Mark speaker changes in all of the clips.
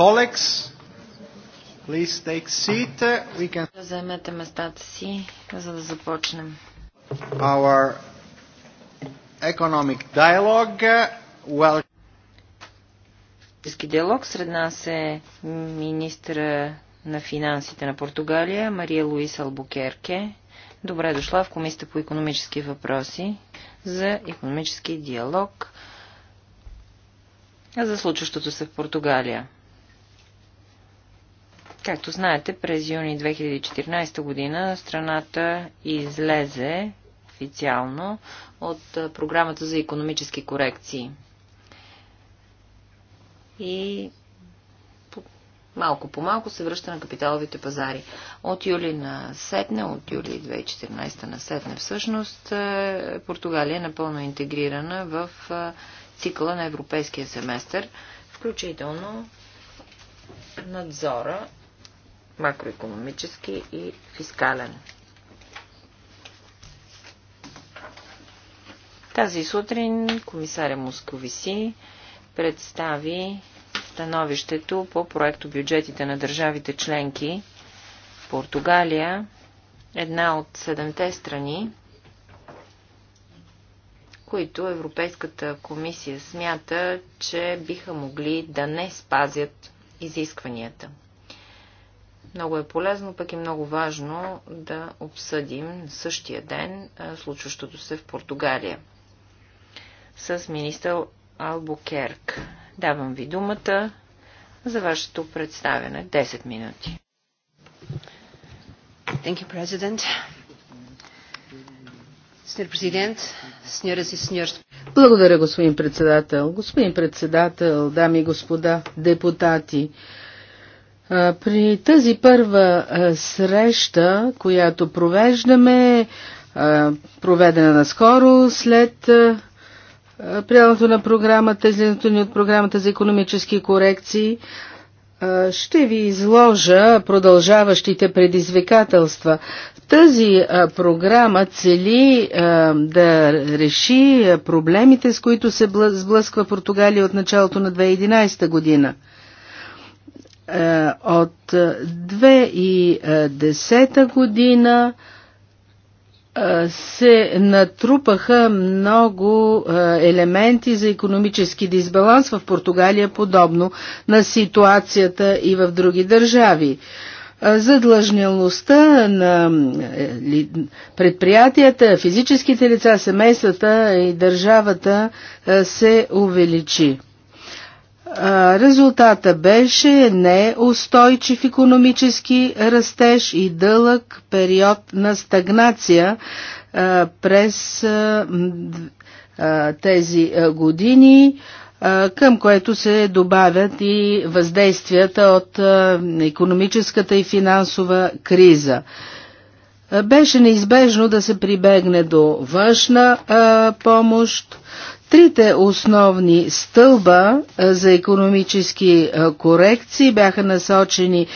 Speaker 1: Colleagues, please take seat.
Speaker 2: We can... Заемете местата си, за да започнем.
Speaker 1: Our economic dialogue. Well...
Speaker 2: диалог сред нас е министра на финансите на Португалия Мария Луис Албукерке. Добре дошла в Комисията по економически въпроси за економически диалог за случващото се в Португалия. Както знаете, през юни 2014 година страната излезе официално от програмата за економически корекции. И малко по малко се връща на капиталовите пазари. От юли на седне, от юли 2014 на седне, всъщност, е, Португалия е напълно интегрирана в цикъла на европейския семестър, включително надзора макроекономически и фискален. Тази сутрин комисаря Московиси представи становището по проекто бюджетите на държавите членки Португалия, една от седемте страни, които Европейската комисия смята, че биха могли да не спазят изискванията. Много е полезно, пък е много важно да обсъдим същия ден случващото се в Португалия с министър Албукерк. Давам ви думата за вашето представяне. 10 минути. Thank you, President. президент,
Speaker 3: сеньора и сеньор.
Speaker 4: Благодаря, господин председател. Господин председател, дами и господа депутати, при тази първа среща, която провеждаме, проведена наскоро след приемането на програмата, излизането ни от програмата за економически корекции, ще ви изложа продължаващите предизвикателства. Тази програма цели да реши проблемите, с които се сблъсква Португалия от началото на 2011 година – е, от 2010 е, е, година се натрупаха много елементи за економически дисбаланс в Португалия, подобно на ситуацията и в други държави. Задлъжнялостта на предприятията, физическите лица, семействата и държавата се увеличи. Резултата беше неустойчив економически растеж и дълъг период на стагнация през тези години, към което се добавят и въздействията от економическата и финансова криза. Беше неизбежно да се прибегне до външна помощ, Трите основни стълба за економически корекции бяха насочени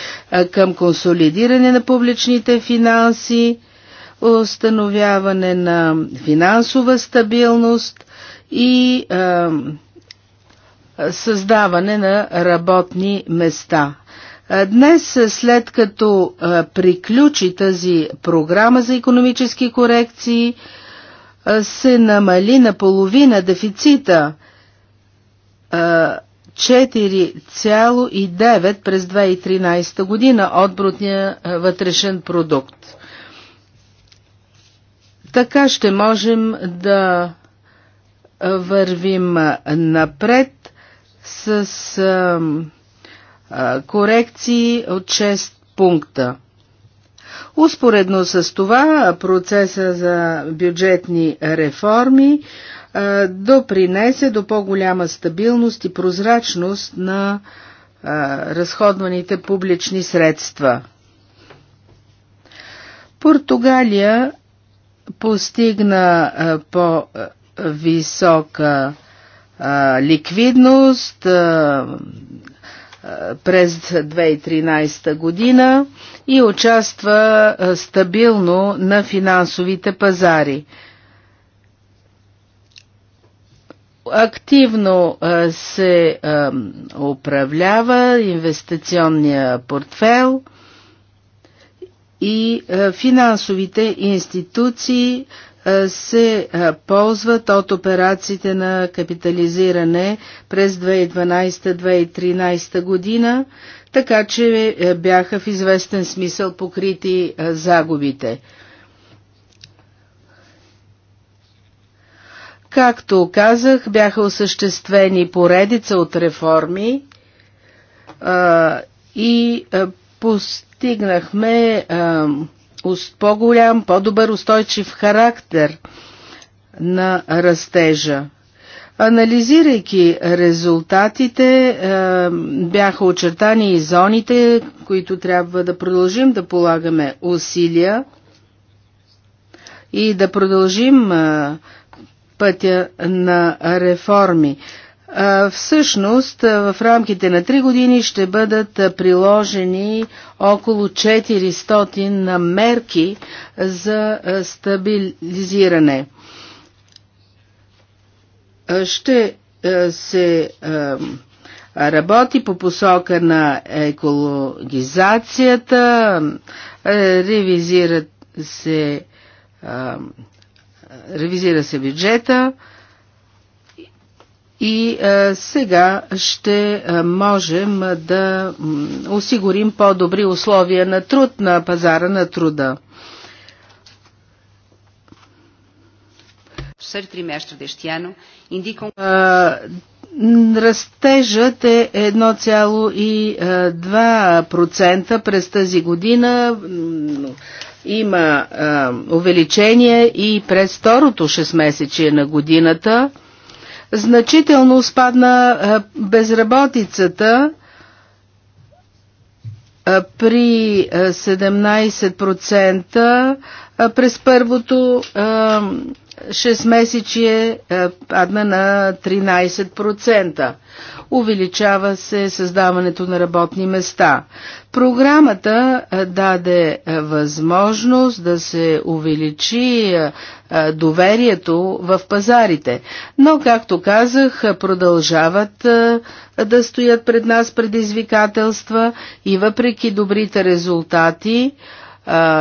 Speaker 4: към консолидиране на публичните финанси, установяване на финансова стабилност и създаване на работни места. Днес, след като приключи тази програма за економически корекции, се намали на половина дефицита 4,9 през 2013 година от брутния вътрешен продукт. Така ще можем да вървим напред с корекции от 6 пункта. Успоредно с това процеса за бюджетни реформи допринесе до по-голяма стабилност и прозрачност на разходваните публични средства. Португалия постигна по-висока ликвидност, през 2013 година и участва стабилно на финансовите пазари. Активно се управлява инвестиционния портфел и финансовите институции се ползват от операциите на капитализиране през 2012-2013 година, така че е, бяха в известен смисъл покрити е, загубите. Както казах, бяха осъществени поредица от реформи а, и а, е, постигнахме а, по-голям, по-добър устойчив характер на растежа. Анализирайки резултатите, е, бяха очертани и зоните, които трябва да продължим да полагаме усилия и да продължим е, пътя на реформи. Всъщност, в рамките на 3 години ще бъдат приложени около 400 на мерки за стабилизиране. Ще се работи по посока на екологизацията, ревизира, се, ревизира се бюджета, и а, е, сега ще а, е, можем да осигурим по-добри условия на труд на пазара на труда.
Speaker 3: А, е, растежът е
Speaker 4: 1,2% през тази година. Има а, увеличение и през второто 6 месече на годината. Значително спадна безработицата при 17% през първото 6-месечие е, падна на 13%. Увеличава се създаването на работни места. Програмата е, даде е, възможност да се увеличи доверието в пазарите. Но, както казах, продължават да стоят пред нас предизвикателства и въпреки добрите резултати,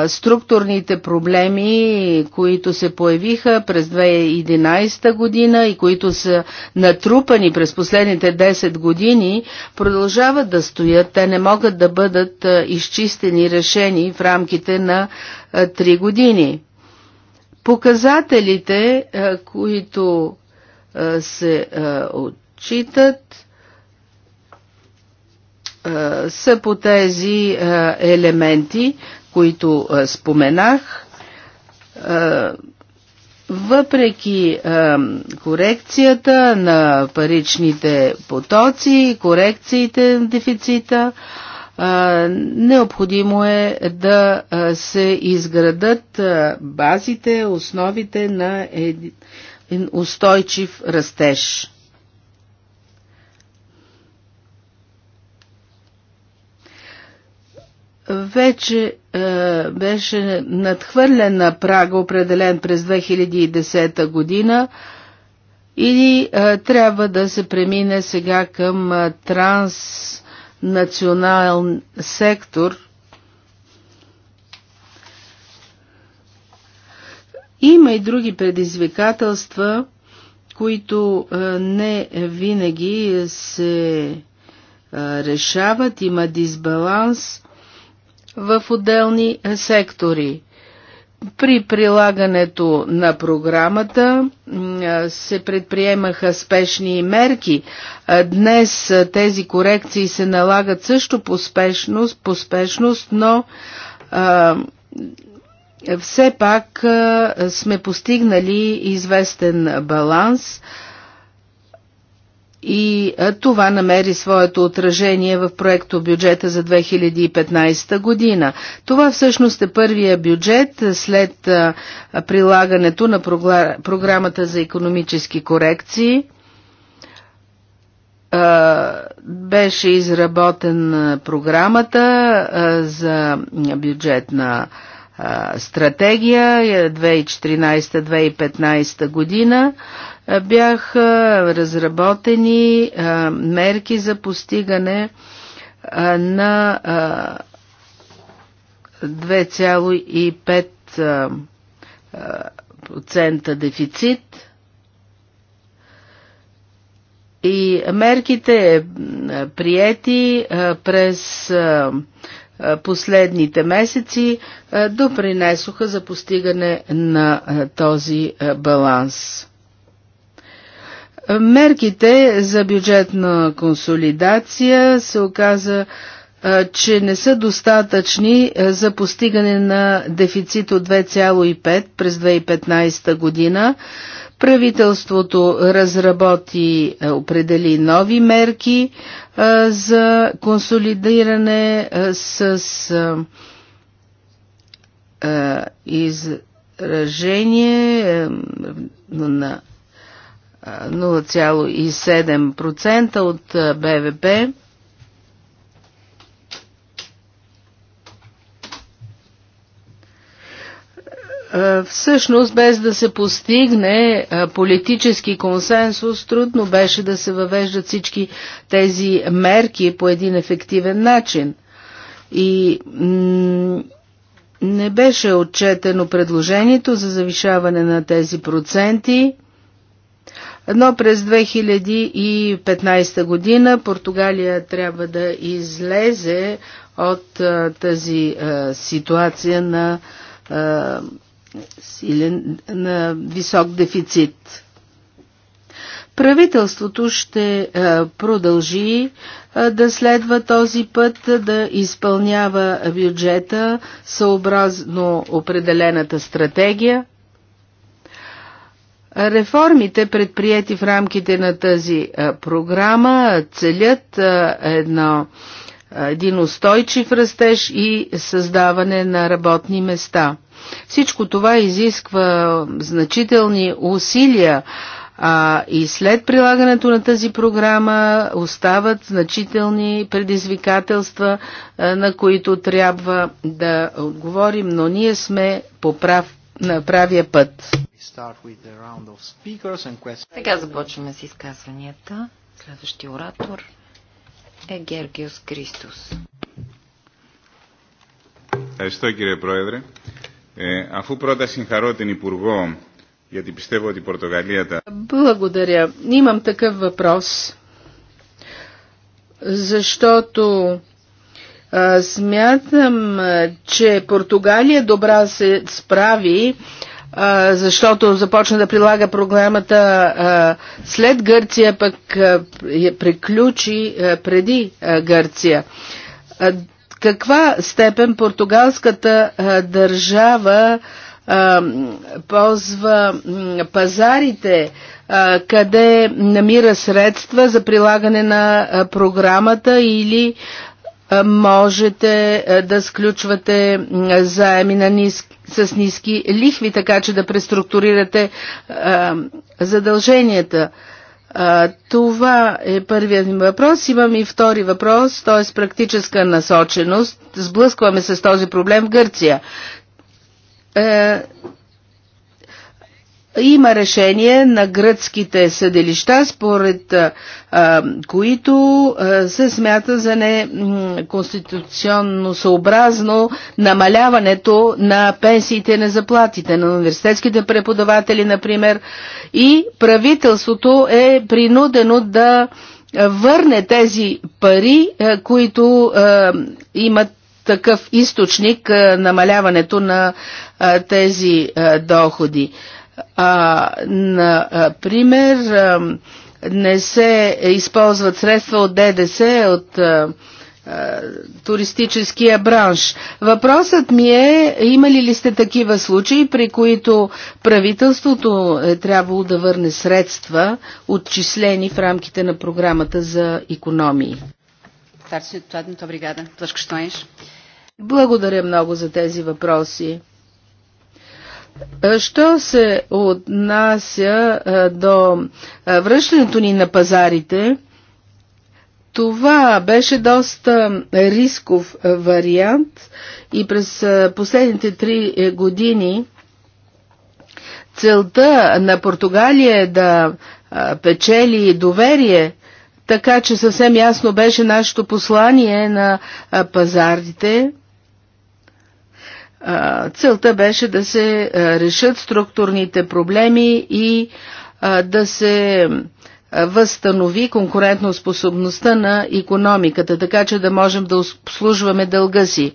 Speaker 4: структурните проблеми, които се появиха през 2011 година и които са натрупани през последните 10 години, продължават да стоят. Те не могат да бъдат изчистени, решени в рамките на 3 години. Показателите, които се отчитат, са по тези елементи които споменах, въпреки корекцията на паричните потоци, корекциите на дефицита, необходимо е да се изградат базите, основите на един устойчив растеж. вече е, беше надхвърлен на прага, определен през 2010 година и е, трябва да се премине сега към е, транснационал сектор. Има и други предизвикателства, които е, не винаги се е, решават. Има дисбаланс – в отделни сектори. При прилагането на програмата се предприемаха спешни мерки. Днес тези корекции се налагат също по спешност, по спешност но а, все пак а, сме постигнали известен баланс. А, и това намери своето отражение в проекто бюджета за 2015 година. Това всъщност е първия бюджет след прилагането на програмата за економически корекции. Беше изработен програмата за бюджетна стратегия 2014-2015 е година е, бяха разработени е, мерки за постигане е, на 2,5% дефицит и мерките приети през последните месеци допринесоха за постигане на този баланс. Мерките за бюджетна консолидация се оказа, че не са достатъчни за постигане на дефицит от 2,5 през 2015 година. Правителството разработи, определи нови мерки за консолидиране с изражение на 0,7% от БВП. Всъщност, без да се постигне политически консенсус, трудно беше да се въвеждат всички тези мерки по един ефективен начин. И не беше отчетено предложението за завишаване на тези проценти но през 2015 година Португалия трябва да излезе от тази ситуация на, силен, на висок дефицит. Правителството ще продължи да следва този път, да изпълнява бюджета съобразно определената стратегия Реформите, предприяти в рамките на тази програма, целят едно, един устойчив растеж и създаване на работни места. Всичко това изисква значителни усилия а, и след прилагането на тази програма остават значителни предизвикателства, на които трябва да отговорим, но ние сме по прав на правия път.
Speaker 2: Сега започваме с изказванията. Следващия оратор е Гергиос Кристос.
Speaker 1: Ευχαριστώ κύριε Πρόεδρε. Ε, αφού πρώτα συγχαρώ την Υπουργό, γιατί πιστεύω ότι η Πορτογαλία τα...
Speaker 4: Благодаря. Имам такъв въпрос, защото Смятам, че Португалия добра се справи, защото започна да прилага програмата след Гърция, пък я приключи преди Гърция. Каква степен португалската държава ползва пазарите, къде намира средства за прилагане на програмата или можете е, да сключвате заеми на ниск, с ниски лихви, така че да преструктурирате е, задълженията. Е, това е първият ми въпрос. Имам и втори въпрос, т.е. практическа насоченост. Сблъскваме се с този проблем в Гърция има решение на гръцките съдилища, според а, които а, се смята за неконституционно съобразно намаляването на пенсиите на заплатите на университетските преподаватели, например, и правителството е принудено да върне тези пари, а, които а, имат такъв източник а, намаляването на а, тези а, доходи. А, например, не се използват средства от ДДС, от а, туристическия бранш. Въпросът ми е, имали ли сте такива случаи, при които правителството е трябвало да върне средства, отчислени в рамките на програмата за економии? Благодаря много за тези въпроси. Е, що се отнася е, до е, връщането ни на пазарите, това беше доста рисков вариант и през последните три години целта на Португалия е да печели доверие, така че съвсем ясно беше нашето послание на пазарите – Целта беше да се решат структурните проблеми и да се възстанови конкурентоспособността на економиката, така че да можем да обслужваме дълга си,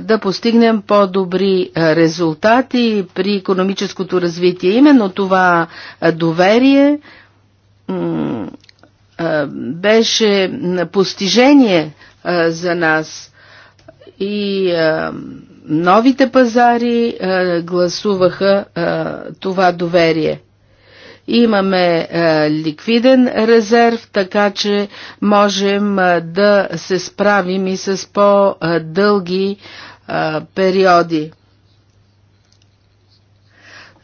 Speaker 4: да постигнем по-добри резултати при економическото развитие. Именно това доверие беше постижение за нас и новите пазари гласуваха това доверие. Имаме ликвиден резерв, така че можем да се справим и с по-дълги периоди.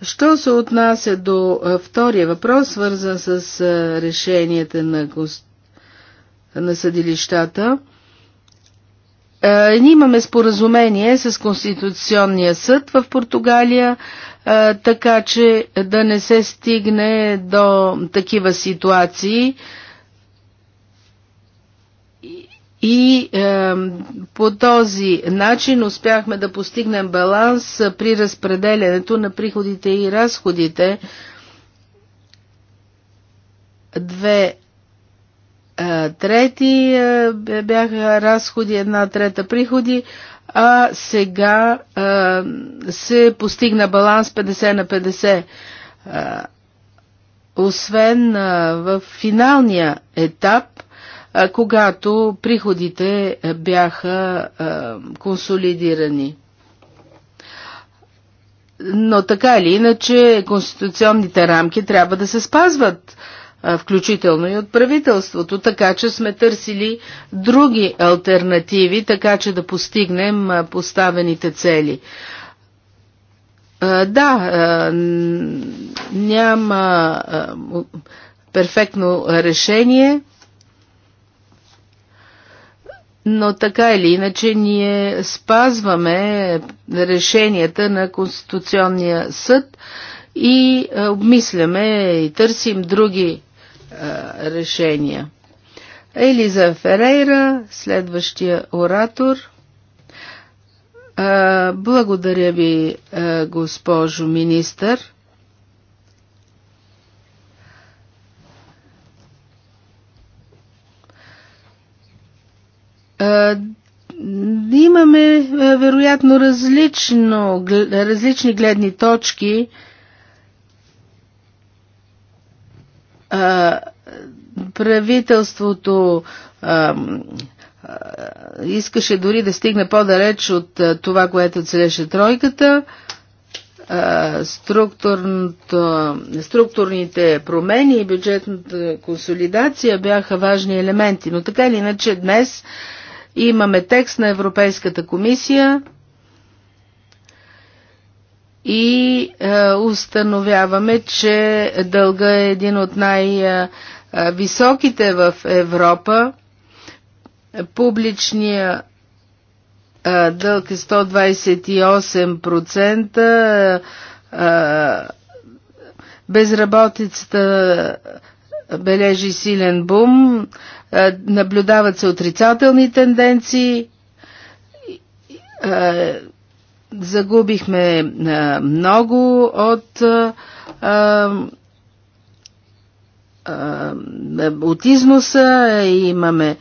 Speaker 4: Що се отнася до втория въпрос, свързан с решенията на, гост... на съдилищата, е, ние имаме споразумение с Конституционния съд в Португалия, е, така че да не се стигне до такива ситуации и е, по този начин успяхме да постигнем баланс при разпределянето на приходите и разходите. Две е, трети е, бяха разходи, една трета приходи, а сега е, се постигна баланс 50 на 50. Освен в финалния етап, когато приходите бяха консолидирани. Но така или иначе, конституционните рамки трябва да се спазват включително и от правителството, така че сме търсили други альтернативи, така че да постигнем поставените цели. Да, няма перфектно решение, но така или иначе ние спазваме решенията на Конституционния съд и обмисляме и търсим други решения. Елиза Ферейра, следващия оратор. Благодаря ви, госпожо министър. Имаме вероятно различно, различни гледни точки правителството искаше дори да стигне по-далеч от това, което целеше тройката. структурните промени и бюджетната консолидация бяха важни елементи, но така или иначе днес имаме текст на Европейската комисия, и е, установяваме, че дълга е един от най-високите в Европа. Публичния е, дълг е 128%, е, безработицата бележи силен бум, наблюдават се отрицателни тенденции, Загубихме много от от износа имаме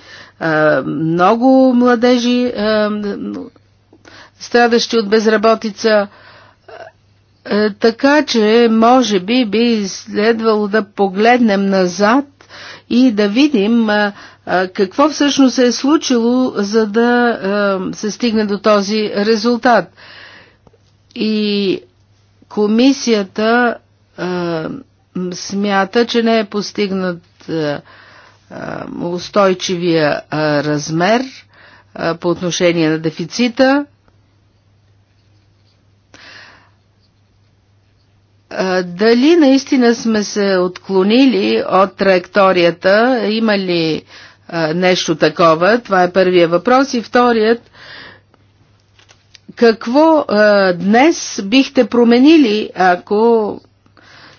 Speaker 4: много младежи, страдащи от безработица. Така че, може би, би следвало да погледнем назад и да видим какво всъщност се е случило, за да се стигне до този резултат. И комисията смята, че не е постигнат устойчивия размер по отношение на дефицита. дали наистина сме се отклонили от траекторията? Има ли а, нещо такова? Това е първия въпрос. И вторият какво а, е, днес бихте променили, ако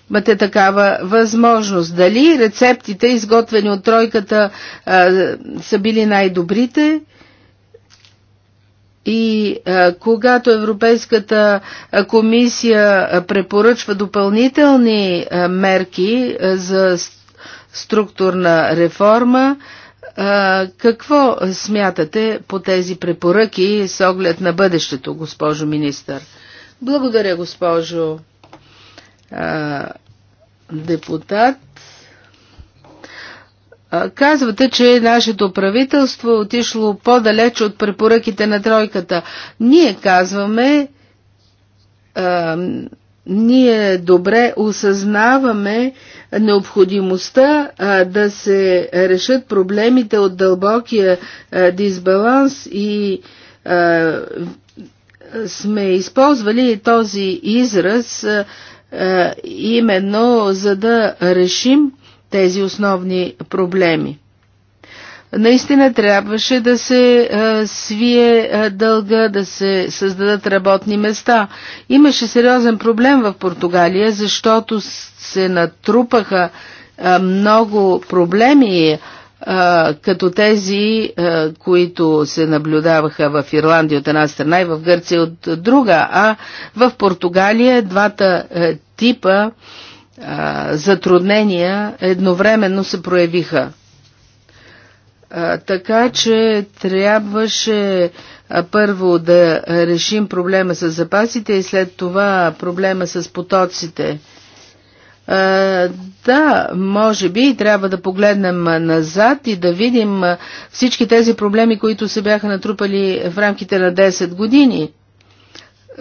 Speaker 4: имате такава възможност? Дали рецептите, изготвени от тройката, а, е, са били най-добрите? И а, е, когато Европейската комисия препоръчва допълнителни а, мерки а, за структурна реформа, а, какво смятате по тези препоръки с оглед на бъдещето, госпожо министър? Благодаря, госпожо депутат. Казвате, че нашето правителство е отишло по-далеч от препоръките на тройката. Ние казваме, ние добре осъзнаваме необходимостта а, да се решат проблемите от дълбокия а, дисбаланс и а, сме използвали този израз а, именно за да решим тези основни проблеми. Наистина трябваше да се свие дълга, да се създадат работни места. Имаше сериозен проблем в Португалия, защото се натрупаха много проблеми, като тези, които се наблюдаваха в Ирландия от една страна и в Гърция от друга, а в Португалия двата типа затруднения едновременно се проявиха така че трябваше първо да решим проблема с запасите и след това проблема с потоците. Да, може би трябва да погледнем назад и да видим всички тези проблеми, които се бяха натрупали в рамките на 10 години.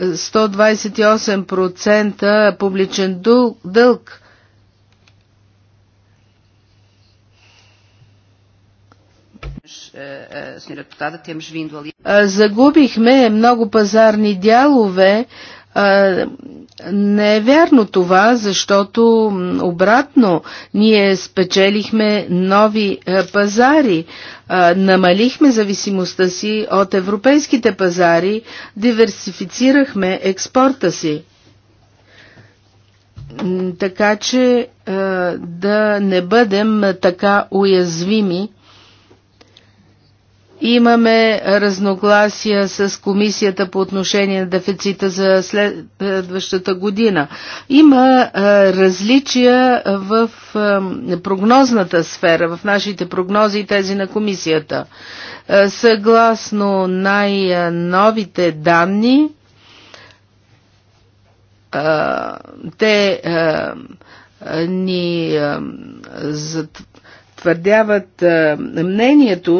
Speaker 4: 128% публичен дълг
Speaker 3: – Е, е,
Speaker 4: загубихме много пазарни дялове. Не е вярно това, защото обратно ние спечелихме нови е, пазари, намалихме зависимостта си от европейските пазари, диверсифицирахме експорта си така че да не бъдем така уязвими Имаме разногласия с комисията по отношение на дефицита за следващата година. Има различия в прогнозната сфера, в нашите прогнози и тези на комисията. Съгласно най-новите данни, те ни потвърдяват мнението,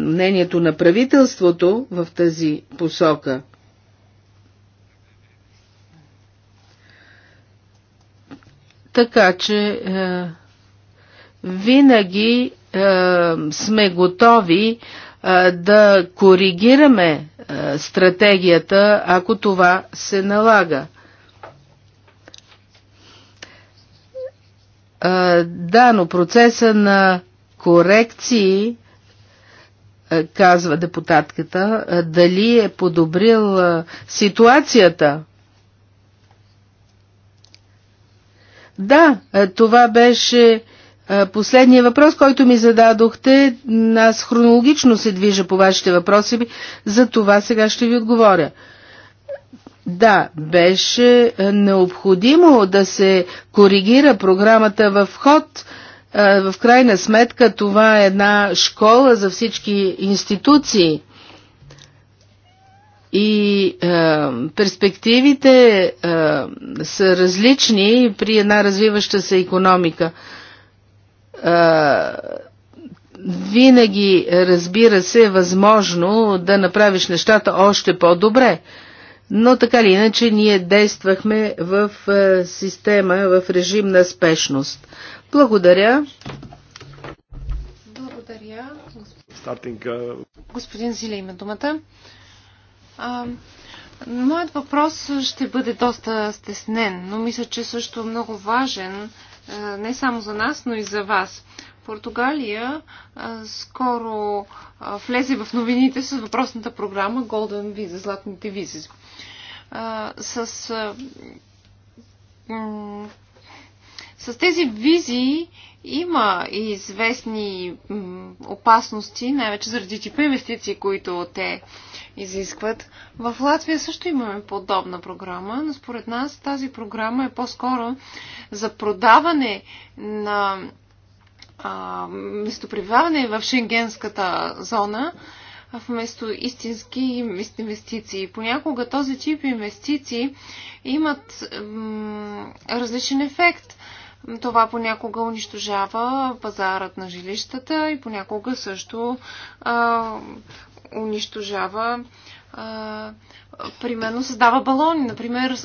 Speaker 4: мнението на правителството в тази посока. Така че винаги сме готови да коригираме стратегията, ако това се налага. Да, но процеса на корекции, казва депутатката, дали е подобрил ситуацията. Да, това беше Последният въпрос, който ми зададохте, аз хронологично се движа по вашите въпроси, за това сега ще ви отговоря. Да, беше е, необходимо да се коригира програмата в ход. Е, в крайна сметка това е една школа за всички институции. И е, перспективите е, са различни при една развиваща се економика. Е, винаги, разбира се, е възможно да направиш нещата още по-добре. Е, но така или иначе ние действахме в е, система, в режим на спешност. Благодаря.
Speaker 5: Благодаря. Е, Господин Зиле има думата. А, моят въпрос ще бъде доста стеснен, но мисля, че също е много важен не само за нас, но и за вас. Португалия а, скоро а, влезе в новините с въпросната програма Golden Visa, златните визи а, с, а, с тези визии има и известни опасности, най-вече заради типа инвестиции, които те изискват. В Латвия също имаме подобна програма, но според нас тази програма е по-скоро за продаване на местопребиваване в Шенгенската зона, вместо истински инвестиции. Понякога този тип инвестиции имат различен ефект. Това понякога унищожава пазарът на жилищата и понякога също а, унищожава, а, примерно създава балони. Например,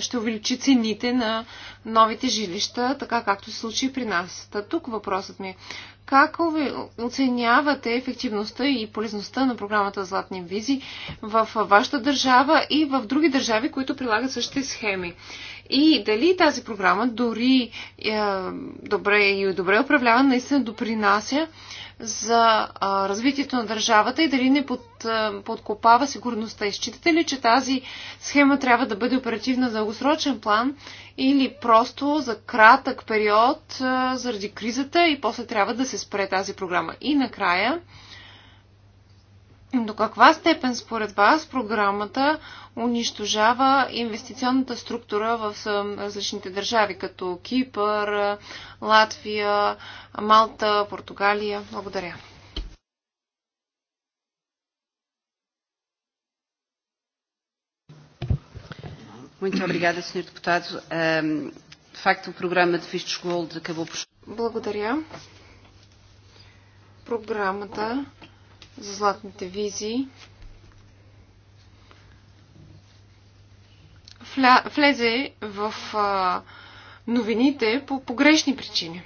Speaker 5: ще увеличи цените на новите жилища, така както се случи при нас. Та тук въпросът ми. е. Как оценявате ефективността и полезността на програмата Златни визи в вашата държава и в други държави, които прилагат същите схеми? и дали тази програма, дори е, добре и добре управлявана, наистина допринася за а, развитието на държавата и дали не под, а, е, подкопава сигурността. Изчитате ли, че тази схема трябва да бъде оперативна за дългосрочен план или просто за кратък период а, е, заради кризата и после трябва да се спре тази програма? И накрая, до каква степен според вас програмата унищожава инвестиционната структура в различните държави, като Кипър, Латвия, Малта, Португалия? Благодаря.
Speaker 3: Ehm,
Speaker 5: Благодаря. Програмата за златните визии. Вля, влезе в а, новините по погрешни причини.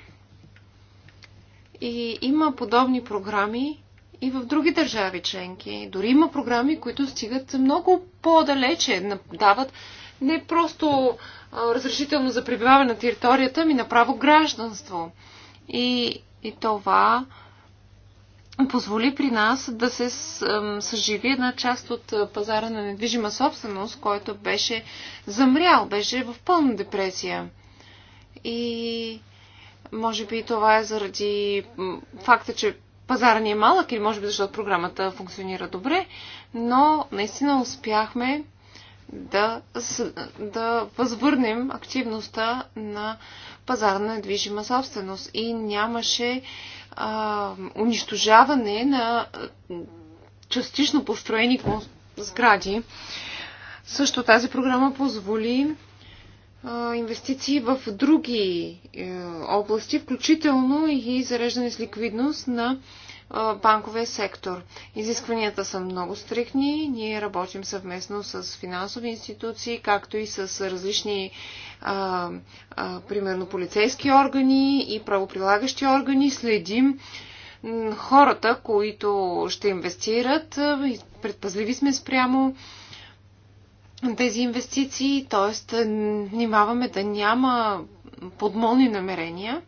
Speaker 5: И има подобни програми и в други държави членки. Дори има програми, които стигат много по-далече, дават не просто а, разрешително за пребиваване на територията, ми направо гражданство. И, и това позволи при нас да се съживи една част от пазара на недвижима собственост, който беше замрял, беше в пълна депресия. И може би това е заради факта, че пазара ни е малък или може би защото програмата функционира добре, но наистина успяхме да, да възвърнем активността на пазара на недвижима собственост. И нямаше а, унищожаване на частично построени сгради. Също тази програма позволи инвестиции в други е, области, включително и зареждане с ликвидност на банковия сектор. Изискванията са много стрикни. Ние работим съвместно с финансови институции, както и с различни а, а, примерно полицейски органи и правоприлагащи органи следим хората, които ще инвестират. Предпазливи сме спрямо тези инвестиции, т.е. внимаваме да няма подмолни намерения,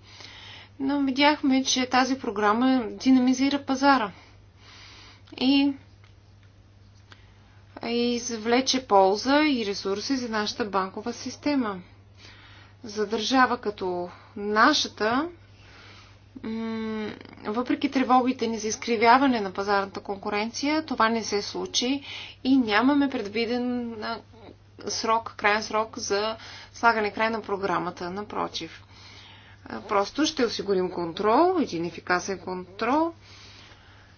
Speaker 5: но видяхме, че тази програма динамизира пазара и, и извлече полза и ресурси за нашата банкова система за държава като нашата, въпреки тревогите ни за изкривяване на пазарната конкуренция, това не се случи и нямаме предвиден срок, крайен срок за слагане край на програмата. Напротив, просто ще осигурим контрол, един ефикасен контрол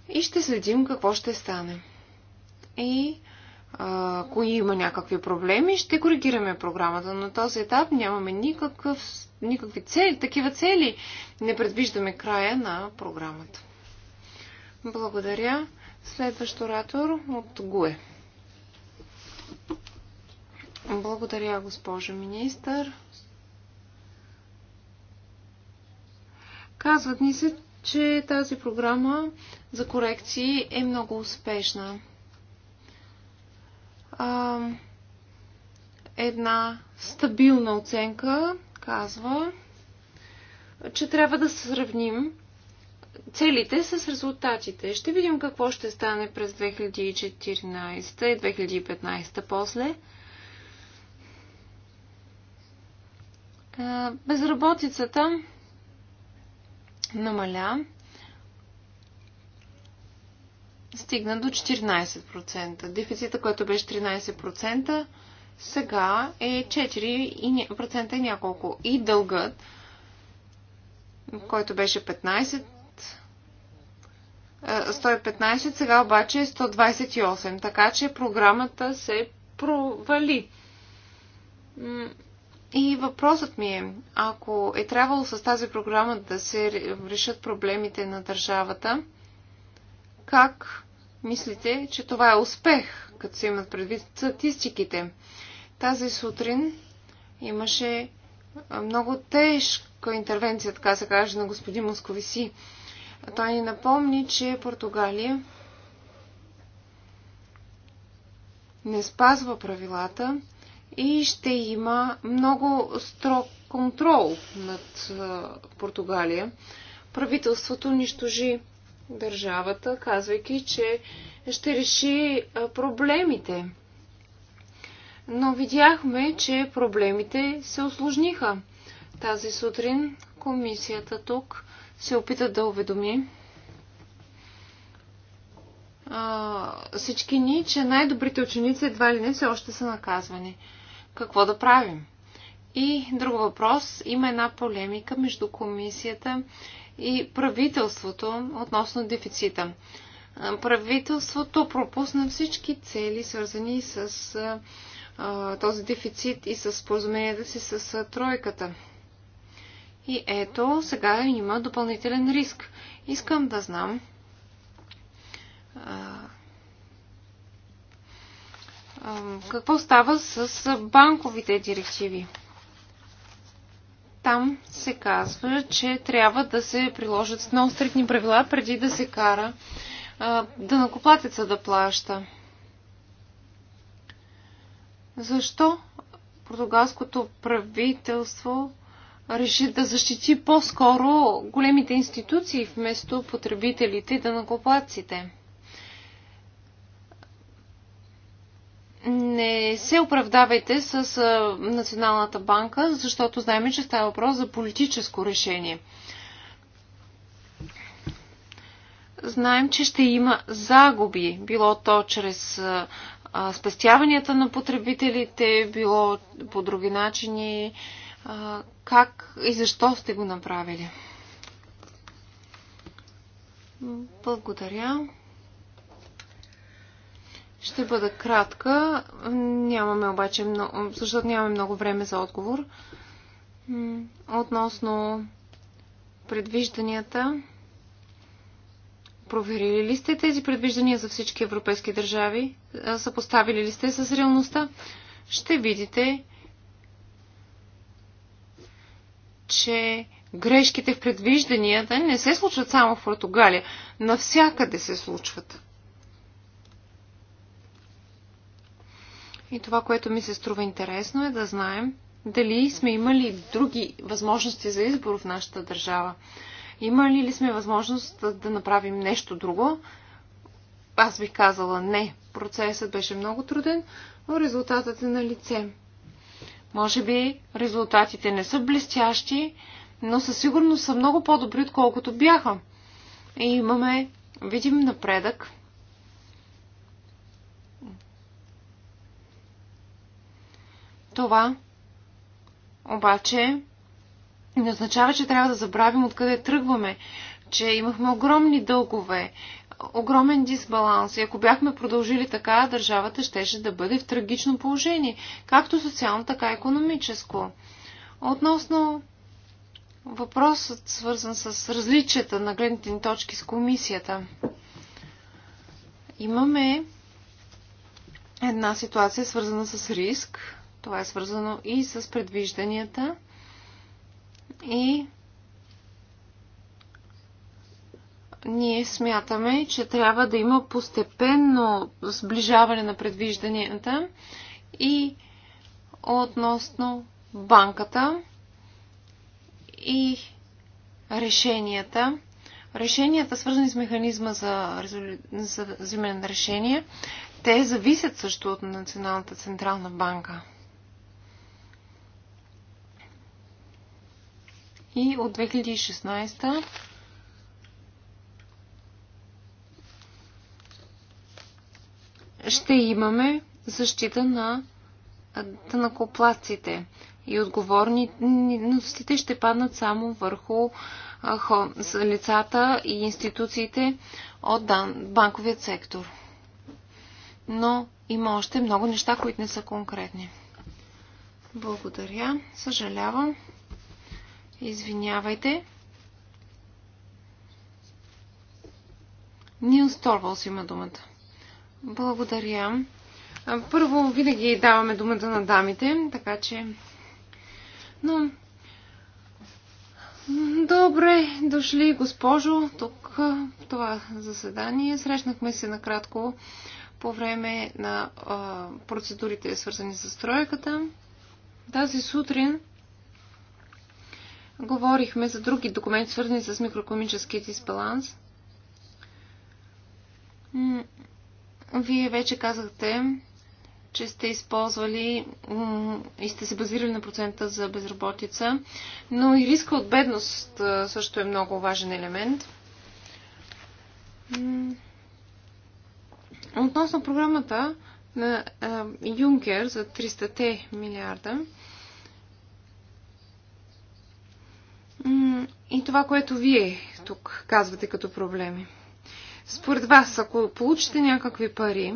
Speaker 5: и ще следим какво ще стане. И ако има някакви проблеми, ще коригираме програмата. На този етап нямаме никакъв, никакви цели, такива цели. Не предвиждаме края на програмата. Благодаря. Следващ оратор от ГУЕ. Благодаря, госпожо министър. Казват ни се, че тази програма за корекции е много успешна а, една стабилна оценка казва, че трябва да се сравним целите с резултатите. Ще видим какво ще стане през 2014 и 2015 после. Безработицата намаля стигна до 14%. Дефицита, който беше 13%, сега е 4% и е няколко. И дългът, който беше 15%, 115, сега обаче е 128. Така че програмата се провали. И въпросът ми е, ако е трябвало с тази програма да се решат проблемите на държавата, как мислите, че това е успех, като се имат предвид статистиките? Тази сутрин имаше много тежка интервенция, така се каже, на господин Московиси. Той ни напомни, че Португалия не спазва правилата и ще има много строг контрол над Португалия. Правителството нищожи държавата, казвайки, че ще реши проблемите. Но видяхме, че проблемите се осложниха. Тази сутрин комисията тук се опита да уведоми а, всички ни, че най-добрите ученици едва ли не все още са наказвани. Какво да правим? И друг въпрос. Има една полемика между комисията и правителството относно дефицита. Правителството пропусна всички цели, свързани с а, този дефицит и с споразуменията си с а, тройката. И ето, сега има допълнителен риск. Искам да знам а, какво става с банковите директиви. Там се казва, че трябва да се приложат много стрикни правила преди да се кара да накоплатеца да плаща. Защо португалското правителство реши да защити по-скоро големите институции вместо потребителите и да накоплатците? не се оправдавайте с а, Националната банка, защото знаем, че става въпрос за политическо решение. Знаем, че ще има загуби, било то чрез а, спестяванията на потребителите, било по други начини. А, как и защо сте го направили? Благодаря. Ще бъда кратка, нямаме обаче много, защото нямаме много време за отговор. Относно предвижданията, проверили ли сте тези предвиждания за всички европейски държави? Съпоставили ли сте с реалността? Ще видите, че грешките в предвижданията не се случват само в Португалия. Навсякъде се случват. И това, което ми се струва интересно е да знаем дали сме имали други възможности за избор в нашата държава. Имали ли сме възможност да, да направим нещо друго? Аз бих казала не. Процесът беше много труден, но резултатът е на лице. Може би резултатите не са блестящи, но със сигурност са много по-добри, отколкото бяха. И имаме видим напредък Това обаче не означава, че трябва да забравим откъде тръгваме, че имахме огромни дългове, огромен дисбаланс и ако бяхме продължили така, държавата щеше да бъде в трагично положение, както социално, така и економическо. Относно въпросът, свързан с различията на гледните ни точки с комисията, имаме една ситуация, свързана с риск, това е свързано и с предвижданията и ние смятаме, че трябва да има постепенно сближаване на предвижданията и относно банката и решенията. Решенията, свързани с механизма за, резолю... за взимане на решения, те зависят също от Националната централна банка. и от 2016 ще имаме защита на тънакоплаците и отговорностите ще паднат само върху лицата и институциите от банковият сектор. Но има още много неща, които не са конкретни. Благодаря. Съжалявам. Извинявайте. Нил Торвалс има думата. Благодаря. Първо, винаги даваме думата на дамите, така че... Но... Добре, дошли, госпожо, тук в това заседание. Срещнахме се накратко по време на а, процедурите, свързани с тройката. Тази сутрин Говорихме за други документи, свързани с микроекономическия дисбаланс. Вие вече казахте, че сте използвали и сте се базирали на процента за безработица, но и риска от бедност също е много важен елемент. Относно програмата на Юнкер за 300 милиарда, и това, което вие тук казвате като проблеми. Според вас, ако получите някакви пари,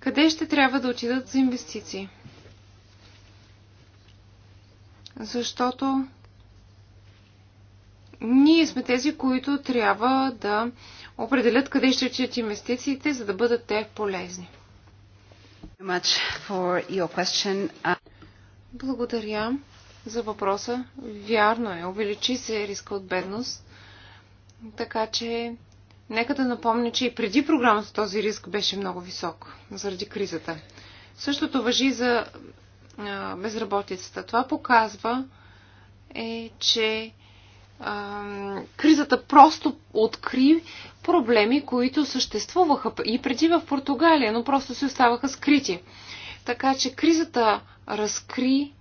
Speaker 5: къде ще трябва да отидат за инвестиции? Защото ние сме тези, които трябва да определят къде ще отидат инвестициите, за да бъдат те полезни. Благодаря за въпроса. Вярно е, увеличи се риска от бедност, така че нека да напомня, че и преди програмата този риск беше много висок заради кризата. Същото въжи за а, безработицата. Това показва, е, че а, кризата просто откри проблеми, които съществуваха и преди в Португалия, но просто се оставаха скрити. Така че кризата разкри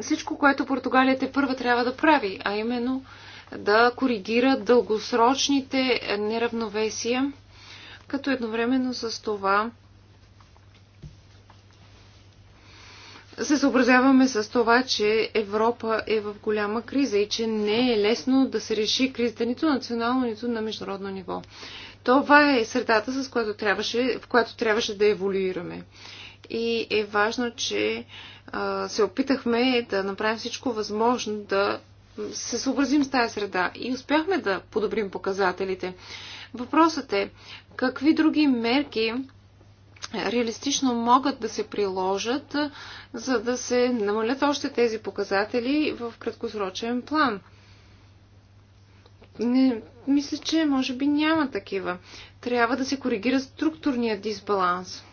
Speaker 5: всичко, което Португалия те първа трябва да прави, а именно да коригира дългосрочните неравновесия, като едновременно с това се съобразяваме с това, че Европа е в голяма криза и че не е лесно да се реши кризата нито национално, нито на международно ниво. Това е средата, с която трябваше, в която трябваше да еволюираме и е важно, че се опитахме да направим всичко възможно да се съобразим с тази среда и успяхме да подобрим показателите. Въпросът е какви други мерки реалистично могат да се приложат, за да се намалят още тези показатели в краткосрочен план. Не, мисля, че може би няма такива. Трябва да се коригира структурният дисбаланс.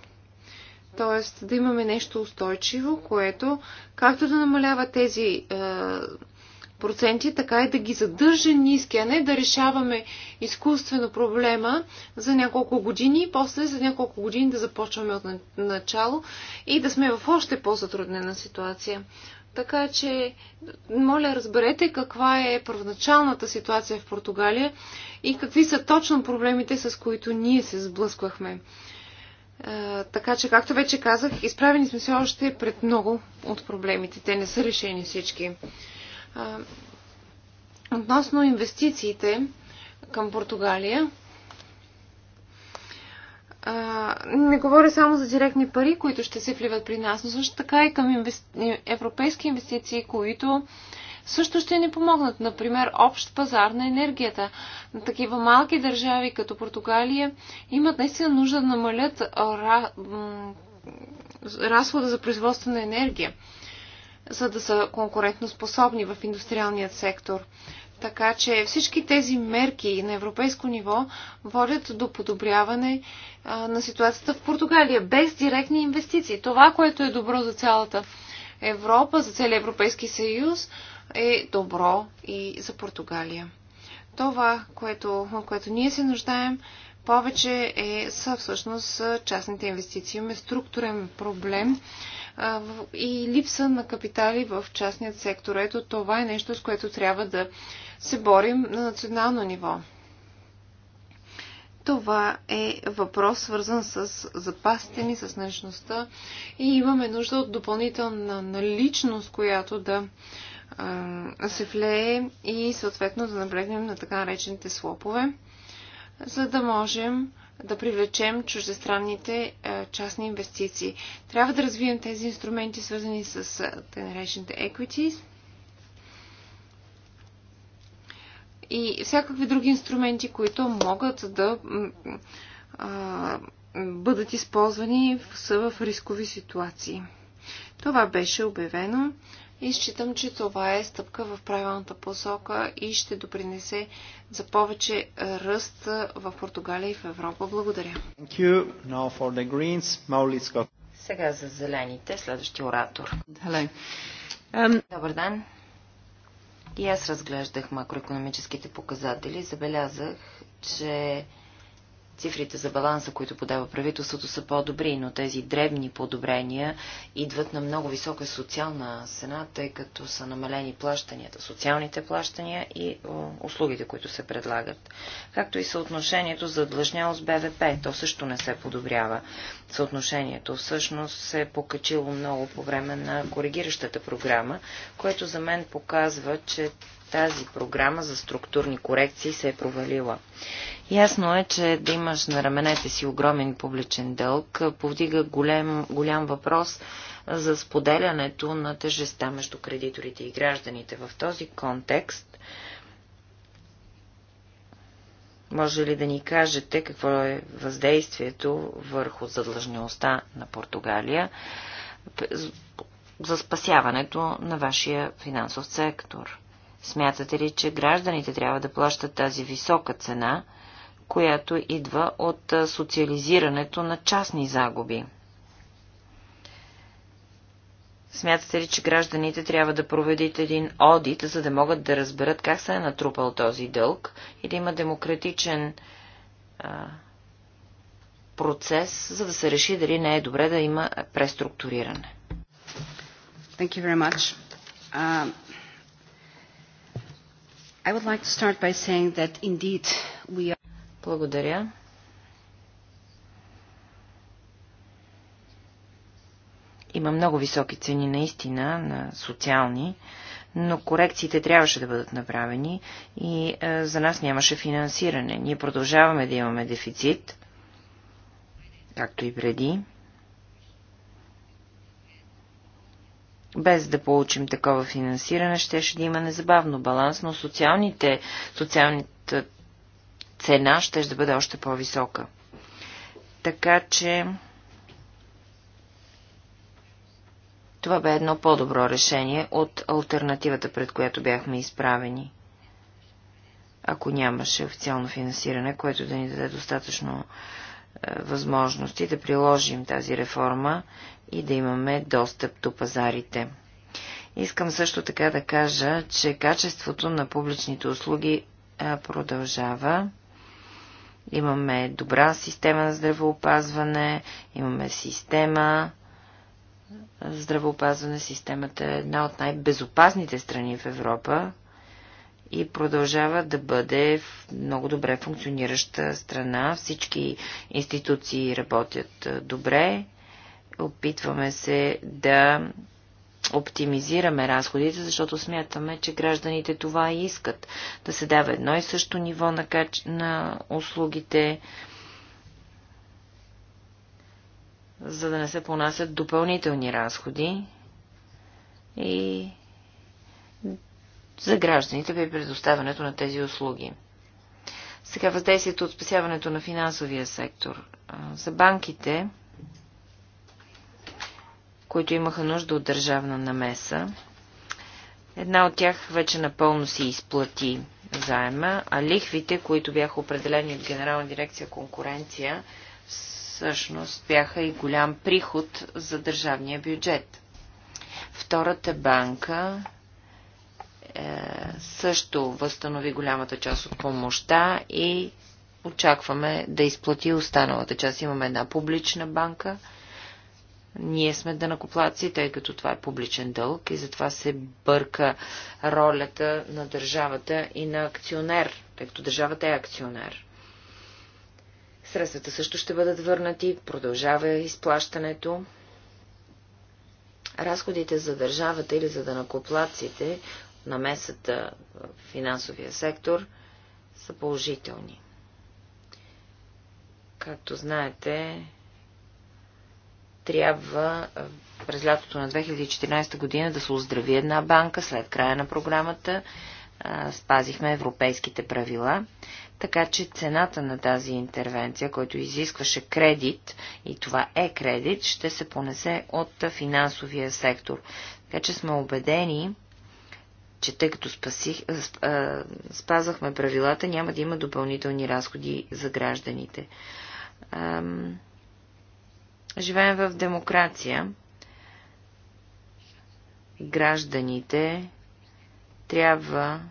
Speaker 5: Тоест да имаме нещо устойчиво, което както да намалява тези е, проценти, така и да ги задържа ниски, а не да решаваме изкуствено проблема за няколко години и после за няколко години да започваме от начало и да сме в още по-затруднена ситуация. Така че, моля, разберете каква е първоначалната ситуация в Португалия и какви са точно проблемите, с които ние се сблъсквахме така че, както вече казах, изправени сме все още пред много от проблемите. Те не са решени всички. А, относно инвестициите към Португалия, а, не говоря само за директни пари, които ще се вливат при нас, но също така и към инвести... европейски инвестиции, които също ще ни помогнат. Например, общ пазар на енергията. На такива малки държави, като Португалия, имат наистина нужда да намалят разхода за производство на енергия, за да са конкурентоспособни в индустриалният сектор. Така че всички тези мерки на европейско ниво водят до подобряване а, на ситуацията в Португалия без директни инвестиции. Това, което е добро за цялата Европа, за целия Европейски съюз, е добро и за Португалия. Това, което, от което ние се нуждаем повече, е, са всъщност частните инвестиции. Имаме структурен проблем а, и липса на капитали в частният сектор. Ето това е нещо, с което трябва да се борим на национално ниво. Това е въпрос, свързан с запасите ни, с наличността и имаме нужда от допълнителна наличност, която да се влее и съответно да наблегнем на така наречените слопове, за да можем да привлечем чуждестранните частни инвестиции. Трябва да развием тези инструменти, свързани с те наречените equities и всякакви други инструменти, които могат да а, бъдат използвани в, в рискови ситуации. Това беше обявено и считам, че това е стъпка в правилната посока и ще допринесе за повече ръст в Португалия и в Европа. Благодаря.
Speaker 3: Greens,
Speaker 2: Сега за зелените, следващия оратор. Um... Добър ден. И аз разглеждах макроекономическите показатели. Забелязах, че Цифрите за баланса, които подава правителството, са по-добри, но тези дребни подобрения идват на много висока социална цена, тъй като са намалени плащанията, социалните плащания и услугите, които се предлагат. Както и съотношението за с БВП, то също не се подобрява. Съотношението всъщност се е покачило много по време на коригиращата програма, което за мен показва, че тази програма за структурни корекции се е провалила. Ясно е, че да имаш на раменете си огромен публичен дълг повдига голем, голям въпрос за споделянето на тежеста между кредиторите и гражданите. В този контекст може ли да ни кажете какво е въздействието върху задлъжнилостта на Португалия за спасяването на вашия финансов сектор? Смятате ли, че гражданите трябва да плащат тази висока цена, която идва от социализирането на частни загуби? Смятате ли, че гражданите трябва да проведат един одит, за да могат да разберат как се е натрупал този дълг и да има демократичен а, процес, за да се реши дали не е добре да има преструктуриране? Thank you very much. Uh... Благодаря. Има много високи цени наистина на социални, но корекциите трябваше да бъдат направени и е, за нас нямаше финансиране. Ние продължаваме да имаме дефицит, както и преди. без да получим такова финансиране, ще, ще да има незабавно баланс, но социалните, социалната цена ще да бъде още по-висока. Така че това бе едно по-добро решение от альтернативата, пред която бяхме изправени. Ако нямаше официално финансиране, което да ни даде достатъчно е, възможности да приложим тази реформа и да имаме достъп до пазарите. Искам също така да кажа, че качеството на публичните услуги е, продължава. Имаме добра система на здравеопазване, имаме система е, здравеопазване. Системата е една от най-безопасните страни в Европа и продължава да бъде много добре функционираща страна. Всички институции работят добре. Опитваме се да оптимизираме разходите, защото смятаме, че гражданите това и искат. Да се дава едно и също ниво на, кач... на услугите, за да не се понасят допълнителни разходи и за гражданите при предоставянето на тези услуги. Сега въздействието от спасяването на финансовия сектор. За банките, които имаха нужда от държавна намеса, една от тях вече напълно си изплати заема, а лихвите, които бяха определени от Генерална дирекция конкуренция, всъщност бяха и голям приход за държавния бюджет. Втората банка е, също възстанови голямата част от помощта и очакваме да изплати останалата част. Имаме една публична банка. Ние сме данакоплаци, тъй като това е публичен дълг и затова се бърка ролята на държавата и на акционер, тъй като държавата е акционер. Средствата също ще бъдат върнати, продължава изплащането разходите за държавата или за данакоплаците намесата в финансовия сектор са положителни. Както знаете, трябва през лятото на 2014 година да се оздрави една банка след края на програмата. Спазихме европейските правила, така че цената на тази интервенция, който изискваше кредит, и това е кредит, ще се понесе от финансовия сектор. Така че сме убедени, че тъй като спасих, спазвахме правилата, няма да има допълнителни разходи за гражданите. Живеем в демокрация. Гражданите трябва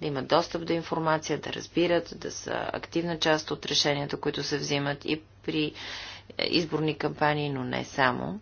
Speaker 2: да имат достъп до информация, да разбират, да са активна част от решенията, които се взимат и при е, изборни кампании, но не само.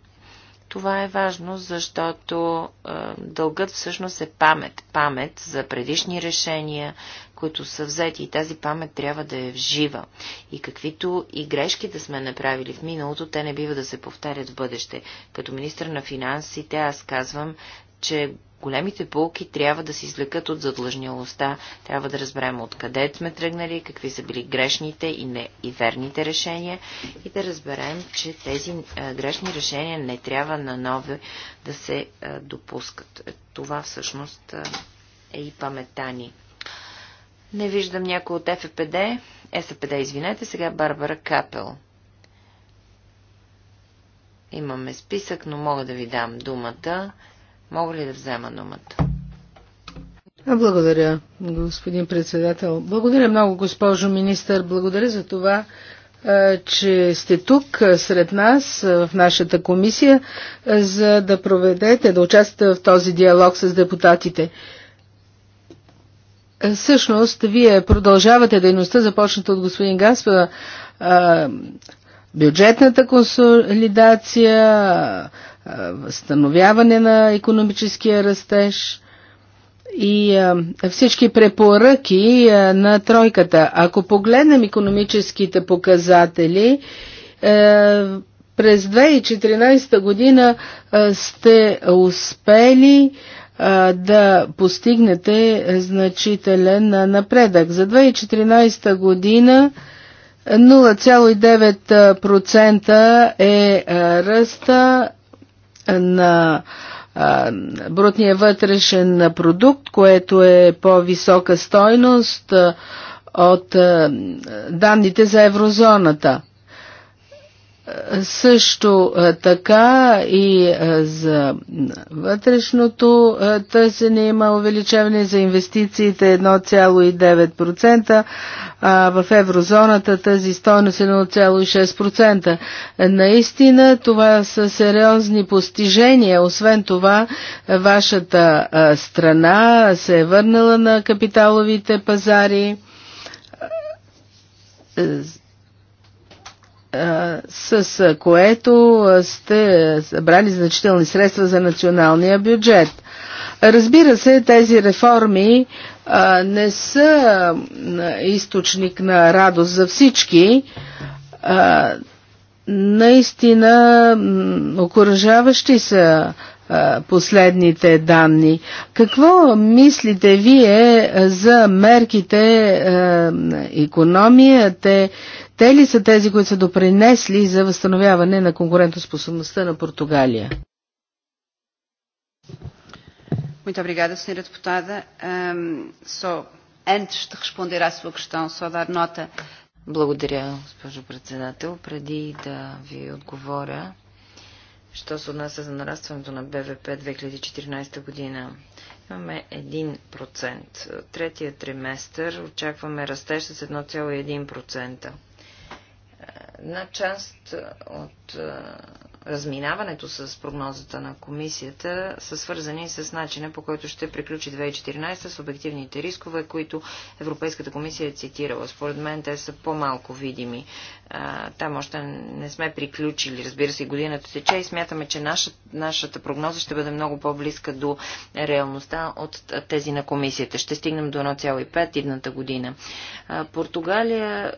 Speaker 2: Това е важно, защото е, дългът всъщност е памет. Памет за предишни решения, които са взети и тази памет трябва да е жива. И каквито и грешки да сме направили в миналото, те не бива да се повтарят в бъдеще. Като министр на финансите аз казвам, че големите полки трябва да се излекат от задлъжнялостта. Трябва да разберем откъде сме тръгнали, какви са били грешните и, не, и верните решения и да разберем, че тези а, грешни решения не трябва наново да се а, допускат. Е, това всъщност а, е и паметта ни. Не виждам някой от ФПД. СПД, извинете, сега Барбара Капел. Имаме списък, но мога да ви дам думата Мога ли да взема думата?
Speaker 4: Благодаря, господин председател. Благодаря много, госпожо министър. Благодаря за това, че сте тук сред нас в нашата комисия, за да проведете, да участвате в този диалог с депутатите. Всъщност, вие продължавате дейността, започната от господин Гаспа, бюджетната консолидация, възстановяване на економическия растеж и всички препоръки на тройката. Ако погледнем економическите показатели, през 2014 година сте успели да постигнете значителен напредък. За 2014 година 0,9% е ръста на брутния вътрешен продукт, което е по-висока стойност от данните за еврозоната. Също така и за вътрешното търсене има увеличаване за инвестициите 1,9%, а в еврозоната тази стойност е 1,6%. Наистина това са сериозни постижения. Освен това, вашата страна се е върнала на капиталовите пазари с което сте събрали значителни средства за националния бюджет. Разбира се, тези реформи не са източник на радост за всички. Наистина, окоръжаващи са последните данни. Какво мислите вие за мерките економията, Те те ли са тези, които са допринесли за възстановяване на конкурентоспособността на Португалия?
Speaker 3: Muito obrigada, Sra. Deputada. Um, só, antes de responder à sua questão, só dar
Speaker 2: nota. Благодаря, госпожо председател. Преди да ви отговоря, що се отнася за нарастването на БВП 2014 година, имаме 1%. Третия триместър очакваме растеж с 1,1%. Една част от разминаването с прогнозата на комисията са свързани с начина по който ще приключи 2014 с обективните рискове, които Европейската комисия е цитирала. Според мен те са по-малко видими. там още не сме приключили. Разбира се, годината тече и смятаме, че нашата, нашата прогноза ще бъде много по-близка до реалността от тези на комисията. Ще стигнем до 1,5 идната година. Португалия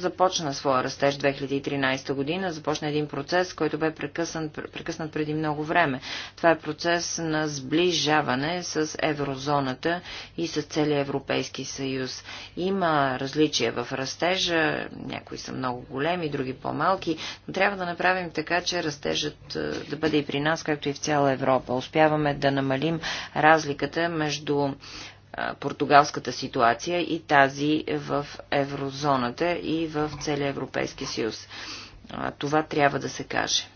Speaker 2: започна своя растеж 2013 година, започна един процес, който бе прекъснат, прекъснат преди много време. Това е процес на сближаване с еврозоната и с целия Европейски съюз. Има различия в растежа, някои са много големи, други по-малки, но трябва да направим така, че растежът е, да бъде и при нас, както и в цяла Европа. Успяваме да намалим разликата между португалската ситуация и тази в еврозоната и в целия Европейски съюз. Това трябва да се каже.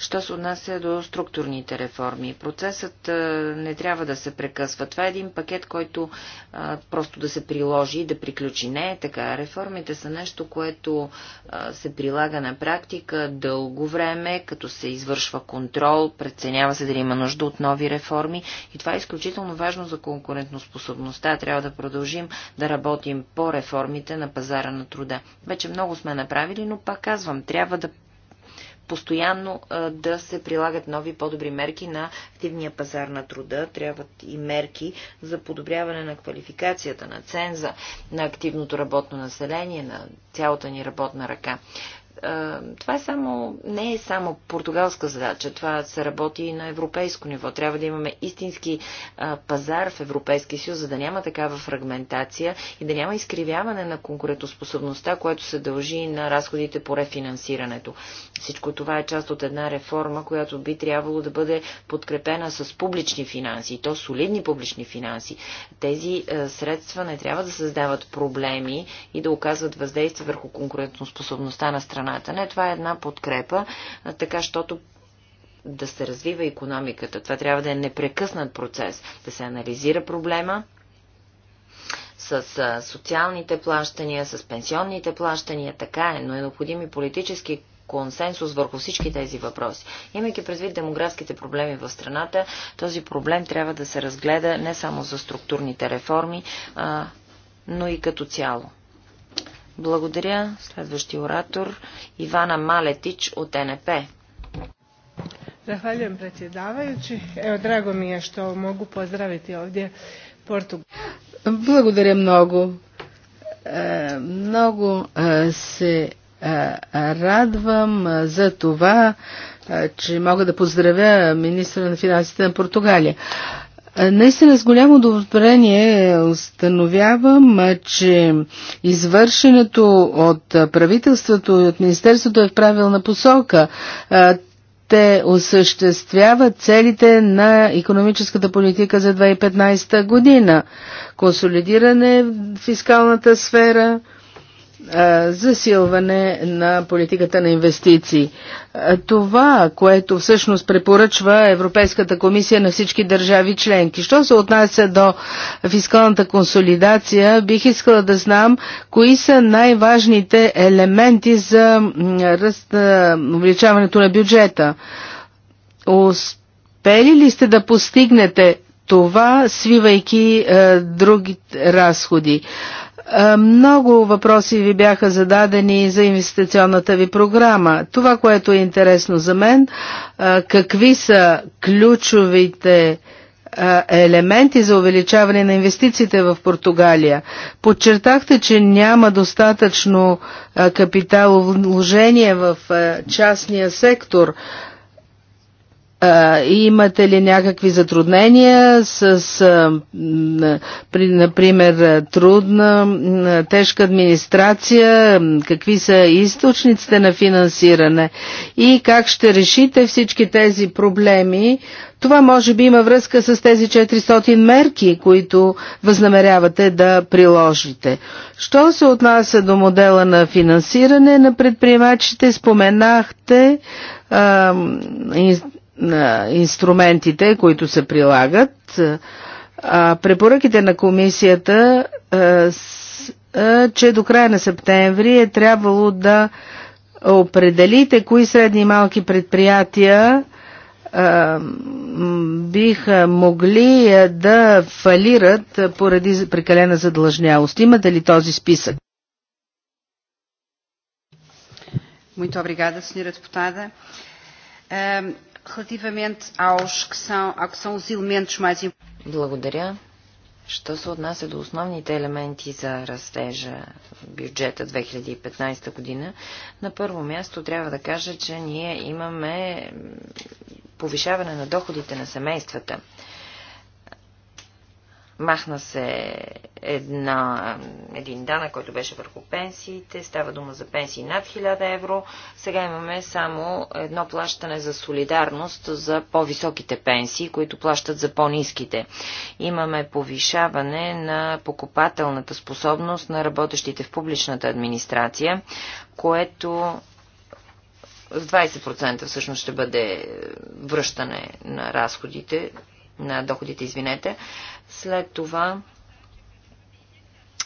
Speaker 2: Що се отнася до структурните реформи? Процесът не трябва да се прекъсва. Това е един пакет, който а, просто да се приложи и да приключи. Не е така. Реформите са нещо, което а, се прилага на практика дълго време, като се извършва контрол, преценява се дали има нужда от нови реформи. И това е изключително важно за конкурентоспособността. Трябва да продължим да работим по реформите на пазара на труда. Вече много сме направили, но пак казвам, трябва да постоянно да се прилагат нови по-добри мерки на активния пазар на труда. Трябват и мерки за подобряване на квалификацията, на ценза, на активното работно население, на цялата ни работна ръка това е само, не е само португалска задача, това се работи и на европейско ниво. Трябва да имаме истински пазар в Европейския съюз, за да няма такава фрагментация и да няма изкривяване на конкурентоспособността, което се дължи на разходите по рефинансирането. Всичко това е част от една реформа, която би трябвало да бъде подкрепена с публични финанси, и то солидни публични финанси. Тези средства не трябва да създават проблеми и да оказват въздействие върху конкурентоспособността на страната страната. Не, това е една подкрепа, така, защото да се развива економиката. Това трябва да е непрекъснат процес, да се анализира проблема, с социалните плащания, с пенсионните плащания, така е, но е необходим и политически консенсус върху всички тези въпроси. Имайки предвид демографските проблеми в страната, този проблем трябва да се разгледа не само за структурните реформи, но и като цяло. Благодаря. Следващия оратор Ивана Малетич от НП.
Speaker 4: Zahvaljujem predsjedavajući. Evo, drago
Speaker 2: mi je što
Speaker 4: mogu pozdraviti ovdje Portugal. Благодаря много. Е, много е, се е, радвам за това, че мога да поздравя министра на финансите на Португалия. Е, наистина с голямо удовлетворение установявам, е, че извършенето от правителството и от Министерството е в правилна посока. Е, те осъществяват целите на економическата политика за 2015 година. Консолидиране в фискалната сфера, е, засилване на политиката на инвестиции. Е, това, което всъщност препоръчва Европейската комисия на всички държави членки. Що се отнася до фискалната консолидация, бих искала да знам кои са най-важните елементи за ръст, е, увеличаването на бюджета. Успели ли сте да постигнете това, свивайки е, други разходи? Е, много въпроси ви бяха зададени за инвестиционната ви програма. Това, което е интересно за мен, е, какви са ключовите е, елементи за увеличаване на инвестициите в Португалия. Подчертахте, че няма достатъчно капиталовложение в частния сектор имате ли някакви затруднения с, при, например, трудна, тежка администрация? Какви са източниците на финансиране? И как ще решите всички тези проблеми? Това може би има връзка с тези 400 мерки, които възнамерявате да приложите. Що се отнася до модела на финансиране на предприемачите, споменахте на инструментите, които се прилагат. А, препоръките на комисията, а, с, а, че до края на септември е трябвало да определите кои средни и малки предприятия а, биха могли да фалират поради прекалена задлъжнялост. Имате ли този списък?
Speaker 3: Muito obrigada, Sra. Deputada. Relativamente aos que são, ao que são os elementos mais
Speaker 2: Благодаря. Що се отнася до основните елементи за растежа в бюджета 2015 година, на първо място трябва да кажа, че ние имаме повишаване на доходите на семействата. Махна се една, един данък, който беше върху пенсиите. Става дума за пенсии над 1000 евро. Сега имаме само едно плащане за солидарност за по-високите пенсии, които плащат за по-низките. Имаме повишаване на покупателната способност на работещите в публичната администрация, което с 20% всъщност ще бъде връщане на разходите на доходите, извинете. След това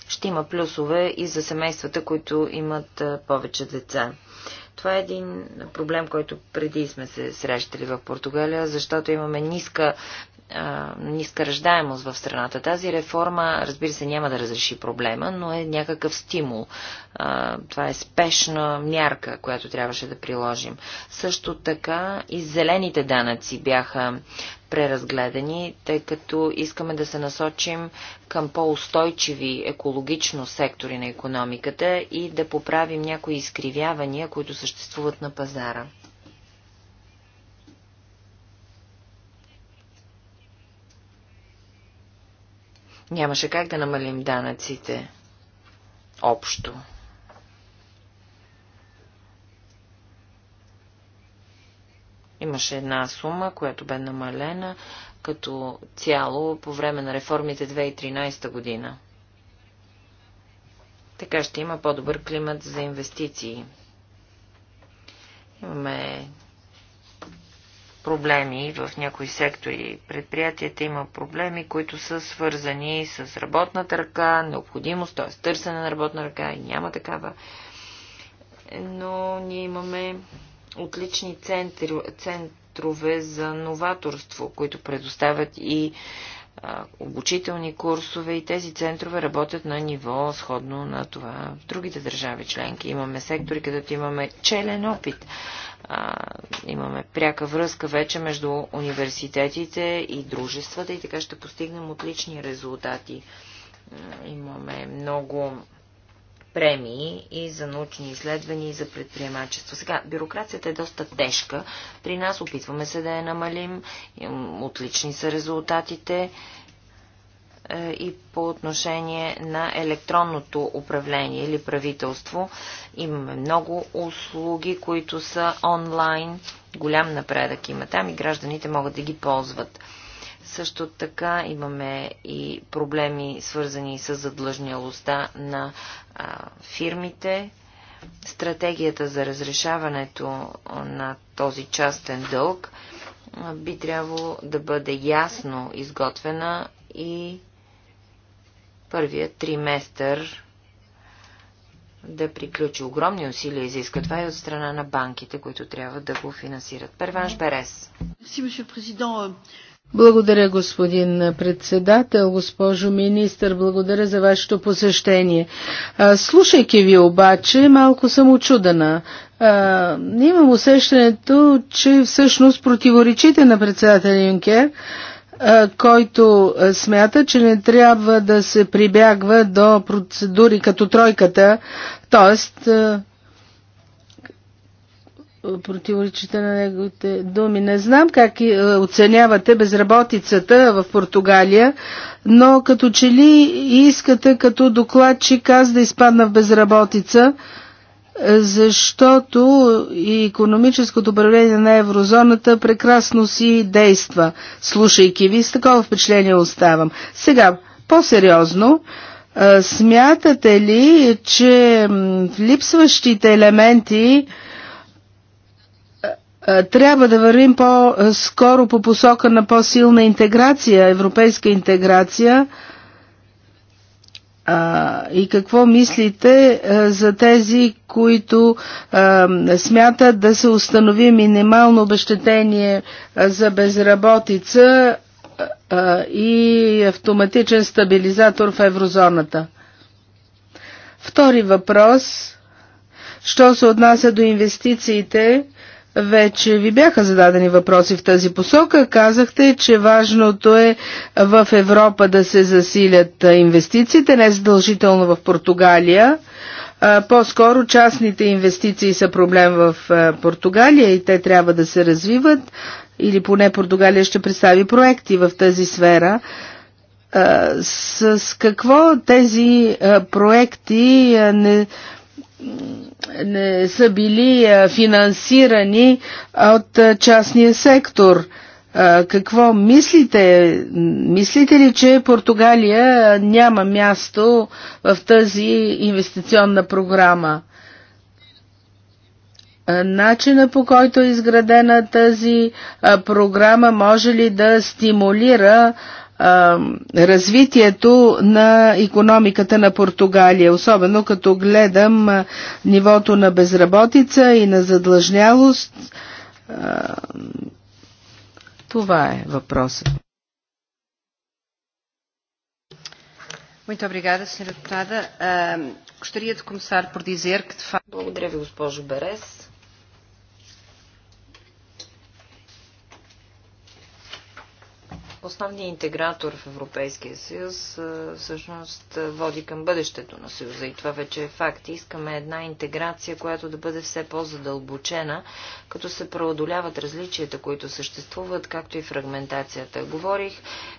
Speaker 2: ще има плюсове и за семействата, които имат повече деца. Това е един проблем, който преди сме се срещали в Португалия, защото имаме ниска а, ниска ръждаемост в страната. Тази реформа, разбира се, няма да разреши проблема, но е някакъв стимул. А, това е спешна мярка, която трябваше да приложим. Също така и зелените данъци бяха преразгледани, тъй като искаме да се насочим към по-устойчиви екологично сектори на економиката и да поправим някои изкривявания, които съществуват на пазара. Нямаше как да намалим данъците общо. Имаше една сума, която бе намалена като цяло по време на реформите 2013 година. Така ще има по-добър климат за инвестиции. Имаме проблеми в някои сектори. Предприятията има проблеми, които са свързани с работната ръка, необходимост, т.е. търсене на работна ръка и няма такава. Но ние имаме отлични центрове за новаторство, които предоставят и обучителни курсове и тези центрове работят на ниво сходно на това в другите държави членки. Имаме сектори, където имаме челен опит. А, имаме пряка връзка вече между университетите и дружествата и така ще постигнем отлични резултати. Имаме много премии и за научни изследвания и за предприемачество. Сега, бюрокрацията е доста тежка. При нас опитваме се да я намалим. Отлични са резултатите е, и по отношение на електронното управление или правителство. Имаме много услуги, които са онлайн. Голям напредък има там и гражданите могат да ги ползват. Също така имаме и проблеми, свързани с задлъжнялостта на а, фирмите. Стратегията за разрешаването на този частен дълг би трябвало да бъде ясно изготвена и първия триместър да приключи. Огромни усилия изиска това и от страна на банките, които трябва да го финансират. Перванш Берес. президент,
Speaker 4: благодаря, господин председател, госпожо министър, благодаря за вашето посещение. Слушайки ви обаче, малко съм очудена. Имам усещането, че всъщност противоречите на председателя Юнкер, който смята, че не трябва да се прибягва до процедури като тройката, т.е противоречите на неговите думи. Не знам как е, оценявате безработицата в Португалия, но като че ли искате като докладчик аз да изпадна в безработица, е, защото и економическото управление на еврозоната прекрасно си действа. Слушайки ви, с такова впечатление оставам. Сега, по-сериозно, е, смятате ли, че липсващите елементи е, трябва да вървим по-скоро по посока на по-силна интеграция, европейска интеграция. А, и какво мислите а, е, за тези, които а, е, смятат да се установи минимално обещетение а, за безработица а, и автоматичен стабилизатор в еврозоната? Втори въпрос. Що се отнася до инвестициите, вече ви бяха зададени въпроси в тази посока. Казахте, че важното е в Европа да се засилят инвестициите, не задължително в Португалия. По-скоро частните инвестиции са проблем в Португалия и те трябва да се развиват или поне Португалия ще представи проекти в тази сфера. С какво тези проекти не не са били финансирани от частния сектор. Какво мислите? Мислите ли, че Португалия няма място в тази инвестиционна програма? Начина по който е изградена тази програма може ли да стимулира развитието на економиката на Португалия, особено като гледам нивото на безработица и на задлъжнялост. Това е въпросът.
Speaker 3: Благодаря ви, госпожо Берес.
Speaker 2: основният интегратор в Европейския съюз всъщност води към бъдещето на съюза и това вече е факт. Искаме една интеграция, която да бъде все по-задълбочена, като се преодоляват различията, които съществуват, както и фрагментацията. Говорих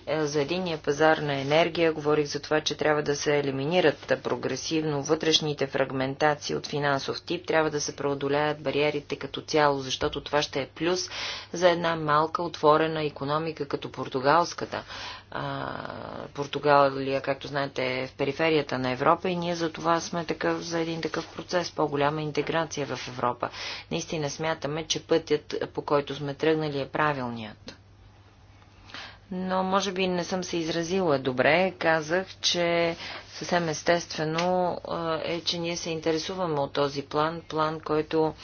Speaker 2: е, за единия пазар на енергия, говорих за това, че трябва да се елиминират прогресивно вътрешните фрагментации от финансов тип, трябва да се преодоляят бариерите като цяло, защото това ще е плюс за една малка отворена економика като португалската. Португалия, както знаете, е в периферията на Европа и ние за това сме такъв, за един такъв процес, по-голяма интеграция в Европа. Наистина смятаме, че пътят, по който сме тръгнали, е правилният но може би не съм се изразила добре. Казах, че съвсем естествено е, че ние се интересуваме от този план, план, който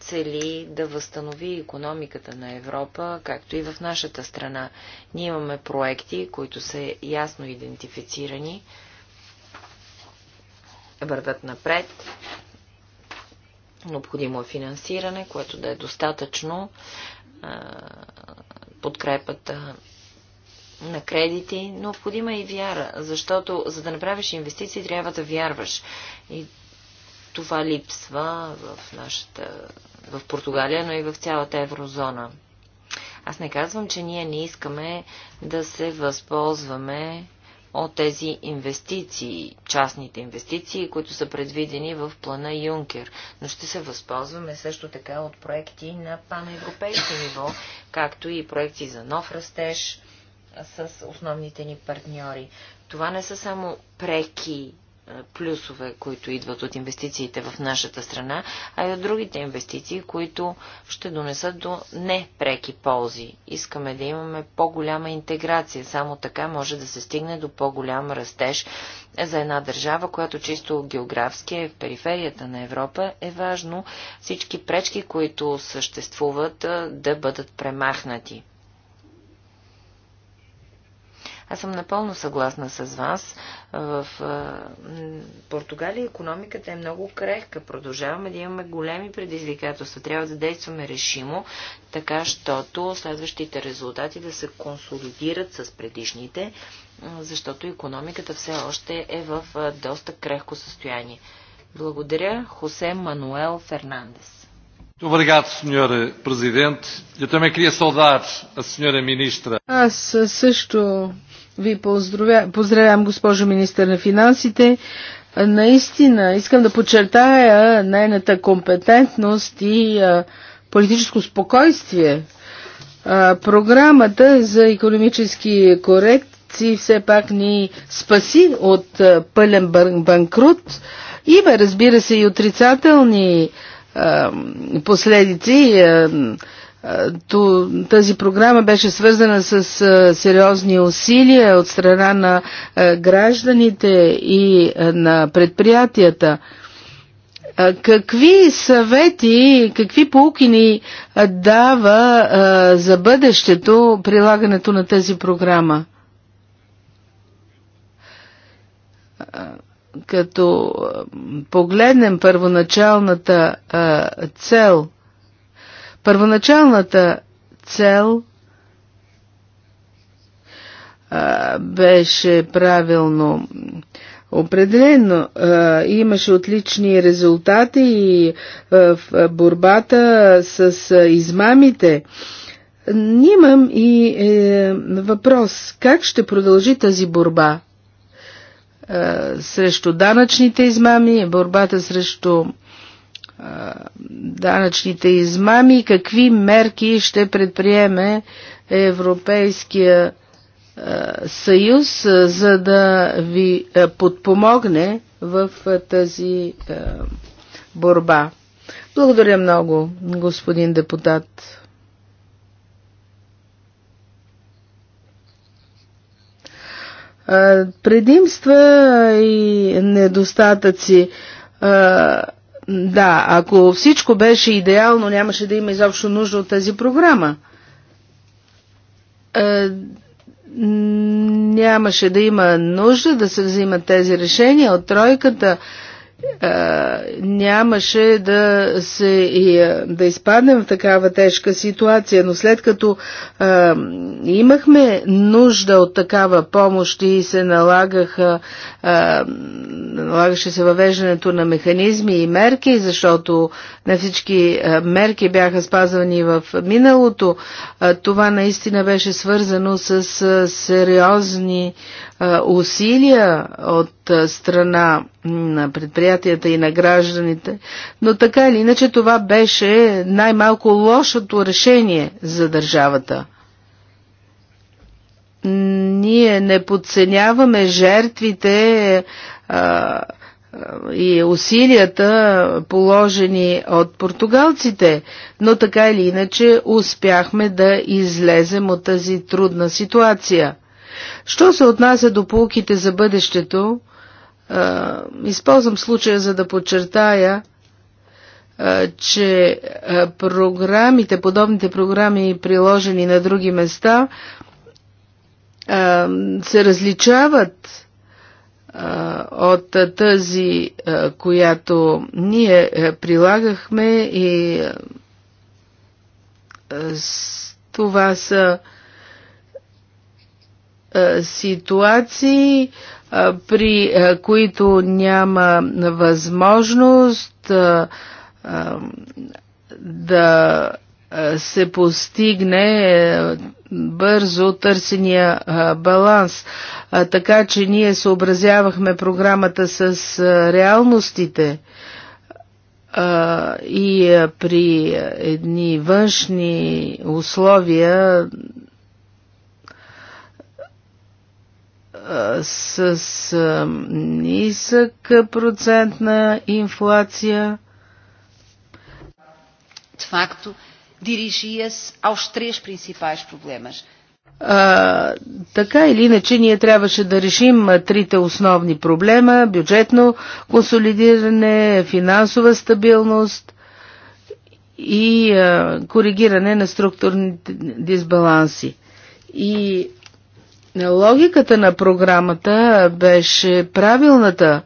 Speaker 2: цели да възстанови економиката на Европа, както и в нашата страна. Ние имаме проекти, които са ясно идентифицирани, вървят напред, необходимо е финансиране, което да е достатъчно подкрепата на кредити, необходима е и вяра, защото за да направиш инвестиции трябва да вярваш. И това липсва в нашата, в Португалия, но и в цялата еврозона. Аз не казвам, че ние не искаме да се възползваме от тези инвестиции, частните инвестиции, които са предвидени в плана Юнкер. Но ще се възползваме също така от проекти на паневропейско ниво, както и проекти за нов растеж с основните ни партньори. Това не са само преки плюсове, които идват от инвестициите в нашата страна, а и от другите инвестиции, които ще донесат до непреки ползи. Искаме да имаме по-голяма интеграция. Само така може да се стигне до по-голям растеж за една държава, която чисто географски е в периферията на Европа. Е важно всички пречки, които съществуват, да бъдат премахнати. Аз съм напълно съгласна с вас. В Португалия економиката е много крехка. Продължаваме да имаме големи предизвикателства. Трябва да действаме решимо, така щото следващите резултати да се консолидират с предишните, защото економиката все още е в доста крехко състояние. Благодаря, Хосе Мануел Фернандес.
Speaker 1: obrigado,
Speaker 3: Sr. Presidente. Eu também queria saudar a Sra. Ministra.
Speaker 4: Аз също ви поздравя, поздравям, госпожо министър на финансите. Наистина, искам да подчертая нейната компетентност и а, политическо спокойствие. А, програмата за економически корекции все пак ни спаси от а, пълен банкрут. Има, разбира се, и отрицателни последици тази програма беше свързана с сериозни усилия от страна на гражданите и на предприятията. Какви съвети, какви полки ни дава за бъдещето прилагането на тази програма? Като погледнем първоначалната цел – Първоначалната цел а, беше правилно Определено а, имаше отлични резултати и а, в борбата с а, измамите. Нимам и е, въпрос, как ще продължи тази борба? е, срещу данъчните измами, борбата срещу данъчните измами, какви мерки ще предприеме Европейския съюз, за да ви подпомогне в тази борба. Благодаря много, господин депутат. Предимства и недостатъци да, ако всичко беше идеално, нямаше да има изобщо нужда от тази програма. Е, нямаше да има нужда да се взимат тези решения от тройката, е, нямаше да, се, и, е, да изпаднем в такава тежка ситуация, но след като а, е, имахме нужда от такава помощ и се налагаха, а, налагаше се въвеждането на механизми и мерки, защото не всички мерки бяха спазвани в миналото, а, това наистина беше свързано с а, сериозни усилия от страна на предприятията и на гражданите, но така или иначе това беше най-малко лошото решение за държавата. Ние не подценяваме жертвите а, и усилията положени от португалците, но така или иначе успяхме да излезем от тази трудна ситуация – Що се отнася до полуките за бъдещето, използвам случая за да подчертая, че програмите, подобните програми, приложени на други места, се различават от тази, която ние прилагахме и това са е, ситуации, е, при е, които няма възможност да се постигне бързо търсения баланс. Така че ние съобразявахме програмата с реалностите и при едни външни условия с нисък процент на инфлация.
Speaker 3: De facto, dirigia-se aos três principais problemas.
Speaker 4: А, така или иначе, ние трябваше да решим трите основни проблема бюджетно консолидиране, финансова стабилност и а, коригиране на структурните дисбаланси. И Логиката на програмата беше правилната.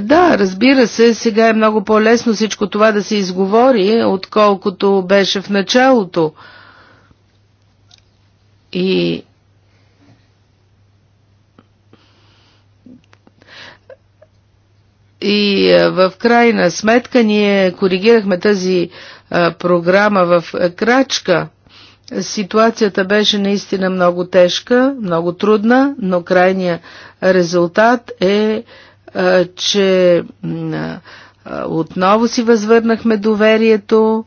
Speaker 4: Да, разбира се, сега е много по-лесно всичко това да се изговори, отколкото беше в началото. И И е, в крайна сметка ние коригирахме тази програма в крачка. Ситуацията беше наистина много тежка, много трудна, но крайният резултат е, че отново си възвърнахме доверието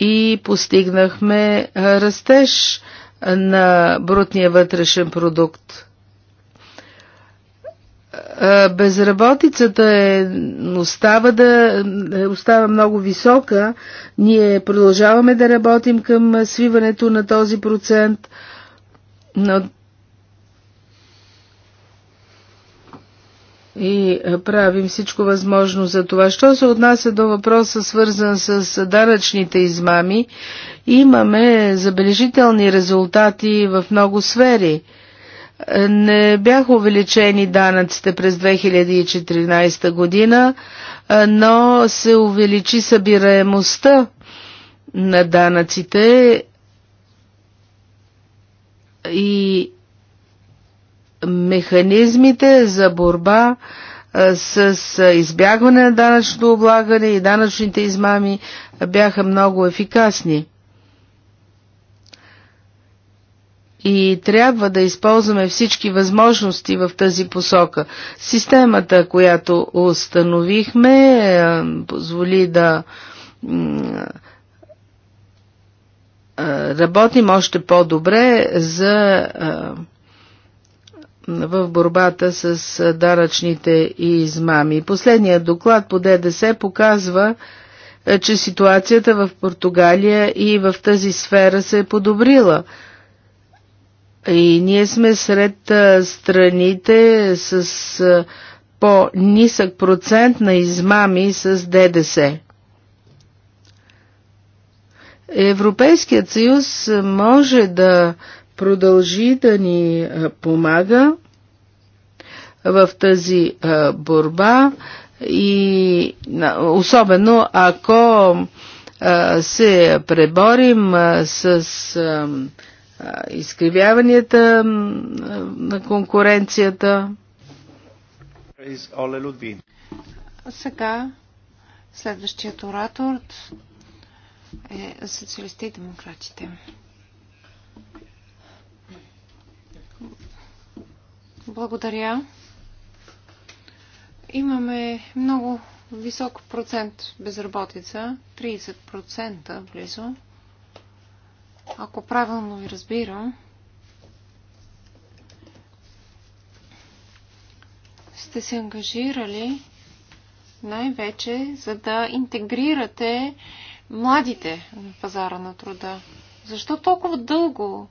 Speaker 4: и постигнахме растеж на брутния вътрешен продукт безработицата е, остава, да, е, остава много висока. Ние продължаваме да работим към свиването на този процент, но и е, правим всичко възможно за това. Що се отнася до въпроса, свързан с данъчните измами, имаме забележителни резултати в много сфери – не бяха увеличени данъците през 2014 година, но се увеличи събираемостта на данъците и механизмите за борба с избягване на данъчното облагане и данъчните измами бяха много ефикасни. и трябва да използваме всички възможности в тази посока. Системата, която установихме, е, позволи да работим още по-добре за в борбата с даръчните измами. Последният доклад по ДДС показва, е, че ситуацията в Португалия и в тази сфера се е подобрила – и ние сме сред страните с по-нисък процент на измами с ДДС. Европейският съюз може да продължи да ни помага в тази борба и особено ако се преборим с изкривяванията на конкуренцията.
Speaker 5: Сега следващият оратор е социалистите и демократите. Благодаря. Имаме много висок процент безработица, 30% близо. Ако правилно ви разбирам, сте се ангажирали най-вече за да интегрирате младите на пазара на труда. Защо толкова дълго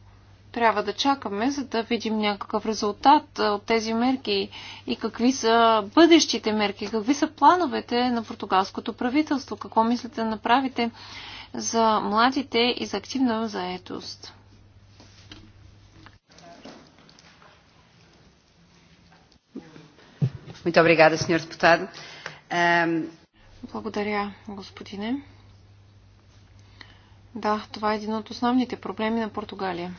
Speaker 5: трябва да чакаме, за да видим някакъв резултат от тези мерки и какви са бъдещите мерки, какви са плановете на португалското правителство, какво мислите да направите за младите и за активна заетост. Ehm, Благодаря, господине. Да, това е един от основните проблеми на Португалия.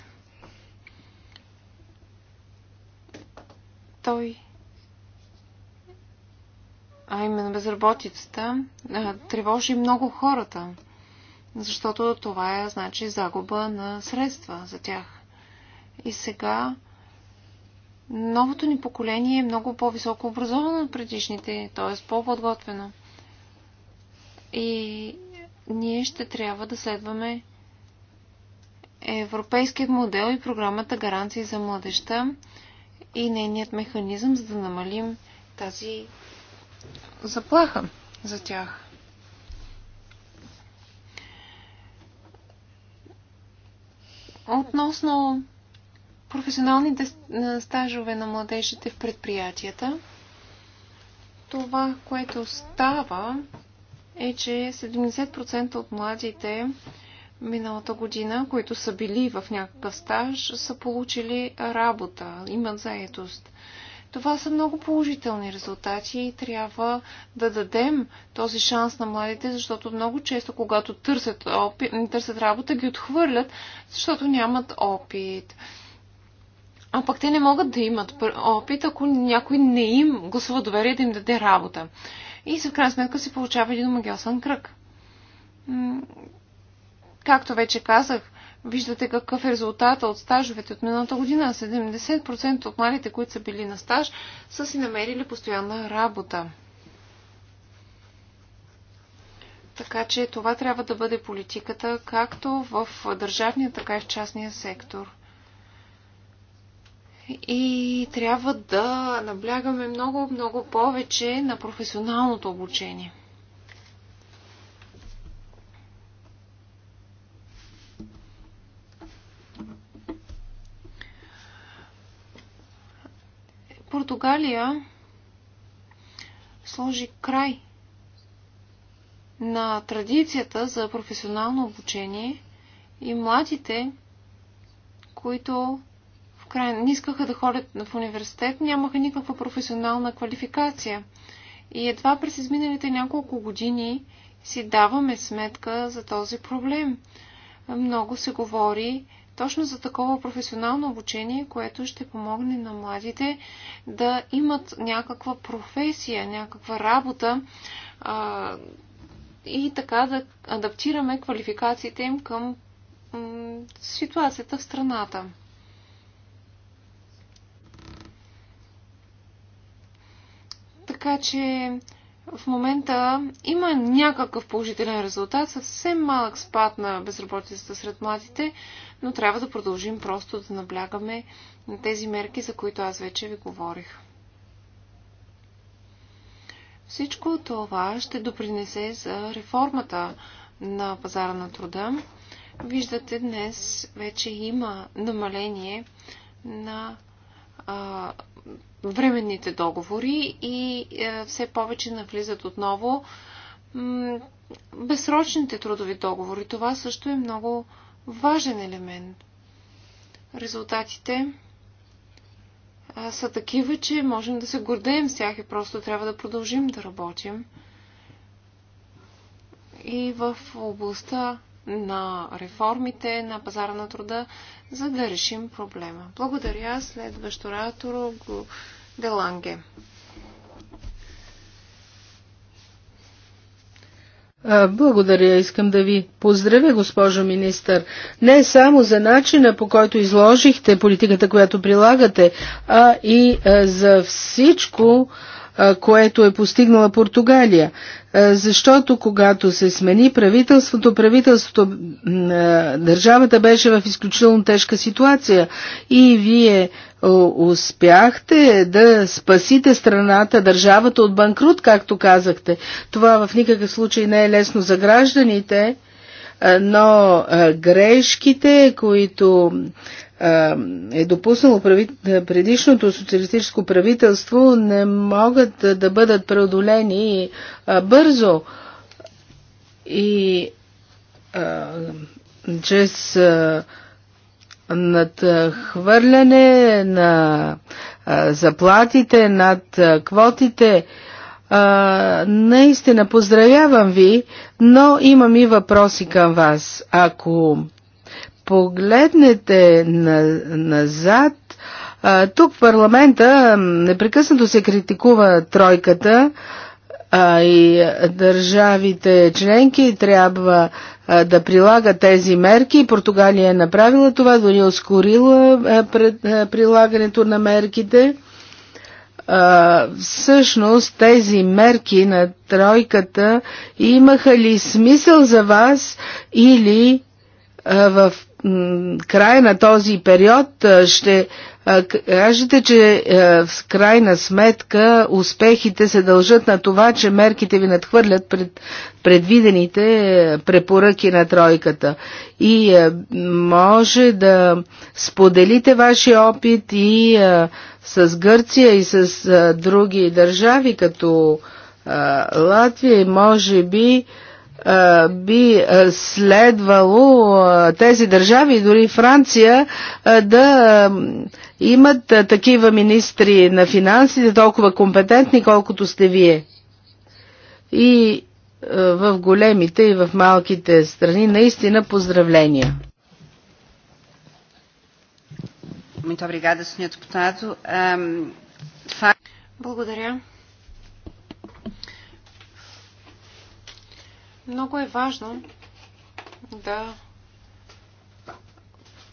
Speaker 5: Той а именно безработицата, тревожи много хората защото това е, значи, загуба на средства за тях. И сега новото ни поколение е много по-високо образовано от предишните, т.е. по-подготвено. И ние ще трябва да следваме европейският модел и програмата Гаранции за младеща и нейният механизъм, за да намалим тази заплаха за тях. Относно професионалните стажове на младежите в предприятията, това, което става, е, че 70% от младите миналата година, които са били в някакъв стаж, са получили работа, имат заетост. Това са много положителни резултати и трябва да дадем този шанс на младите, защото много често, когато търсят, опит, търсят работа, ги отхвърлят, защото нямат опит. А пък те не могат да имат опит, ако някой не им гласува доверие да им даде работа. И в крайна сметка се получава един магиосен кръг. Както вече казах, Виждате какъв е резултата от стажовете от миналата година. 70% от малите, които са били на стаж, са си намерили постоянна работа. Така че това трябва да бъде политиката както в държавния, така и в частния сектор. И трябва да наблягаме много, много повече на професионалното обучение. Португалия сложи край на традицията за професионално обучение и младите, които в край не искаха да ходят в университет, нямаха никаква професионална квалификация. И едва през изминалите няколко години си даваме сметка за този проблем. Много се говори точно за такова професионално обучение, което ще помогне на младите да имат някаква професия, някаква работа а, и така да адаптираме квалификациите им към ситуацията в страната. Така че в момента има някакъв положителен резултат, съвсем малък спад на безработицата сред младите, но трябва да продължим просто да наблягаме на тези мерки, за които аз вече ви говорих. Всичко това ще допринесе за реформата на пазара на труда. Виждате, днес вече има намаление на а, временните договори и а, все повече навлизат отново безсрочните трудови договори. Това също е много важен елемент. Резултатите а, са такива, че можем да се гордеем с тях и просто трябва да продължим да работим. И в областта на реформите на пазара на труда, за да решим проблема. Благодаря. Следващо оратор Деланге.
Speaker 4: Благодаря. Искам да ви поздравя, госпожо министър. Не само за начина по който изложихте политиката, която прилагате, а и за всичко, което е постигнала Португалия. Защото когато се смени правителството, правителството, държавата беше в изключително тежка ситуация и вие успяхте да спасите страната, държавата от банкрут, както казахте. Това в никакъв случай не е лесно за гражданите, но грешките, които е допуснало предишното социалистическо правителство, не могат да бъдат преодолени бързо. И чрез над хвърляне, на заплатите, над квотите. наистина поздравявам ви, но имам и въпроси към вас. Ако погледнете на, назад, тук в парламента непрекъснато се критикува тройката, а и държавите членки трябва да прилага тези мерки. Португалия е направила това, дори е ускорила пред прилагането на мерките. Всъщност тези мерки на тройката имаха ли смисъл за вас или в края на този период ще кажете, че в крайна сметка успехите се дължат на това, че мерките ви надхвърлят пред предвидените е, препоръки на тройката. И е, може да споделите вашия опит и е, с Гърция и с други държави, като Латвия и може би би следвало тези държави, дори Франция, да имат такива министри на финансите, толкова компетентни, колкото сте вие. И в големите и в малките страни, наистина поздравления.
Speaker 5: Благодаря. Много е важно да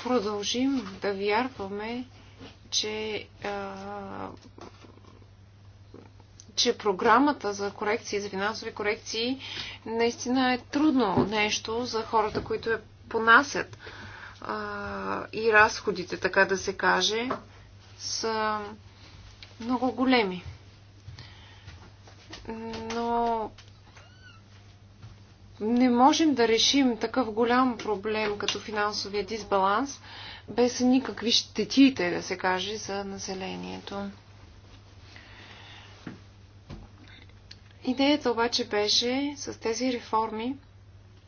Speaker 5: продължим да вярваме, че, а, че програмата за корекции, за финансови корекции, наистина е трудно нещо за хората, които я понасят. А, и разходите, така да се каже, са много големи. Но не можем да решим такъв голям проблем като финансовия дисбаланс без никакви щетите, да се каже, за населението. Идеята обаче беше с тези реформи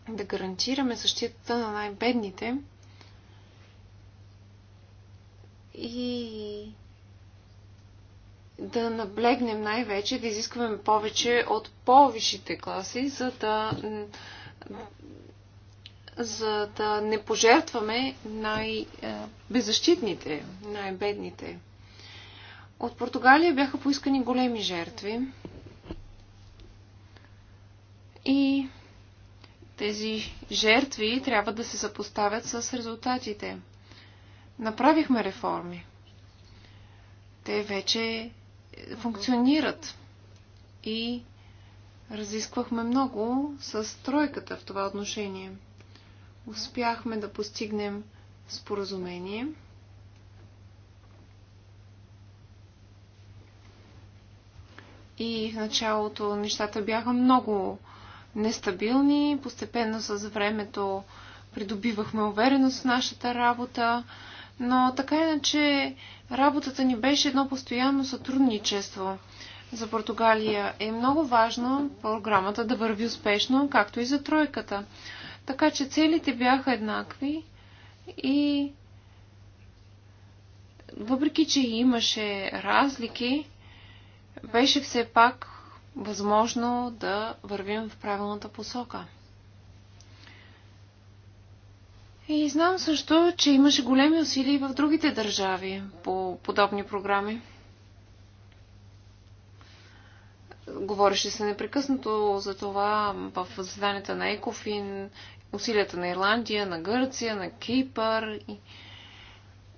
Speaker 5: да гарантираме защитата на най-бедните и да наблегнем най-вече, да изискваме повече от по-висшите класи, за да, за да не пожертваме най-беззащитните, най-бедните. От Португалия бяха поискани големи жертви. И тези жертви трябва да се съпоставят с резултатите. Направихме реформи. Те вече функционират. И разисквахме много с тройката в това отношение. Успяхме да постигнем споразумение. И в началото нещата бяха много нестабилни. Постепенно с времето придобивахме увереност в нашата работа но така иначе работата ни беше едно постоянно сътрудничество. За Португалия е много важно програмата да върви успешно, както и за тройката. Така че целите бяха еднакви и въпреки, че имаше разлики, беше все пак възможно да вървим в правилната посока. И знам също, че имаше големи усилия и в другите държави по подобни програми. Говореше се непрекъснато за това в заседанията на Екофин, усилията на Ирландия, на Гърция, на Кипър. и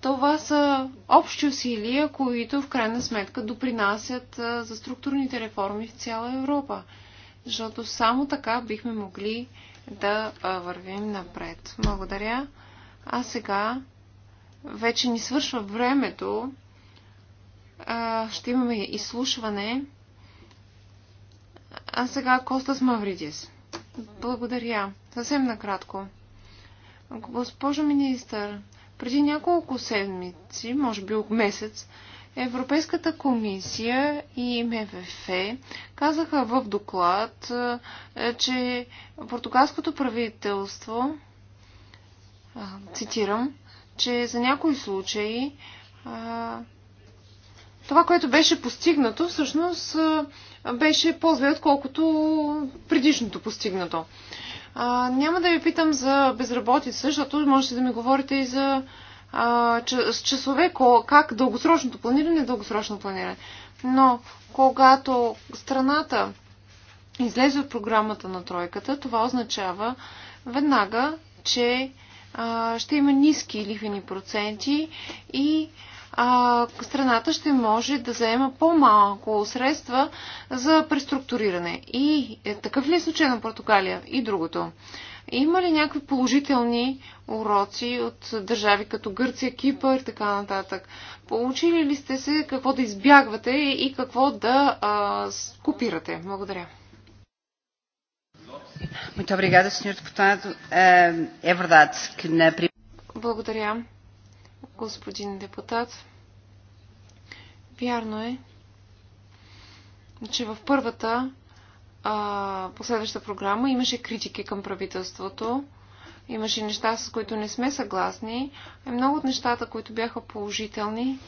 Speaker 5: Това са общи усилия, които в крайна сметка допринасят за структурните реформи в цяла Европа. Защото само така бихме могли да вървим напред. Благодаря. А сега вече ни свършва времето. Ще имаме изслушване. А сега Костас Мавридис. Благодаря. Съвсем накратко. Госпожо министър, преди няколко седмици, може би месец, Европейската комисия и МВФ казаха в доклад, е, че португалското правителство, цитирам, че за някои случаи това, което беше постигнато, всъщност беше по-зле, отколкото предишното постигнато. А, няма да ви питам за безработица, защото можете да ми говорите и за а, с часове как дългосрочното планиране е дългосрочно планиране. Но когато страната излезе от програмата на тройката, това означава веднага, че а, ще има ниски лихвени проценти и а, страната ще може да заема по-малко средства за преструктуриране. И е, такъв ли е случай на Португалия? И другото. Има ли някакви положителни уроци от държави като Гърция, Кипър и така нататък? Получили ли сте се какво да избягвате и какво да а, купирате? Благодаря.
Speaker 3: Е, е
Speaker 5: Благодаря, господин депутат. Вярно е, че в първата а, последваща програма имаше критики към правителството, имаше неща, с които не сме съгласни. И е, много от нещата, които бяха положителни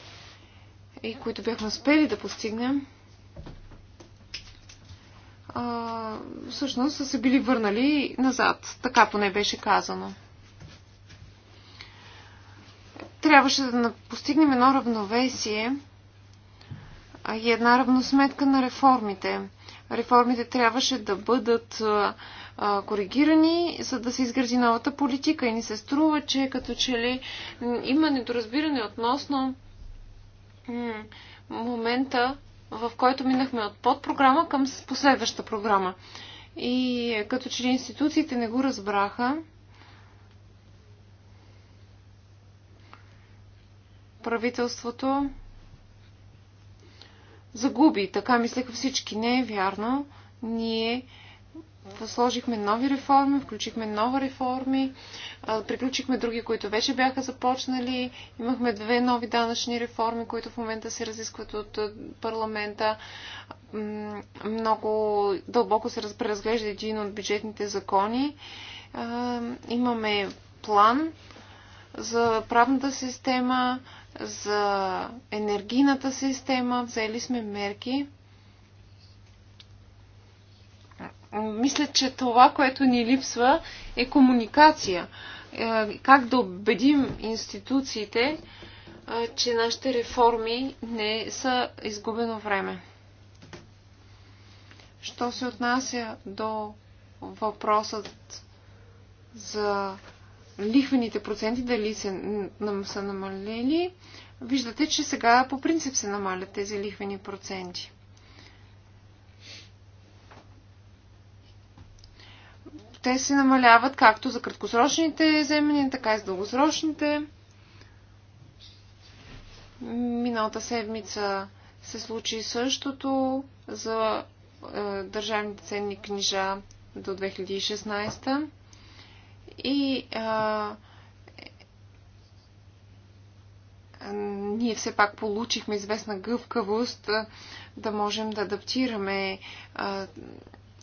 Speaker 5: и които бяхме успели да постигнем, а, всъщност са се били върнали назад. Така поне беше казано. Трябваше да постигнем едно равновесие и една равносметка на реформите реформите трябваше да бъдат коригирани, за да се изгради новата политика. И ни се струва, че като че ли има недоразбиране относно момента, в който минахме от подпрограма към последваща програма. И е, като че ли институциите не го разбраха, правителството загуби. Така мислеха всички. Не е вярно. Ние сложихме нови реформи, включихме нови реформи, приключихме други, които вече бяха започнали. Имахме две нови данъчни реформи, които в момента се разискват от парламента. Много дълбоко се преразглежда един от бюджетните закони. Имаме план, за правната система, за енергийната система. Взели сме мерки. Мисля, че това, което ни липсва е комуникация. Е, как да убедим институциите, е, че нашите реформи не са изгубено време. Що се отнася до въпросът за лихвените проценти дали се, нам, са намалели. Виждате, че сега по принцип се намалят тези лихвени проценти. Те се намаляват както за краткосрочните вземания, така и за дългосрочните. Миналата седмица се случи същото за е, държавните ценни книжа до 2016. И а, ние все пак получихме известна гъвкавост да можем да адаптираме а,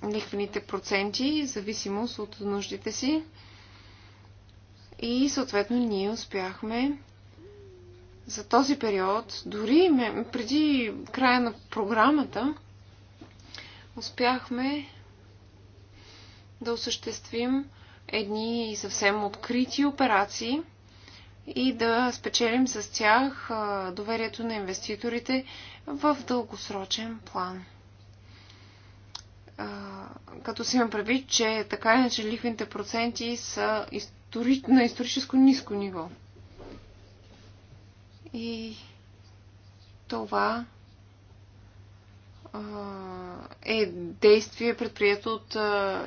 Speaker 5: лихвените проценти в зависимост от нуждите си. И съответно ние успяхме за този период, дори преди края на програмата, успяхме да осъществим едни съвсем открити операции и да спечелим с тях доверието на инвеститорите в дългосрочен план. Като си имам предвид, че така иначе лихвените проценти са на историческо ниско ниво. И това е действие предприето от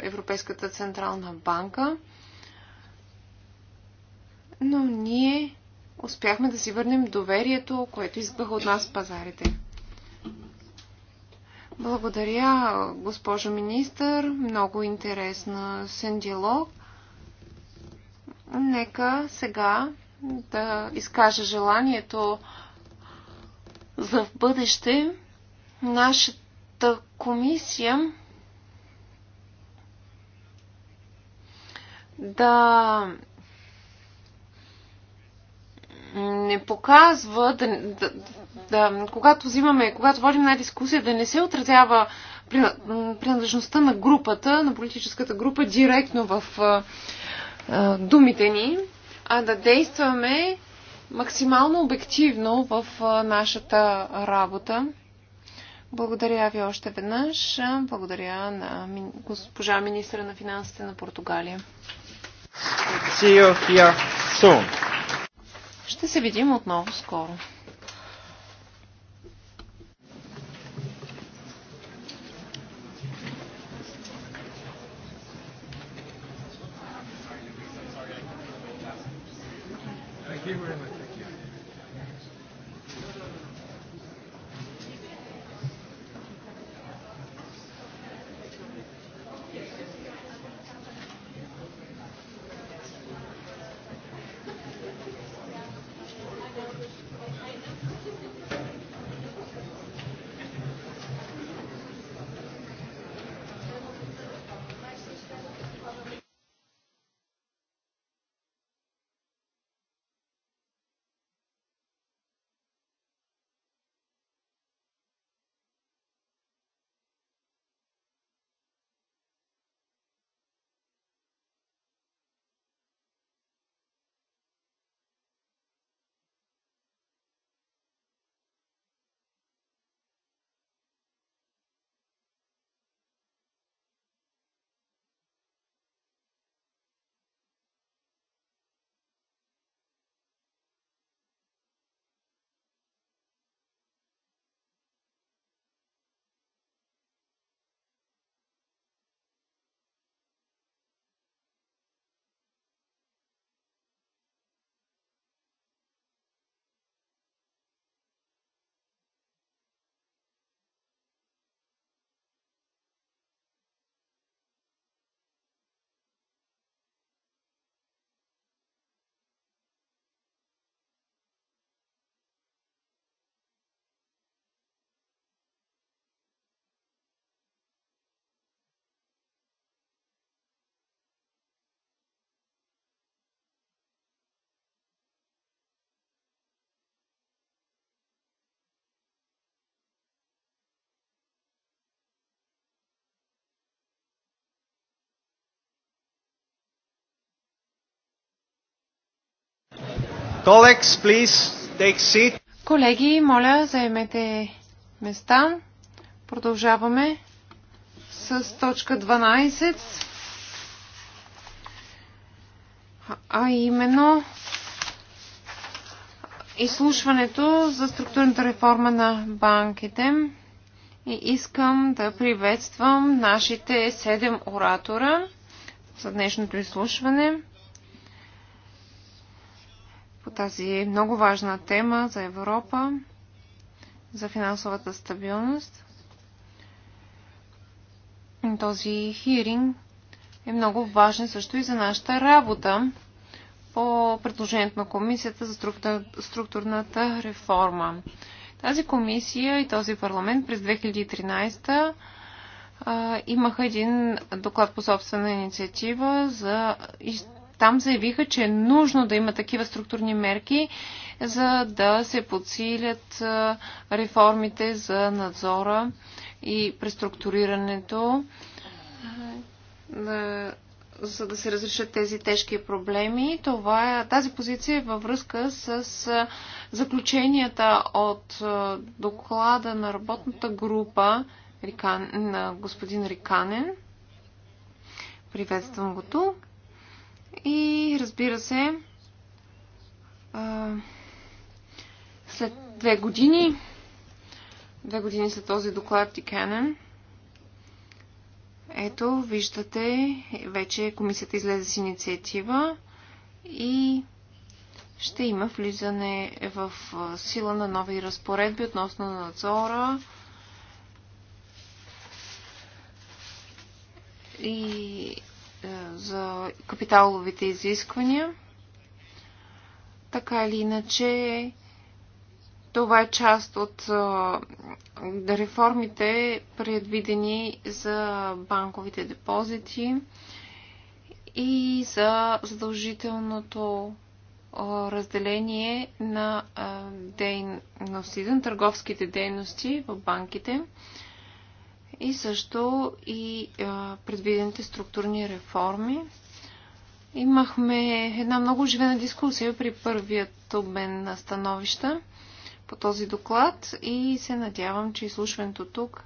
Speaker 5: Европейската Централна банка, но ние успяхме да си върнем доверието, което избаха от нас пазарите. Благодаря, госпожо министър. Много интересна сен диалог. Нека сега да изкажа желанието за в бъдеще Нашата комисия да не показва, да, да, да, когато взимаме, когато водим една дискусия, да не се отразява принадлежността на групата, на политическата група, директно в а, думите ни, а да действаме максимално обективно в а, нашата работа. Благодаря ви още веднъж. Благодаря на госпожа министра на финансите на Португалия. Ще се видим отново скоро.
Speaker 1: Thank you very much.
Speaker 3: Colleagues, please take seat.
Speaker 5: Колеги, моля, заемете места. Продължаваме с точка 12. А именно изслушването за структурната реформа на банките. И искам да приветствам нашите седем оратора за днешното изслушване по тази много важна тема за Европа, за финансовата стабилност. Този хиринг е много важен също и за нашата работа по предложението на комисията за структурната реформа. Тази комисия и този парламент през 2013 а, имаха един доклад по собствена инициатива за там заявиха, че е нужно да има такива структурни мерки, за да се подсилят реформите за надзора и преструктурирането, за да се разрешат тези тежки проблеми. Това, е, тази позиция е във връзка с заключенията от доклада на работната група на господин Риканен. Приветствам го тук. И разбира се, след две години, две години след този доклад Тиканен, ето, виждате, вече комисията излезе с инициатива и ще има влизане в сила на нови разпоредби относно надзора и е, за капиталовите изисквания. Така или иначе, това е част от е, реформите, предвидени за банковите депозити и за задължителното е, разделение на дейностите, на търговските дейности в банките и също и предвидените структурни реформи. Имахме една много живена дискусия при първият обмен на становища по този доклад и се надявам, че изслушването тук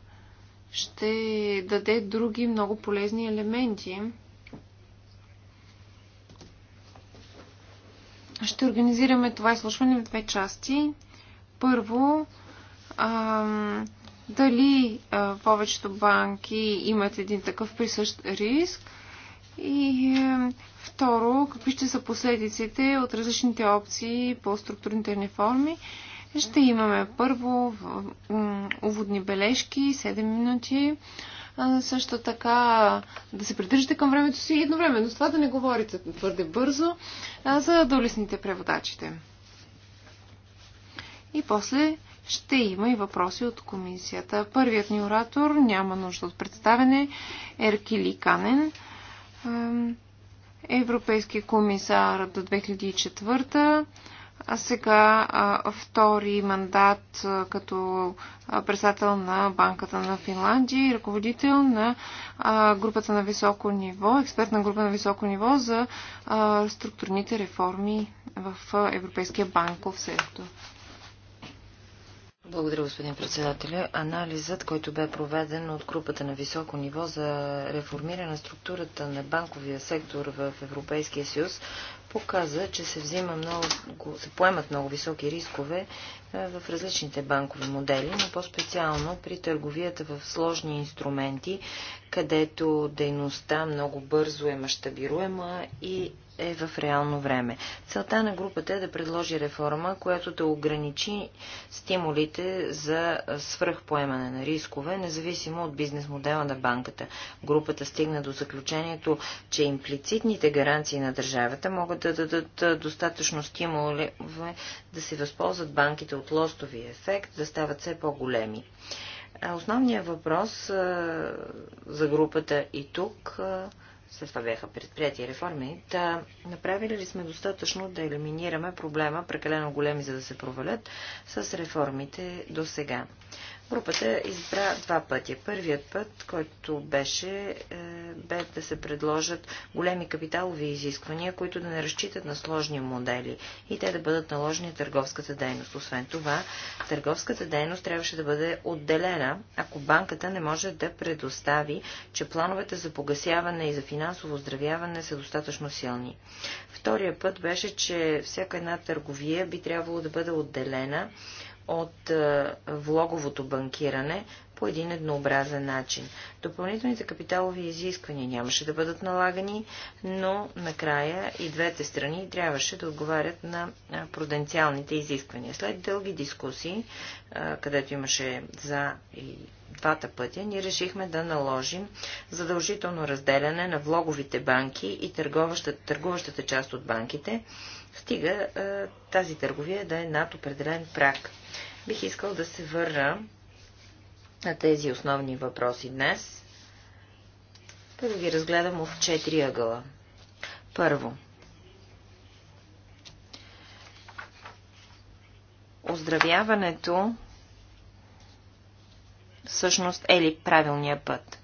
Speaker 5: ще даде други много полезни елементи. Ще организираме това изслушване в две части. Първо, ам, дали а, повечето банки имат един такъв присъщ риск и е, второ, какви ще са последиците от различните опции по структурните реформи. Ще имаме първо уводни бележки, 7 минути. също така да се придържате към времето си и едновременно с това да не говорите твърде бързо, а, за долесните преводачите. И после ще има и въпроси от комисията. Първият ни оратор няма нужда от представене. Еркили Канен, европейски комисар до 2004 а сега втори мандат като председател на Банката на Финландия и ръководител на групата на високо ниво, експертна група на високо ниво за структурните реформи в Европейския банков сектор.
Speaker 2: Благодаря, господин председателя. Анализът, който бе проведен от групата на високо ниво за реформиране на структурата на банковия сектор в Европейския съюз, показа, че се, взима много, се поемат много високи рискове в различните банкови модели, но по-специално при търговията в сложни инструменти, където дейността много бързо е мащабируема и е в реално време. Целта на групата е да предложи реформа, която да ограничи стимулите за свръхпоемане на рискове, независимо от бизнес модела на банката. Групата стигна до заключението, че имплицитните гаранции на държавата могат да дадат достатъчно стимули е, да се възползват банките от лостови ефект, да стават все по-големи. Основният въпрос за групата и тук след това бяха предприяти реформи, да направили ли сме достатъчно да елиминираме проблема, прекалено големи за да се провалят, с реформите до сега. Групата избра два пътя. Първият път, който беше, е, бе да се предложат големи капиталови изисквания, които да не разчитат на сложни модели и те да бъдат наложени търговската дейност. Освен това, търговската дейност трябваше да бъде отделена, ако банката не може да предостави, че плановете за погасяване и за финансово оздравяване са достатъчно силни. Втория път беше, че всяка една търговия би трябвало да бъде отделена от е, влоговото банкиране по един еднообразен начин. Допълнителните капиталови изисквания нямаше да бъдат налагани, но накрая и двете страни трябваше да отговарят на е, пруденциалните изисквания. След дълги дискусии, е, където имаше за и двата пътя, ние решихме да наложим задължително разделяне на влоговите банки и търговащата, търгуващата част от банките, стига тази търговия да е над определен прак. Бих искал да се върна на тези основни въпроси днес, да ги разгледам от четири ъгъла. Първо. Оздравяването всъщност е ли правилния път?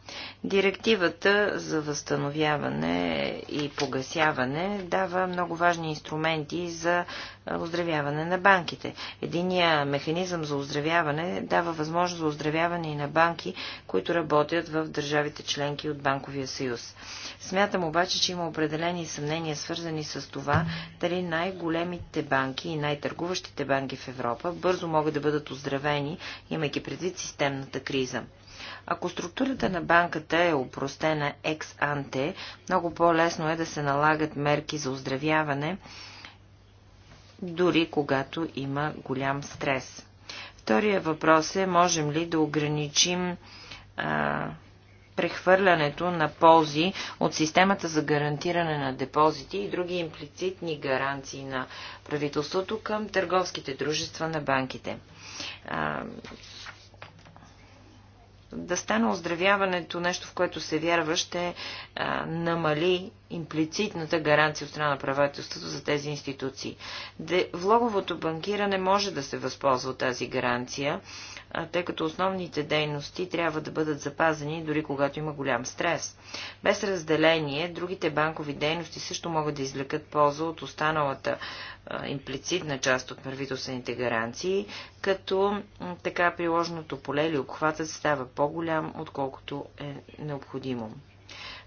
Speaker 2: Директивата за възстановяване и погасяване дава много важни инструменти за оздравяване на банките. Единия механизъм за оздравяване дава възможност за оздравяване и на банки, които работят в държавите членки от Банковия съюз. Смятам обаче, че има определени съмнения, свързани с това, дали най-големите банки и най-търгуващите банки в Европа бързо могат да бъдат оздравени, имайки предвид системната криза. Ако структурата на банката е упростена екс-анте, много по-лесно е да се налагат мерки за оздравяване, дори когато има голям стрес. Втория въпрос е, можем ли да ограничим а, прехвърлянето на ползи от системата за гарантиране на депозити и други имплицитни гаранции на правителството към търговските дружества на банките. А, да стане оздравяването нещо, в което се вярва, ще намали имплицитната гаранция от страна на правителството за тези институции. Де, влоговото банкиране може да се възползва от тази гаранция, тъй като основните дейности трябва да бъдат запазени дори когато има голям стрес. Без разделение, другите банкови дейности също могат да извлекат полза от останалата а, имплицитна част от правителствените гаранции, като така приложеното поле или обхватът става по-голям, отколкото е необходимо.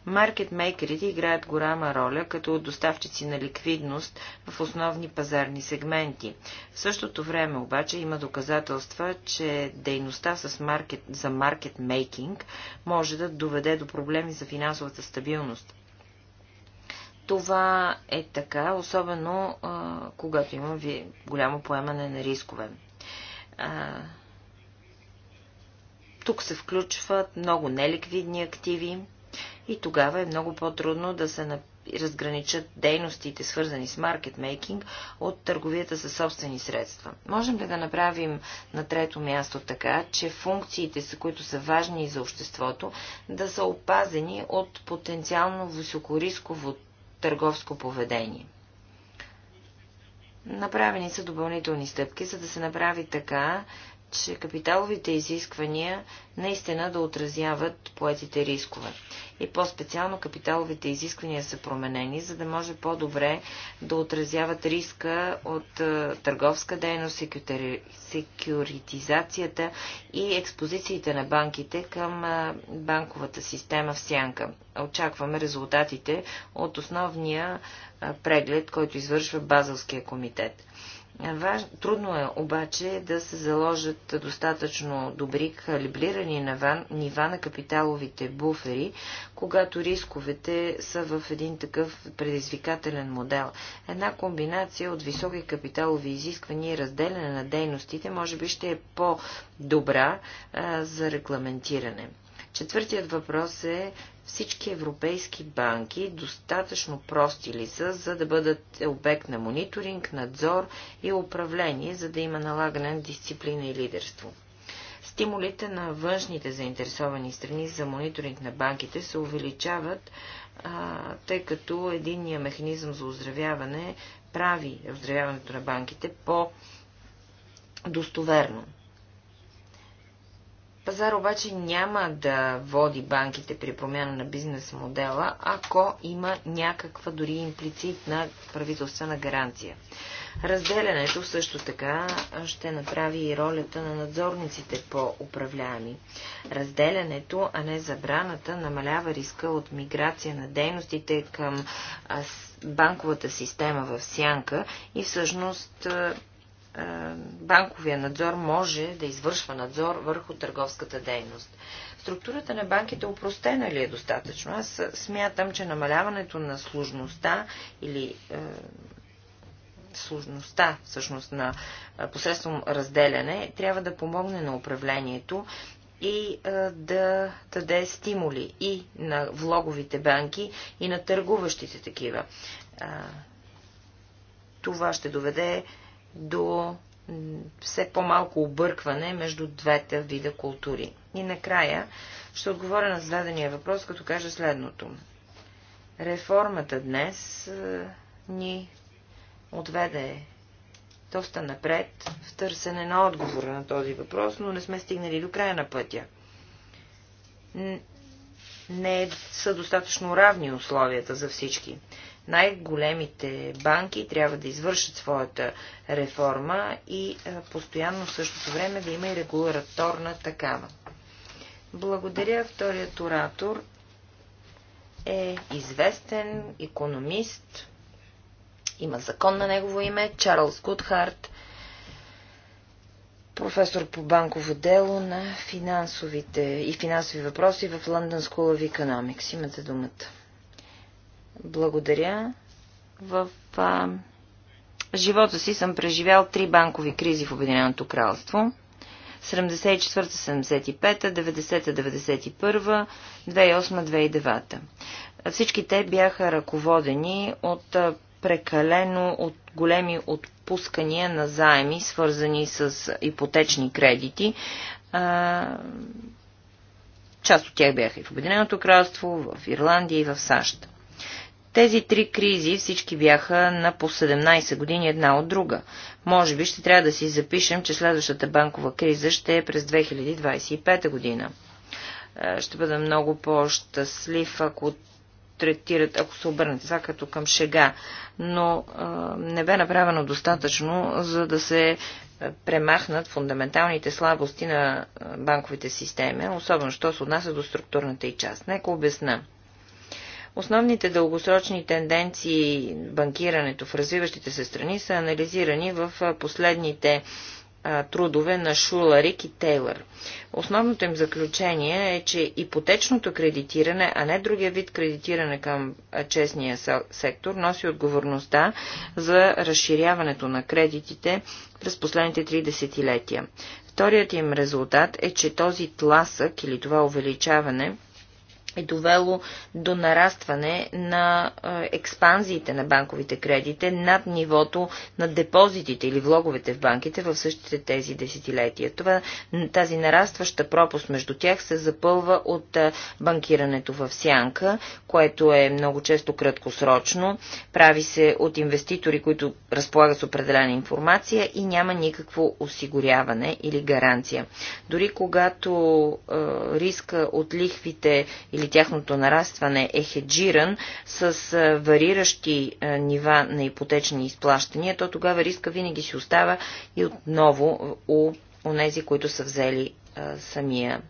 Speaker 2: Маркетмейкерите играят голяма роля като доставчици на ликвидност в основни пазарни сегменти. В същото време обаче има доказателства, че дейността с маркет, за маркетмейкинг може да доведе до проблеми за финансовата стабилност. Това е така, особено а, когато има ви голямо поемане на рискове. А, тук се включват много неликвидни активи, и тогава е много по-трудно да се разграничат дейностите, свързани с маркетмейкинг, от търговията със собствени средства. Можем ли да направим на трето място така, че функциите, които са важни за обществото, да са опазени от потенциално високорисково търговско поведение? Направени са допълнителни стъпки, за да се направи така, че капиталовите изисквания наистина да отразяват поетите рискове. И по-специално капиталовите изисквания са променени, за да може по-добре да отразяват риска от е, търговска дейност, секюритизацията и експозициите на банките към е, банковата система в сянка. Очакваме резултатите от основния е, преглед, който извършва Базълския комитет. Важ... Трудно е обаче да се заложат достатъчно добри калибрирани нива, нива на капиталовите буфери, когато рисковете са в един такъв предизвикателен модел. Една комбинация от високи капиталови изисквания и разделяне на дейностите може би ще е по-добра за регламентиране. Четвъртият въпрос е всички европейски банки достатъчно прости ли са, за да бъдат обект на мониторинг, надзор и управление, за да има налагане на дисциплина и лидерство. Стимулите на външните заинтересовани страни за мониторинг на банките се увеличават, а, тъй като единния механизъм за оздравяване прави оздравяването на банките по достоверно. Пазар обаче няма да води банките при промяна на бизнес модела, ако има някаква дори имплицитна правителствена гаранция. Разделянето също така ще направи и ролята на надзорниците по-управляеми. Разделянето, а не забраната, намалява риска от миграция на дейностите към банковата система в сянка и всъщност е, банковия надзор може да извършва надзор върху търговската дейност. Структурата на банките упростена ли е достатъчно? Аз смятам, че намаляването на сложността или е, сложността всъщност на е, посредством разделяне трябва да помогне на управлението и е, да даде стимули и на влоговите банки, и на търгуващите такива. това ще доведе до все по-малко объркване между двете вида култури. И накрая ще отговоря на зададения въпрос, като кажа следното. Реформата днес е, ни отведе доста напред в търсене на отговора на този въпрос, но не сме стигнали до края на пътя. Не са достатъчно равни условията за всички. Най-големите банки трябва да извършат своята реформа и постоянно в същото време да има и регулаторна такава. Благодаря. Вторият оратор е известен економист. Има закон на негово име. Чарлз Гудхарт – професор по банково дело на финансовите и финансови въпроси в London School of Economics. Имате думата. Благодаря. В а, живота си съм преживял три банкови кризи в Обединеното кралство. 74-75, 90-91, 2008-2009. Всички те бяха ръководени от прекалено от големи отпускания на заеми, свързани с ипотечни кредити. Част от тях бяха и в Обединеното кралство, в Ирландия и в САЩ. Тези три кризи всички бяха на по 17 години една от друга. Може би ще трябва да си запишем, че следващата банкова криза ще е през 2025 година. Е, ще бъда много по-щастлив, ако третират, ако се обърнете това като към шега, но а, е, не бе направено достатъчно, за да се е, премахнат фундаменталните слабости на банковите системи, особено що се отнася до структурната и част. Нека обясна. Основните дългосрочни тенденции банкирането в развиващите се страни са анализирани в последните трудове на Шуларик и Тейлър. Основното им заключение е, че ипотечното кредитиране, а не другия вид кредитиране към честния сектор, носи отговорността за разширяването на кредитите през последните три десетилетия. Вторият им резултат е, че този тласък или това увеличаване е довело до нарастване на експанзиите на банковите кредите над нивото на депозитите или влоговете в банките в същите тези десетилетия. Това, тази нарастваща пропуст между тях се запълва от банкирането в сянка, което е много често краткосрочно, прави се от инвеститори, които разполагат с определена информация и няма никакво осигуряване или гаранция. Дори когато е, риска от лихвите или или тяхното нарастване е хеджиран с вариращи нива на ипотечни изплащания, то тогава риска винаги си остава и отново у онези, които са взели самия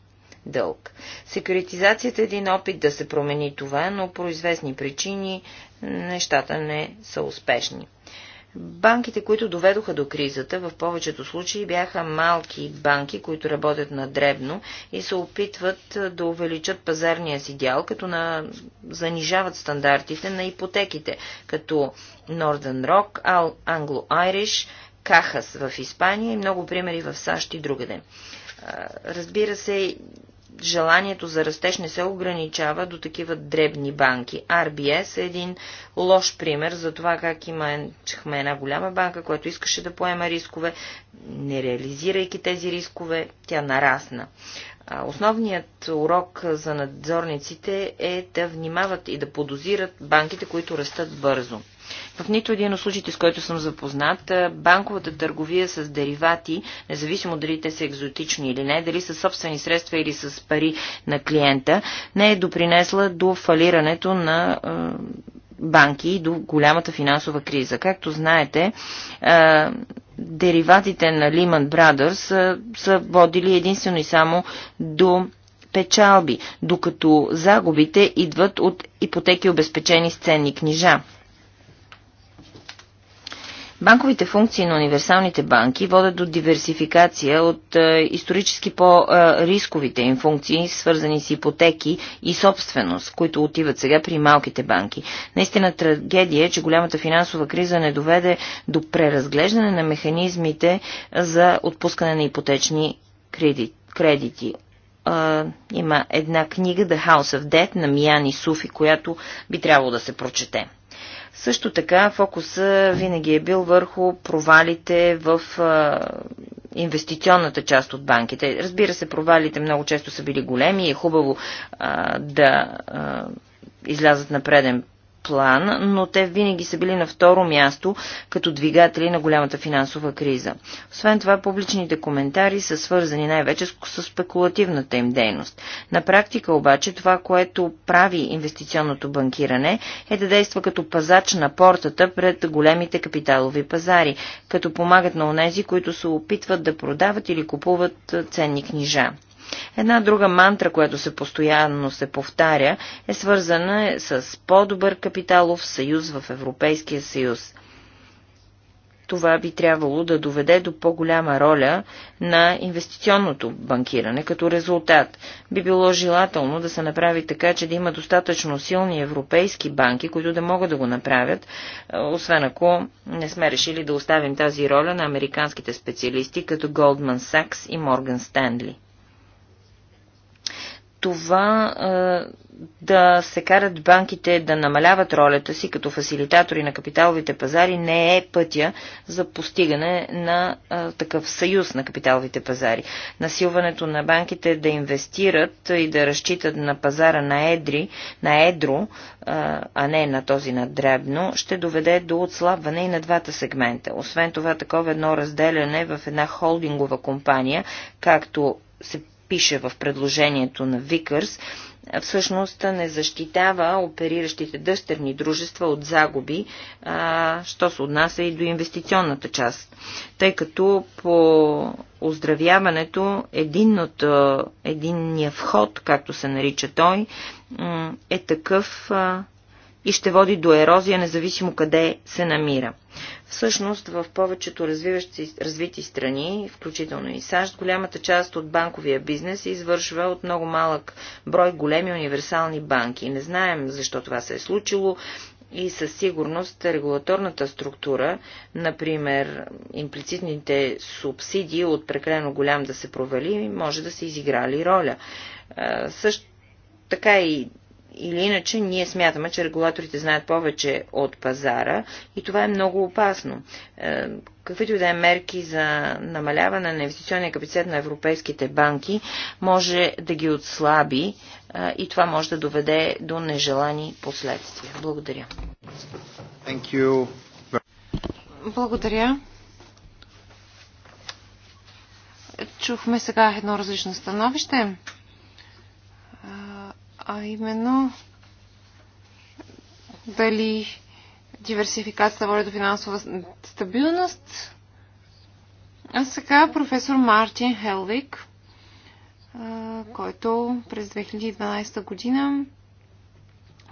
Speaker 2: дълг. Секретизацията е един опит да се промени това, но по известни причини нещата не са успешни. Банките, които доведоха до кризата, в повечето случаи бяха малки банки, които работят на дребно и се опитват да увеличат пазарния си дял, като на... занижават стандартите на ипотеките, като Northern Rock, Anglo-Irish, Cajas в Испания и много примери в САЩ и другаде. Разбира се, желанието за растеж не се ограничава до такива дребни банки. RBS е един лош пример за това как имахме една голяма банка, която искаше да поема рискове, не реализирайки тези рискове, тя нарасна. Основният урок за надзорниците е да внимават и да подозират банките, които растат бързо. В нито един от случаите, с който съм запознат, банковата търговия с деривати, независимо дали те са екзотични или не, дали са собствени средства или с пари на клиента, не е допринесла до фалирането на банки и до голямата финансова криза. Както знаете, дериватите на Lehman Brothers са, са водили единствено и само до печалби, докато загубите идват от ипотеки обезпечени с ценни книжа. Банковите функции на универсалните банки водят до диверсификация от е, исторически по-рисковите им функции, свързани с ипотеки и собственост, които отиват сега при малките банки. Наистина трагедия е, че голямата финансова криза не доведе до преразглеждане на механизмите за отпускане на ипотечни кредит, кредити а, има една книга The House of Debt на Мияни Суфи, която би трябвало да се прочете. Също така фокуса винаги е бил върху провалите в инвестиционната част от банките. Разбира се, провалите много често са били големи и е хубаво а, да а, излязат на преден план, но те винаги са били на второ място като двигатели на голямата финансова криза. Освен това, публичните коментари са свързани най-вече с спекулативната им дейност. На практика обаче това, което прави инвестиционното банкиране е да действа като пазач на портата пред големите капиталови пазари, като помагат на онези, които се опитват да продават или купуват ценни книжа. Една друга мантра, която се постоянно се повтаря, е свързана с по-добър капиталов съюз в Европейския съюз. Това би трябвало да доведе до по-голяма роля на инвестиционното банкиране като резултат. Би било желателно да се направи така, че да има достатъчно силни европейски банки, които да могат да го направят, е, освен ако не сме решили да оставим тази роля на американските специалисти като Goldman Sachs и Morgan Stanley това да се карат банките да намаляват ролята си като фасилитатори на капиталовите пазари не е пътя за постигане на а, такъв съюз на капиталовите пазари. Насилването на банките да инвестират и да разчитат на пазара на, едри, на едро, а, а не на този на дребно, ще доведе до отслабване и на двата сегмента. Освен това, такова едно разделяне в една холдингова компания, както се пише в предложението на Викърс, всъщност не защитава опериращите дъщерни дружества от загуби, а, що се отнася и до инвестиционната част. Тъй като по оздравяването единното, единния вход, както се нарича той, е такъв а, и ще води до ерозия, независимо къде се намира. Всъщност в повечето развиващи, развити страни, включително и САЩ, голямата част от банковия бизнес се извършва от много малък брой големи универсални банки. Не знаем защо това се е случило и със сигурност регулаторната структура, например имплицитните субсидии от прекалено голям да се провали, може да са изиграли роля. Също така и или иначе, ние смятаме, че регулаторите знаят повече от пазара и това е много опасно. Е, каквито и да е мерки за намаляване на инвестиционния капацитет на европейските банки, може да ги отслаби е, и това може да доведе до нежелани последствия.
Speaker 5: Благодаря.
Speaker 1: Благодаря.
Speaker 5: Чухме сега едно различно становище а именно дали диверсификацията води до финансова стабилност. А сега професор Мартин Хелвик, който през 2012 година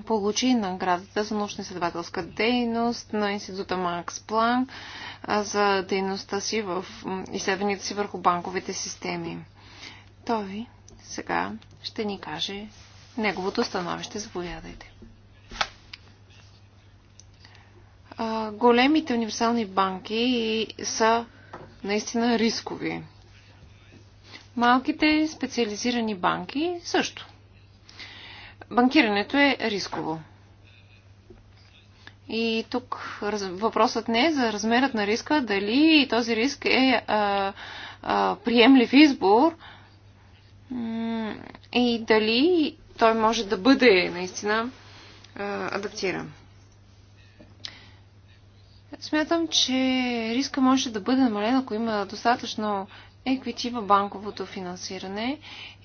Speaker 5: получи наградата за научно-изследователска дейност на Института Макс План за дейността си в изследванията си върху банковите системи. Той сега ще ни каже неговото становище. Заповядайте. А, големите универсални банки са наистина рискови. Малките специализирани банки също. Банкирането е рисково. И тук въпросът не е за размерът на риска, дали този риск е а, а, приемлив избор и дали той може да бъде наистина адаптиран. Смятам, че риска може да бъде намален, ако има достатъчно еквити в банковото финансиране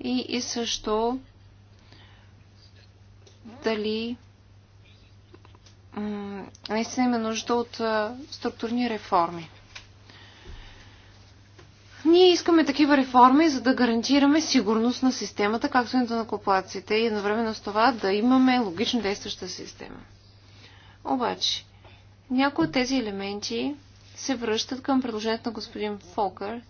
Speaker 5: и, и също дали наистина има нужда от структурни реформи. Ние искаме такива реформи, за да гарантираме сигурност на системата, както и на купаците и едновременно с това да имаме логично действаща система. Обаче, някои от тези елементи се връщат към предложението на господин Фокър.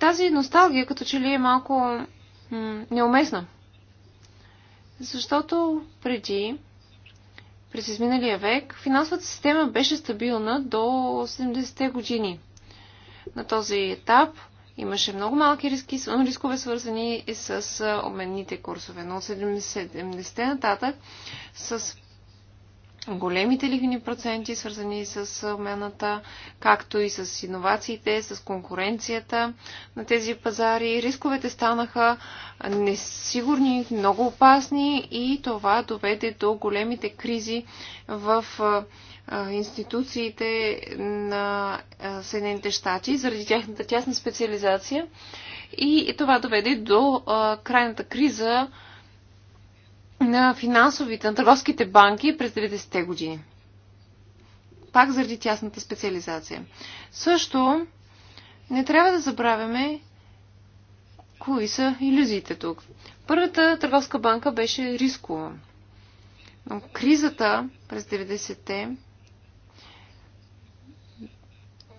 Speaker 5: Тази носталгия като че ли е малко неуместна. Защото преди през изминалия век, финансовата система беше стабилна до 70-те години. На този етап имаше много малки риски, рискове свързани с обменните курсове. Но от 70-те нататък с големите лихвени проценти, свързани с обмената, както и с иновациите, с конкуренцията на тези пазари. Рисковете станаха несигурни, много опасни и това доведе до големите кризи в институциите на Съединените щати заради тяхната тясна специализация. И това доведе до крайната криза на финансовите, на търговските банки през 90-те години. Пак заради тясната специализация. Също не трябва да забравяме кои са иллюзиите тук. Първата търговска банка беше рискова. Но кризата през 90-те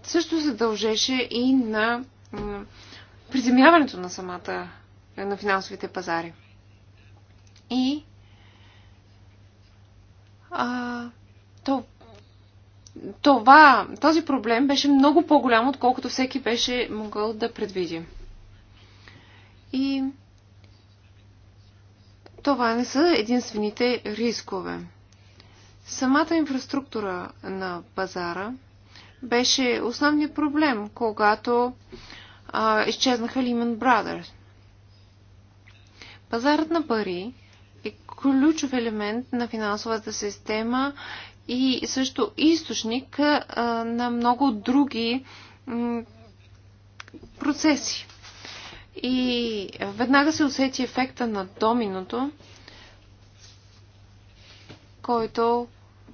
Speaker 5: също се дължеше и на приземяването на самата на финансовите пазари и а, то, това, този проблем беше много по-голям, отколкото всеки беше могъл да предвиди. И това не са единствените рискове. Самата инфраструктура на пазара беше основният проблем, когато а, изчезнаха Lehman Brothers. Пазарът на пари е ключов елемент на финансовата система и също източник на много други процеси. И веднага се усети ефекта на доминото, който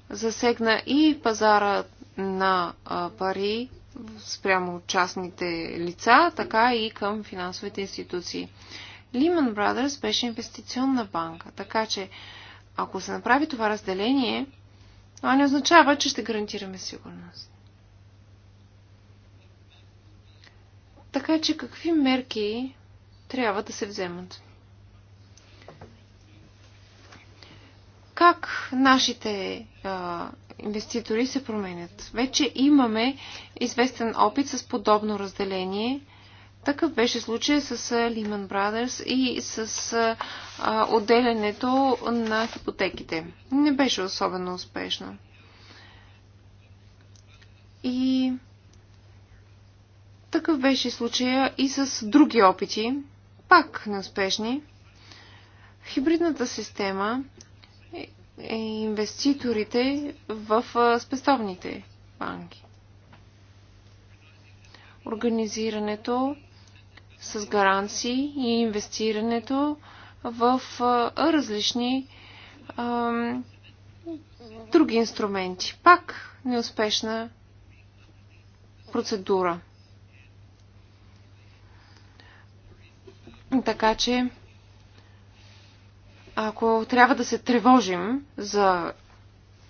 Speaker 5: засегна и пазара на пари спрямо частните лица, така и към финансовите институции. Lehman Brothers беше инвестиционна банка, така че ако се направи това разделение, това не означава, че ще гарантираме сигурност. Така че какви мерки трябва да се вземат? Как нашите а, инвеститори се променят? Вече имаме известен опит с подобно разделение – такъв беше случай с Lehman Brothers и с отделянето на хипотеките. Не беше особено успешно. И такъв беше случая и с други опити, пак неуспешни. Хибридната система е инвеститорите в спестовните банки. Организирането с гаранции и инвестирането в различни други инструменти. Пак неуспешна процедура. Така че, ако трябва да се тревожим за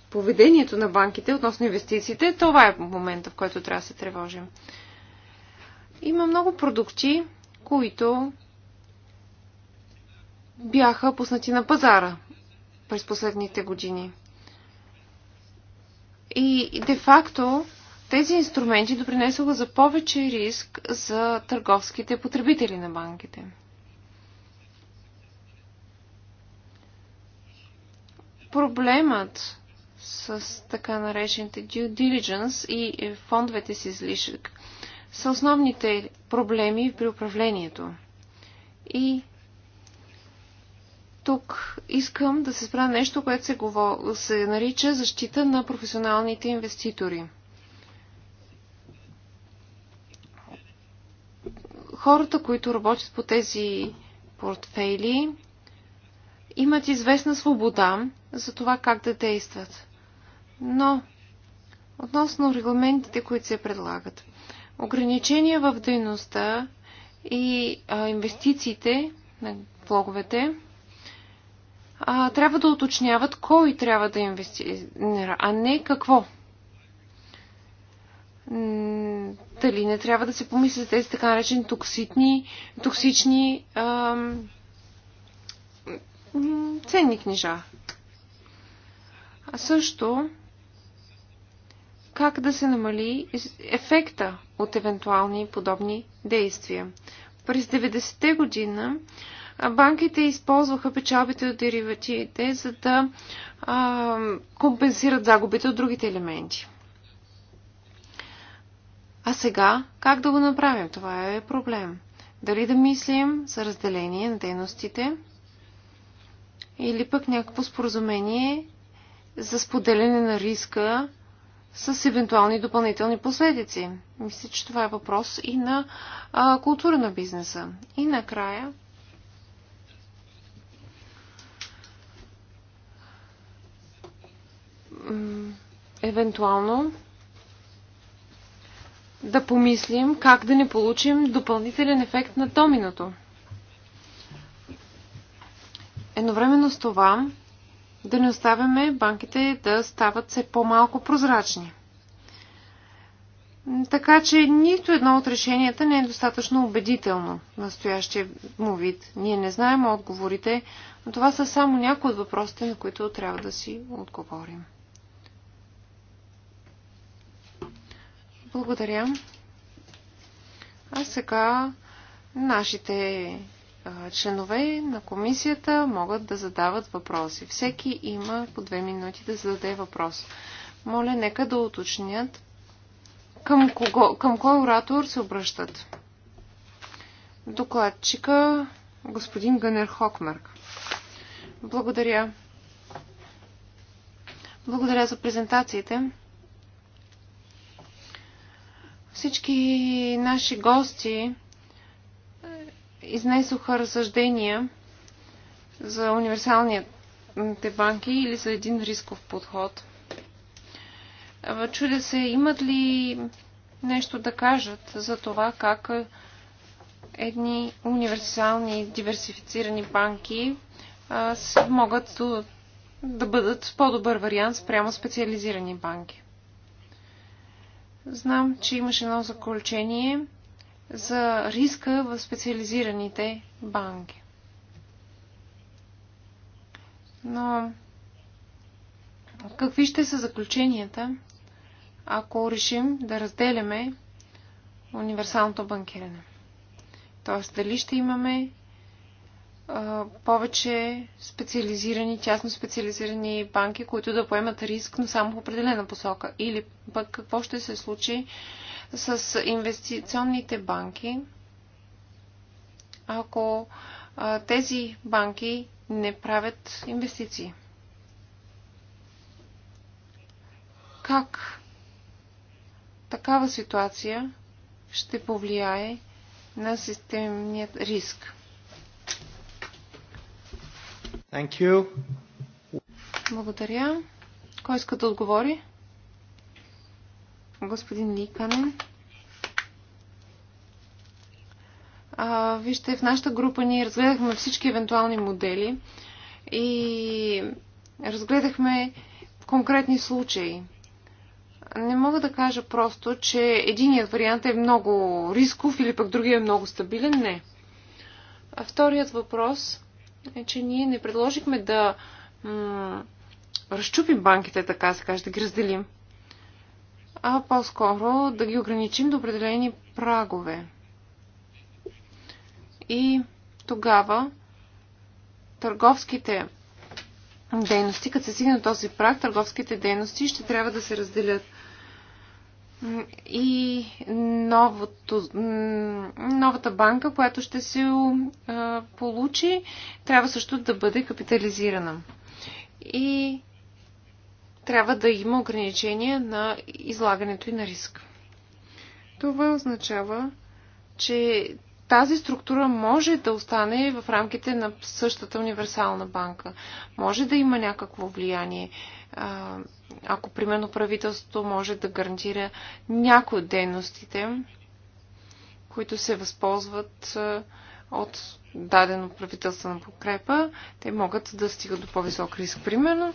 Speaker 5: поведението на банките относно инвестициите, това е момента, в който трябва да се тревожим. Има много продукти, които бяха пуснати на пазара през последните години. И де-факто тези инструменти допринесоха за повече риск за търговските потребители на банките. Проблемът с така наречените due diligence и фондовете с излишък – са основните проблеми при управлението. И тук искам да се спра нещо, което се, говор... се нарича защита на професионалните инвеститори. Хората, които работят по тези портфейли, имат известна свобода за това как да действат. Но, относно регламентите, които се предлагат, ограничения в дейността и а, инвестициите на влоговете а, трябва да уточняват кой трябва да инвестира, а не какво. Дали не трябва да се помисли за тези така наречени токсични, токсични ам, ценни книжа. А също как да се намали ефекта от евентуални подобни действия. През 90-те година банките използваха печалбите от деривативите, за да а, компенсират загубите от другите елементи. А сега, как да го направим? Това е проблем. Дали да мислим за разделение на дейностите или пък някакво споразумение за споделяне на риска с евентуални допълнителни последици. Мисля, че това е въпрос и на а, култура на бизнеса. И накрая. Евентуално да помислим как да не получим допълнителен ефект на доминото. Едновременно с това да не оставяме банките да стават все по-малко прозрачни. Така че нито едно от решенията не е достатъчно убедително в настоящия му вид. Ние не знаем отговорите, но това са само някои от въпросите, на които трябва да си отговорим. Благодаря. А сега нашите членове на комисията могат да задават въпроси. Всеки има по две минути да зададе въпрос. Моля, нека да уточнят към, кого, към кой оратор се обръщат. Докладчика господин Гънер Хокмарк. Благодаря. Благодаря за презентациите. Всички наши гости изнесоха разсъждения за универсалните банки или за един рисков подход. Чудя се, имат ли нещо да кажат за това как едни универсални диверсифицирани банки а, могат да бъдат по-добър вариант спрямо специализирани банки. Знам, че имаше едно заключение за риска в специализираните банки. Но какви ще са заключенията, ако решим да разделяме универсалното банкиране? Тоест, дали ще имаме а, повече специализирани, частно специализирани банки, които да поемат риск, но само в определена посока? Или пък какво ще се случи, с инвестиционните банки, ако тези банки не правят инвестиции? Как такава ситуация ще повлияе на системният риск? Thank you. Благодаря. Кой иска да отговори? господин Ликанен. А, вижте, в нашата група ние разгледахме всички евентуални модели и разгледахме конкретни случаи. Не мога да кажа просто, че единият вариант е много рисков или пък другия е много стабилен. Не. А вторият въпрос е, че ние не предложихме да разчупим банките, така се каже, да ги разделим а по-скоро да ги ограничим до определени прагове. И тогава търговските дейности, като се стигне този праг, търговските дейности ще трябва да се разделят. И новото, новата банка, която ще се получи, трябва също да бъде капитализирана. И трябва да има ограничение на излагането и на риск. Това означава, че тази структура може да остане в рамките на същата универсална банка. Може да има някакво влияние. Ако, примерно, правителството може да гарантира някои от дейностите, които се възползват от дадено на подкрепа, те могат да стигат до по-висок риск, примерно.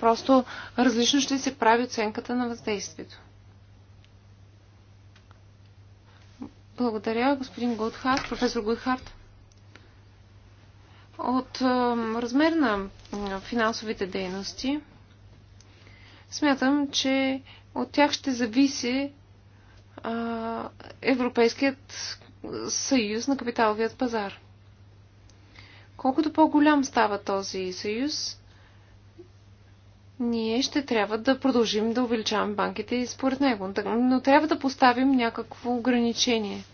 Speaker 5: Просто различно ще се прави оценката на въздействието. Благодаря, господин Голдхарт, професор Голдхарт. От размер на финансовите дейности, смятам, че от тях ще зависи Европейският съюз на капиталовият пазар. Колкото по-голям става този съюз, ние ще трябва да продължим да увеличаваме банките и според него. Но трябва да поставим някакво ограничение,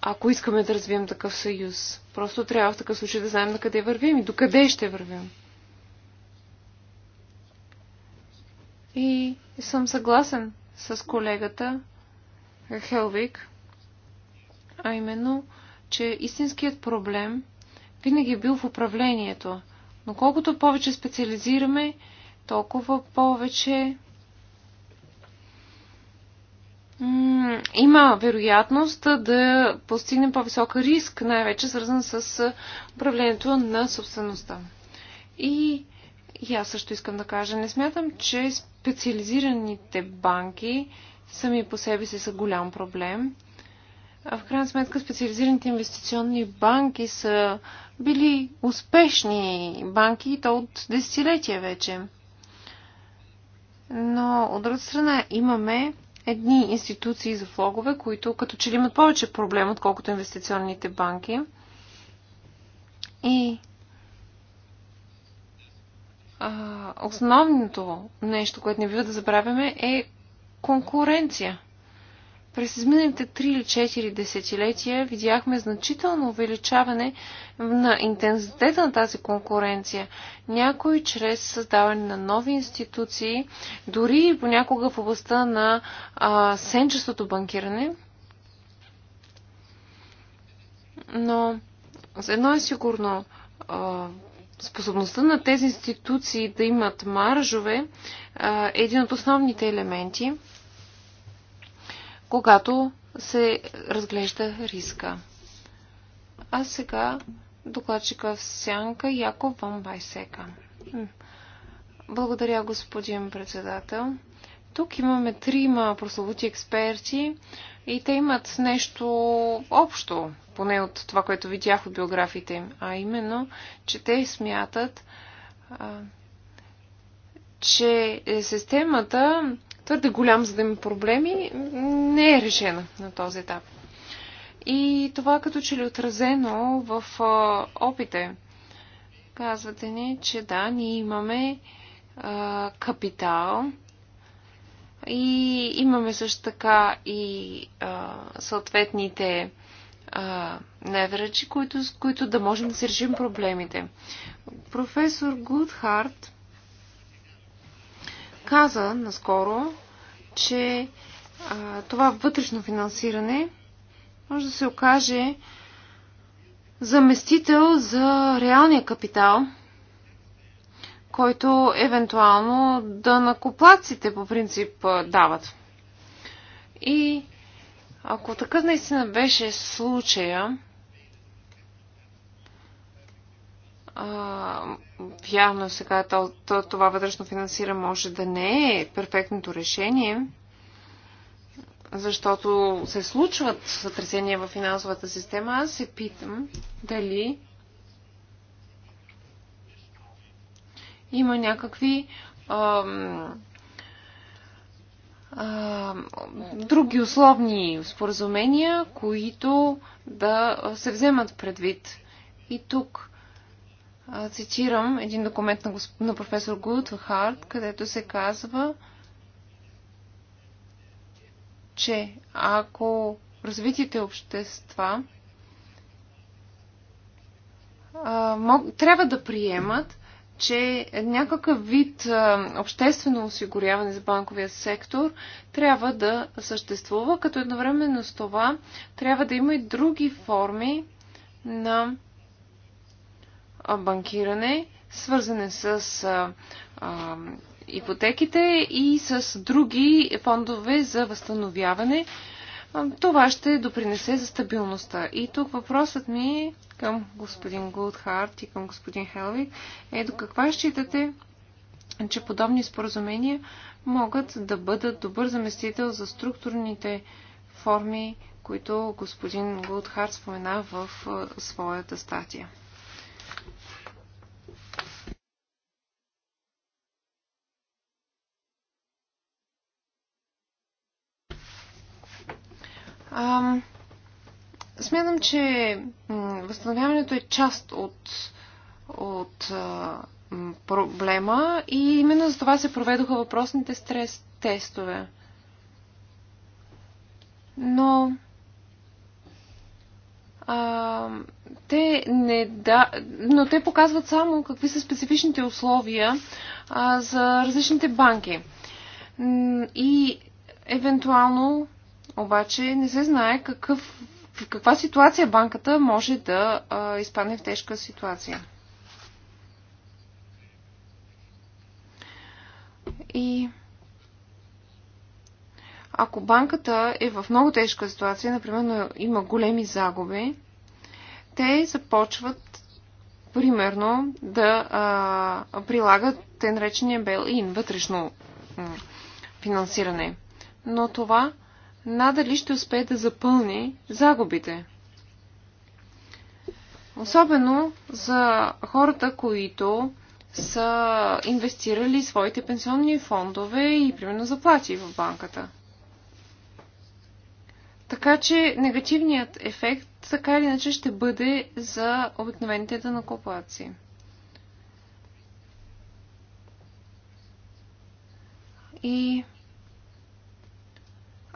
Speaker 5: ако искаме да развием такъв съюз. Просто трябва в такъв случай да знаем на къде вървим и до къде ще вървим. И съм съгласен с колегата Хелвик, а именно, че истинският проблем винаги е бил в управлението – но колкото повече специализираме, толкова повече има вероятност да постигнем по висок риск, най-вече свързан с управлението на собствеността. И, и аз също искам да кажа, не смятам, че специализираните банки сами по себе си са голям проблем в крайна сметка специализираните инвестиционни банки са били успешни банки и то от десетилетия вече. Но от друга страна имаме едни институции за влогове, които като че ли имат повече проблем, отколкото инвестиционните банки. И а, основното нещо, което не бива да забравяме е конкуренция. През изминалите 3 или 4 десетилетия видяхме значително увеличаване на интензитета на тази конкуренция. Някои чрез създаване на нови институции, дори и понякога в областта на а, сенчестото банкиране. Но едно е сигурно, а, способността на тези институции да имат маржове е един от основните елементи – когато се разглежда риска. А сега докладчика в сянка Яков Ван Байсека. Благодаря, господин председател. Тук имаме трима прословути експерти и те имат нещо общо, поне от това, което видях от биографите им, а именно, че те смятат, а, че системата твърде голям, за да има проблеми, не е решена на този етап. И това като че ли отразено в опите. Казвате ни, че да, ние имаме а, капитал и имаме също така и а, съответните невръчи, които, с които да можем да си решим проблемите. Професор Гудхарт каза наскоро, че а, това вътрешно финансиране може да се окаже заместител за реалния капитал, който евентуално да накоплаците по принцип дават. И ако такъв наистина беше случая, а, Вярно, сега това вътрешно финансиране може да не е перфектното решение, защото се случват сътресения в финансовата система. Аз се питам дали има някакви други условни споразумения, които да се вземат предвид. И тук цитирам един документ на, госп... на професор Гудхард, където се казва, че ако развитите общества а, мог... трябва да приемат, че някакъв вид а, обществено осигуряване за банковия сектор трябва да съществува, като едновременно с това трябва да има и други форми на банкиране, свързане с ипотеките и с други фондове за възстановяване. Това ще допринесе за стабилността. И тук въпросът ми към господин Голдхарт и към господин Хелвик е до каква считате, че подобни споразумения могат да бъдат добър заместител за структурните форми, които господин Голдхарт спомена в своята статия. Ам, смятам, че възстановяването е част от, от а, проблема и именно за това се проведоха въпросните стрес тестове. Но а, те не да, но те показват само какви са специфичните условия а, за различните банки. И евентуално обаче не се знае какъв, в каква ситуация банката може да а, изпадне в тежка ситуация. И ако банката е в много тежка ситуация, например има големи загуби, те започват примерно да а, прилагат те наречения бел-ин, вътрешно финансиране. Но това надали ще успее да запълни загубите. Особено за хората, които са инвестирали своите пенсионни фондове и примерно заплати в банката. Така че негативният ефект така или иначе ще бъде за обикновените данакоплаци. И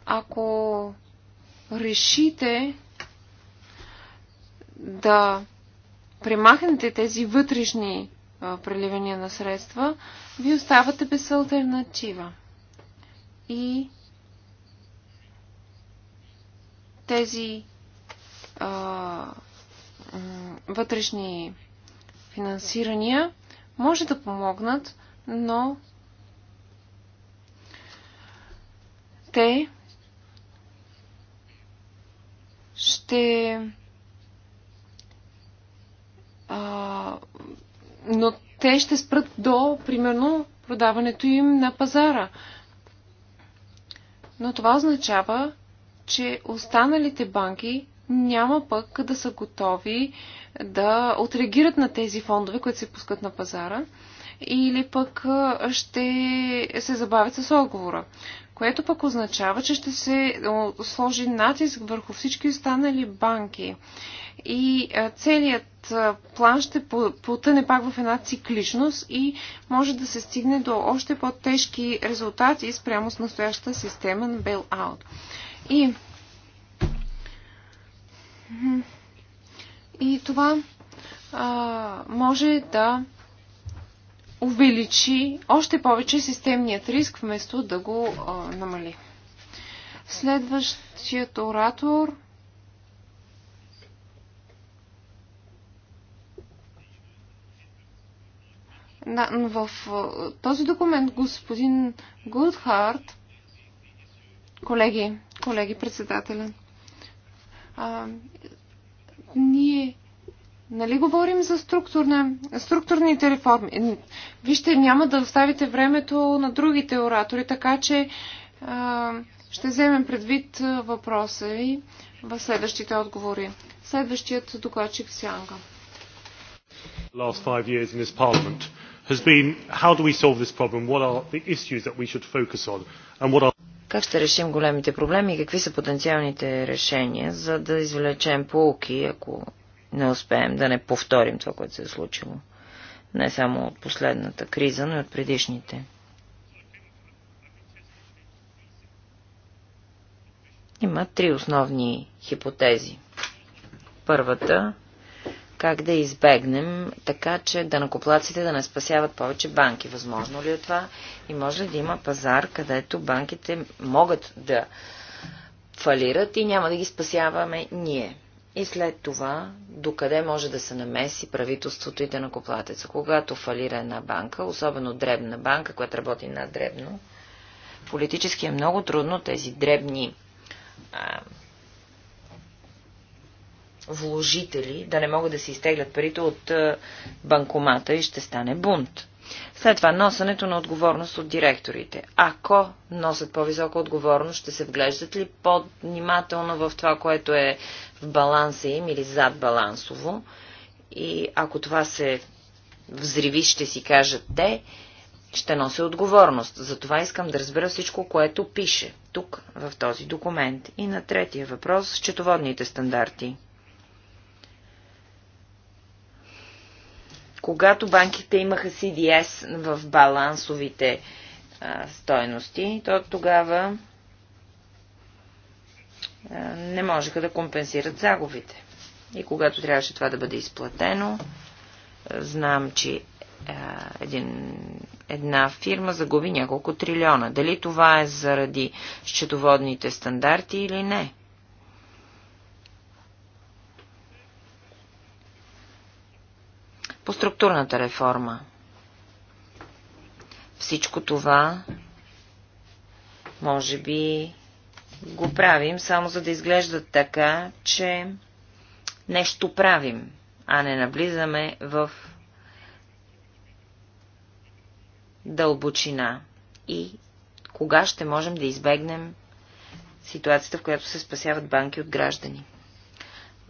Speaker 5: ако решите да премахнете тези вътрешни преливания на средства, ви оставате без альтернатива. И тези а, вътрешни финансирания може да помогнат, но те ще. А, но те ще спрат до, примерно, продаването им на пазара. Но това означава, че останалите банки няма пък да са готови да отреагират на тези фондове, които се пускат на пазара, или пък ще се забавят с отговора което пък означава, че ще се сложи натиск върху всички останали банки. И е, целият е, план ще потъне пак в една цикличност и може да се стигне до още по-тежки резултати спрямо с настоящата система на бейл-аут. И и това а, може да увеличи още повече системният риск, вместо да го а, намали. Следващият оратор. Да, в този документ господин Гудхарт, колеги, колеги председателя, а, ние Нали говорим за структурна, структурните реформи? Вижте, няма да оставите времето на другите оратори, така че а, ще вземем предвид въпроса ви в следващите отговори. Следващият докладчик Сянга.
Speaker 1: Last five years in this parliament has been how do we solve this problem? What are
Speaker 2: the issues that we should focus on? And what are как ще решим големите проблеми и какви са потенциалните решения, за да извлечем полки, ако не успеем да не повторим това, което се е случило. Не само от последната криза, но и от предишните. Има три основни хипотези. Първата как да избегнем, така че данакоплаците да не спасяват повече банки. Възможно ли е това? И може ли да има пазар, където банките могат да фалират и няма да ги спасяваме ние? и след това докъде може да се намеси правителството и денакоплатеца. Когато фалира една банка, особено дребна банка, която работи над дребно, политически е много трудно тези дребни а, вложители да не могат да се изтеглят парите от а, банкомата и ще стане бунт. След това носенето на отговорност от директорите. Ако носят по-висока отговорност, ще се вглеждат ли по-внимателно в това, което е в баланса им или зад балансово? И ако това се взриви, ще си кажат те, ще нося отговорност. Затова искам да разбера всичко, което пише тук, в този документ. И на третия въпрос – счетоводните стандарти. Когато банките имаха CDS в балансовите а, стойности, то тогава а, не можеха да компенсират загубите. И когато трябваше това да бъде изплатено, знам, че един, една фирма загуби няколко трилиона. Дали това е заради счетоводните стандарти или не? По структурната реформа. Всичко това, може би, го правим само за да изглежда така, че нещо правим, а не наблизаме в дълбочина. И кога ще можем да избегнем ситуацията, в която се спасяват банки от граждани.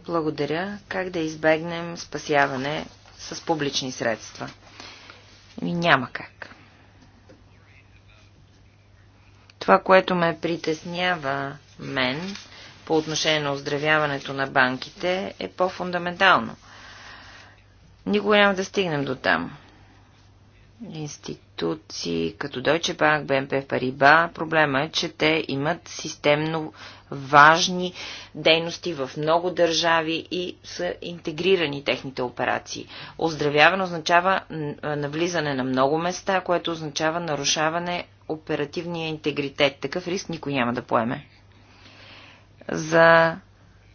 Speaker 2: Благодаря. Как да избегнем спасяване с публични средства. И ами няма как. Това, което ме притеснява мен по отношение на оздравяването на банките, е по-фундаментално. Никога няма да стигнем до там. Институт институции, като Deutsche Bank, BNP Paribas, проблема е, че те имат системно важни дейности в много държави и са интегрирани техните операции. Оздравяване означава навлизане на много места, което означава нарушаване оперативния интегритет. Такъв риск никой няма да поеме. За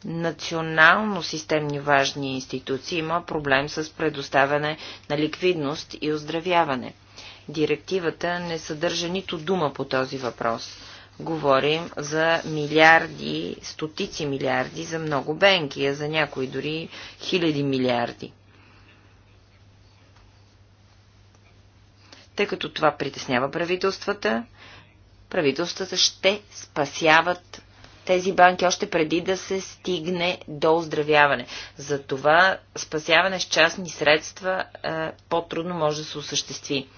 Speaker 2: национално системни важни институции има проблем с предоставяне на ликвидност и оздравяване – Директивата не съдържа нито дума по този въпрос. Говорим за милиарди, стотици милиарди за много бенки, а за някои дори хиляди милиарди. Тъй като това притеснява правителствата, правителствата ще спасяват тези банки още преди да се стигне до оздравяване. Затова спасяване с частни средства е, по-трудно може да се осъществи.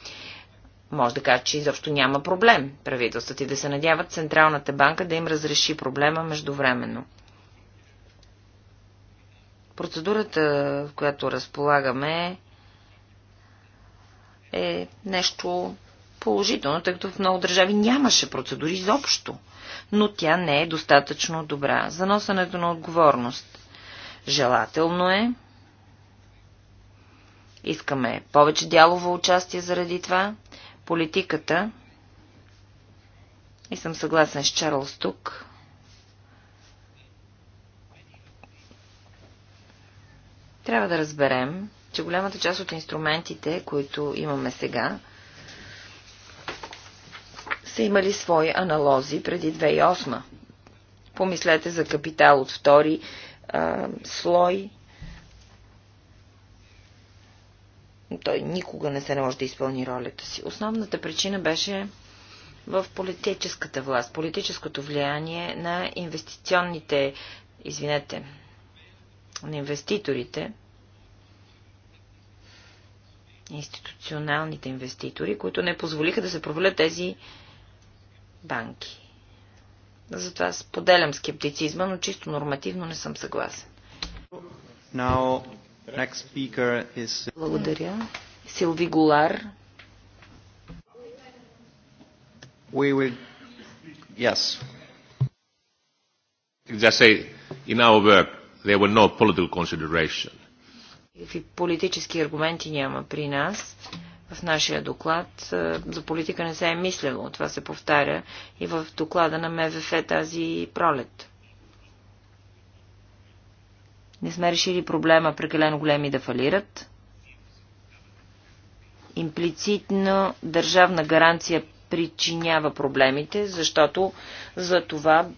Speaker 2: Може да кажа, че изобщо няма проблем правителствата и да се надяват Централната банка да им разреши проблема междувременно. Процедурата, в която разполагаме, е нещо положително, тъй като в много държави нямаше процедури изобщо, но тя не е достатъчно добра за носенето на отговорност. Желателно е. Искаме повече дялово участие заради това политиката, и съм съгласен с Чарлз тук, трябва да разберем, че голямата част от инструментите, които имаме сега, са имали свои аналози преди 2008. Помислете за капитал от втори а, слой, той никога не се не може да изпълни ролята си. Основната причина беше в политическата власт, политическото влияние на инвестиционните, извинете, на инвеститорите, институционалните инвеститори, които не позволиха да се провалят тези банки. Затова споделям скептицизма, но чисто нормативно не съм съгласен.
Speaker 1: Now, благодаря.
Speaker 2: Силви Голар.
Speaker 1: Will... Yes. Say, no
Speaker 2: политически аргументи няма при нас в нашия доклад е, за политика не се е мислено. Това се повтаря и в доклада на МВФ тази пролет. Не сме решили проблема прекалено големи да фалират. Имплицитно държавна гаранция причинява проблемите, защото за това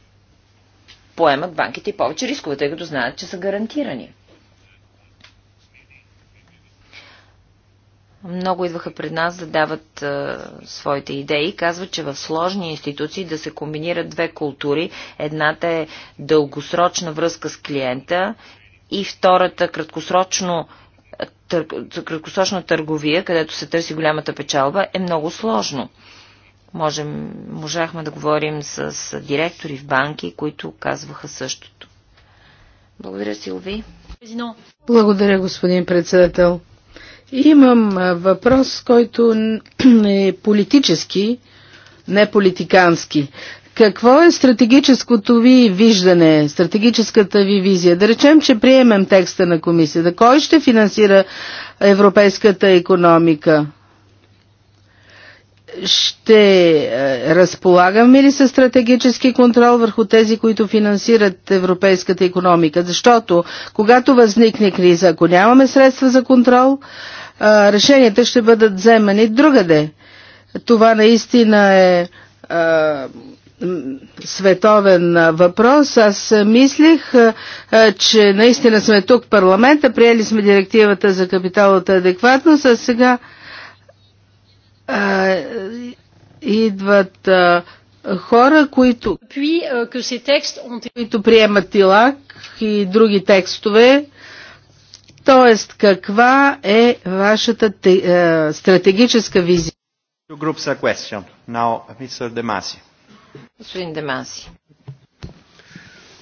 Speaker 2: поемат банките и повече рискове, тъй като знаят, че са гарантирани. Много идваха пред нас да дават а, своите идеи. Казват, че в сложни институции да се комбинират две култури. Едната е дългосрочна връзка с клиента и втората краткосрочно тър, краткосрочна търговия, където се търси голямата печалба, е много сложно. Можем, можахме да говорим с, с директори в банки, които казваха същото. Благодаря, Силви.
Speaker 4: Благодаря, господин председател. Имам въпрос, който е политически, не политикански. Какво е стратегическото ви виждане, стратегическата ви визия? Да речем, че приемем текста на комисията. Кой ще финансира европейската економика? Ще е, разполагаме ли с стратегически контрол върху тези, които финансират европейската економика? Защото когато възникне криза, ако нямаме средства за контрол, е, решенията ще бъдат вземани другаде. Това наистина е, е световен въпрос. Аз мислих, че наистина сме тук в парламента, приели сме директивата за капиталната адекватност, а сега а, идват а, хора, които, които приемат тилак и други текстове. Тоест, каква е вашата те, а, стратегическа визия?
Speaker 2: Two groups question. Now,
Speaker 1: Mr. Demasi.
Speaker 2: Господин Деманси.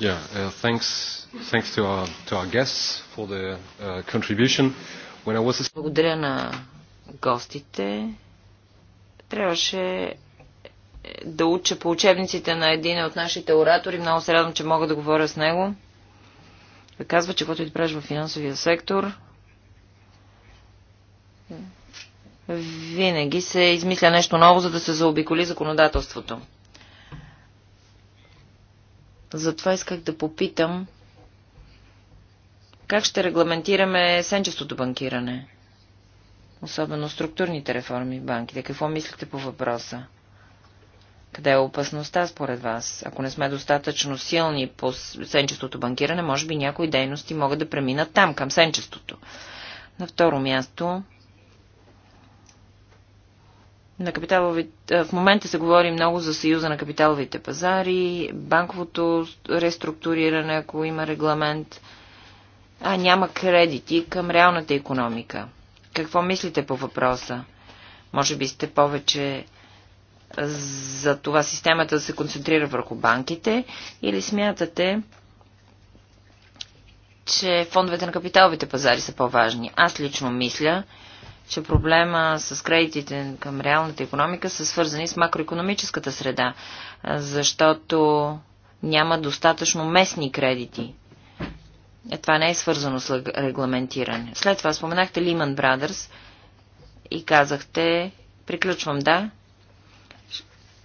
Speaker 1: Yeah, uh, thanks, thanks to our, to our guests for the uh, contribution. When I was...
Speaker 2: Благодаря на гостите. Трябваше е, да уча по учебниците на един от нашите оратори. Много се радвам, че мога да говоря с него. Той казва, че когато ти правиш в финансовия сектор, винаги се измисля нещо ново, за да се заобиколи законодателството. Затова исках да попитам как ще регламентираме сенчестото банкиране, особено структурните реформи в банките. Какво мислите по въпроса? Къде е опасността според вас? Ако не сме достатъчно силни по сенчестото банкиране, може би някои дейности могат да преминат там, към сенчестото. На второ място, на капиталови... В момента се говори много за съюза на капиталовите пазари, банковото реструктуриране, ако има регламент, а няма кредити към реалната економика. Какво мислите по въпроса? Може би сте повече за това системата да се концентрира върху банките или смятате, че фондовете на капиталовите пазари са по-важни? Аз лично мисля, че проблема с кредитите към реалната економика са свързани с макроекономическата среда, защото няма достатъчно местни кредити. Е, това не е свързано с регламентиране. След това споменахте Lehman Brothers и казахте, приключвам, да,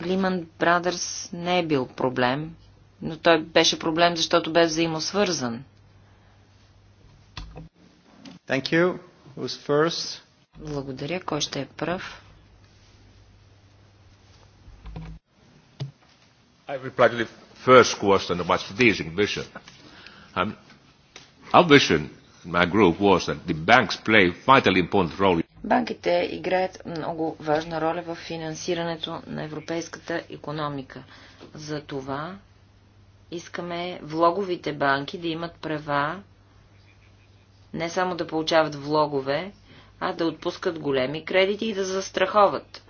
Speaker 2: Lehman Brothers не е бил проблем, но той беше проблем, защото бе взаимосвързан.
Speaker 1: Thank you. Who's
Speaker 2: first? Благодаря. Кой ще е пръв?
Speaker 1: I reply to the first question about strategic vision. Um, our vision my group was that the banks play vitally important role.
Speaker 2: Банките играят много важна роля в финансирането на европейската економика. За това искаме влоговите банки да имат права не само да получават влогове, а да отпускат големи кредити и да застраховат,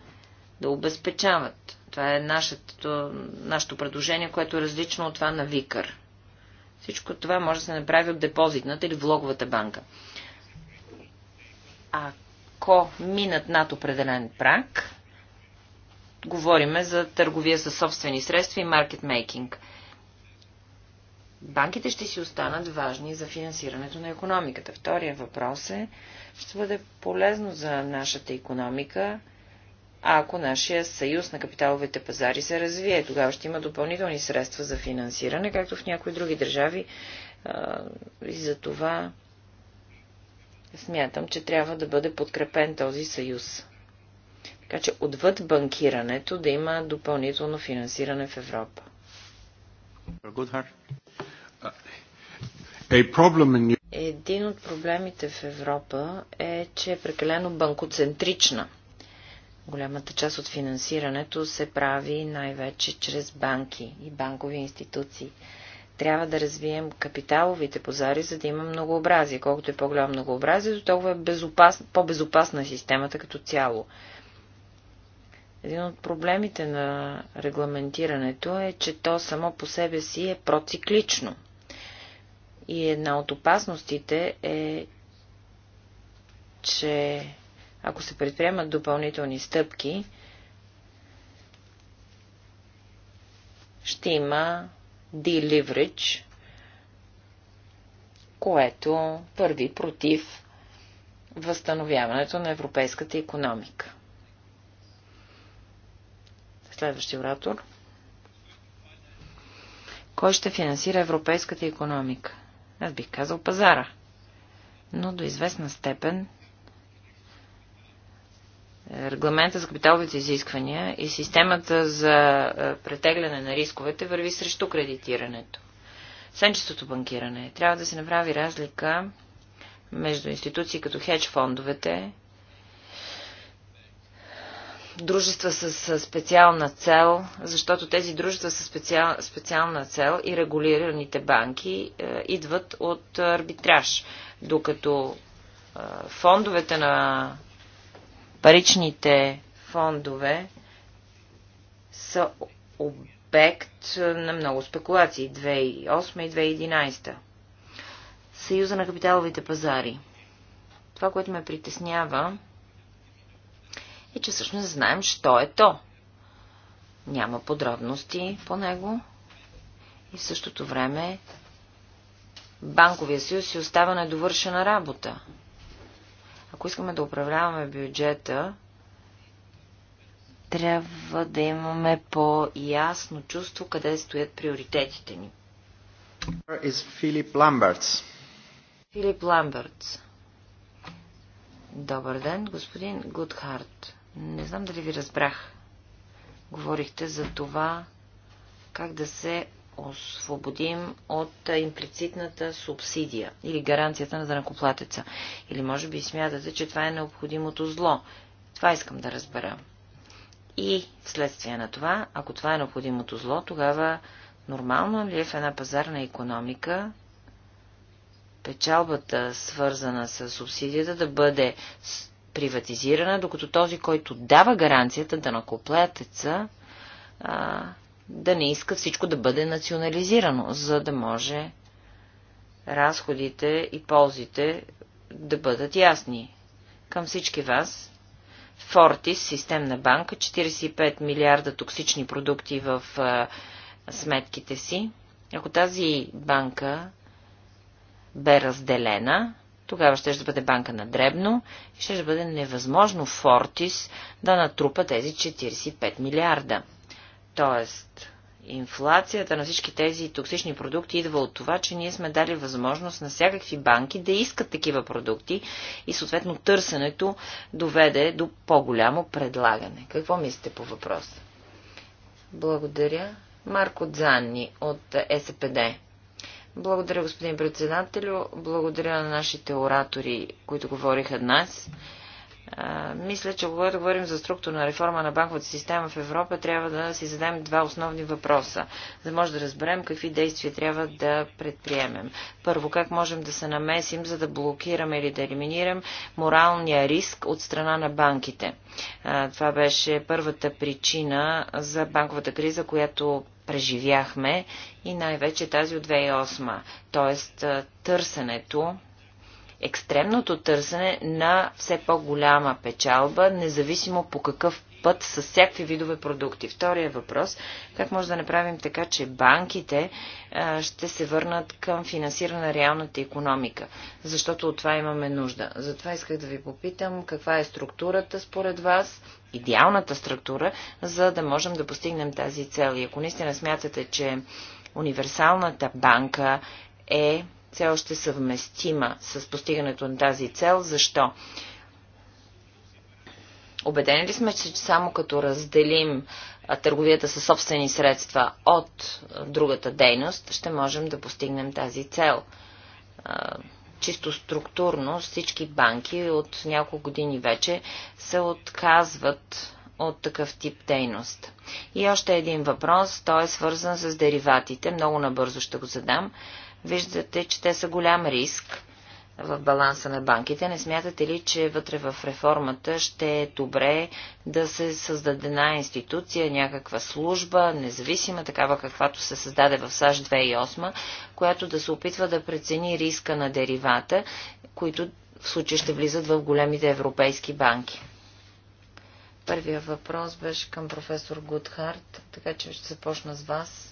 Speaker 2: да обезпечават. Това е нашето, нашето предложение, което е различно от това на Викър. Всичко това може да се направи от депозитната или влоговата банка. Ако минат над определен прак, говориме за търговия със собствени средства и маркетмейкинг банките ще си останат важни за финансирането на економиката. Втория въпрос е, ще бъде полезно за нашата економика, ако нашия съюз на капиталовите пазари се развие. Тогава ще има допълнителни средства за финансиране, както в някои други държави. И за това смятам, че трябва да бъде подкрепен този съюз. Така че отвъд банкирането да има допълнително финансиране в Европа.
Speaker 1: Един
Speaker 2: от проблемите в Европа е, че е прекалено банкоцентрична. Голямата част от финансирането се прави най-вече чрез банки и банкови институции. Трябва да развием капиталовите пазари, за да има многообразие. Колкото е по-голямо многообразието, толкова е безопас... по-безопасна е системата като цяло. Един от проблемите на регламентирането е, че то само по себе си е проциклично. И една от опасностите е, че ако се предприемат допълнителни стъпки, ще има deleverage, което върви против възстановяването на европейската економика. Следващия оратор. Кой ще финансира европейската економика? Аз бих казал пазара. Но до известна степен е, регламента за капиталовите изисквания и системата за е, претегляне на рисковете върви срещу кредитирането. Сенчестото банкиране. Трябва да се направи разлика между институции като хедж фондовете, дружества с специална цел, защото тези дружества с специал, специална цел и регулираните банки е, идват от арбитраж, докато е, фондовете на паричните фондове са обект на много спекулации 2008 и 2011. Съюза на капиталовите пазари. Това, което ме притеснява, и че всъщност знаем, що е то. Няма подробности по него и в същото време банковия съюз си остава недовършена работа. Ако искаме да управляваме бюджета, трябва да имаме по-ясно чувство къде стоят приоритетите
Speaker 1: ни. Филип Ламбъртс.
Speaker 2: Филип Ламбъртс. Добър ден, господин Гудхарт. Не знам дали ви разбрах. Говорихте за това, как да се освободим от имплицитната субсидия или гаранцията на данакоплатеца. Или може би смятате, че това е необходимото зло. Това искам да разбера. И вследствие на това, ако това е необходимото зло, тогава нормално ли е в една пазарна економика печалбата, свързана с субсидията, да бъде приватизирана, докато този, който дава гаранцията да накоплетеца, да не иска всичко да бъде национализирано, за да може разходите и ползите да бъдат ясни. Към всички вас, Фортис, системна банка, 45 милиарда токсични продукти в а, сметките си. Ако тази банка бе разделена, тогава ще, ще бъде банка на дребно и ще, ще бъде невъзможно Фортис да натрупа тези 45 милиарда. Тоест, инфлацията на всички тези токсични продукти идва от това, че ние сме дали възможност на всякакви банки да искат такива продукти и съответно търсенето доведе до по-голямо предлагане. Какво мислите по въпроса? Благодаря. Марко Дзанни от СПД. Благодаря, господин председателю. Благодаря на нашите оратори, които говориха днес мисля, че когато говорим за структурна реформа на банковата система в Европа, трябва да си зададем два основни въпроса, за да може да разберем какви действия трябва да предприемем. Първо, как можем да се намесим, за да блокираме или да елиминирам моралния риск от страна на банките. това беше първата причина за банковата криза, която преживяхме и най-вече тази от 2008, т.е. търсенето екстремното търсене на все по-голяма печалба, независимо по какъв път с всякакви видове продукти. Втория въпрос – как може да направим така, че банките а, ще се върнат към финансиране на реалната економика, защото от това имаме нужда. Затова исках да ви попитам каква е структурата според вас, идеалната структура, за да можем да постигнем тази цел. И ако наистина смятате, че универсалната банка е все още съвместима с постигането на тази цел. Защо? Обедени ли сме, че само като разделим търговията със собствени средства от другата дейност, ще можем да постигнем тази цел? чисто структурно всички банки от няколко години вече се отказват от такъв тип дейност. И още един въпрос, той е свързан с дериватите. Много набързо ще го задам. Виждате, че те са голям риск в баланса на банките. Не смятате ли, че вътре в реформата ще е добре да се създаде една институция, някаква служба, независима, такава каквато се създаде в САЩ 2008, която да се опитва да прецени риска на деривата, които в случай ще влизат в големите европейски банки? Първия въпрос беше към професор Гудхарт, така че ще започна с вас.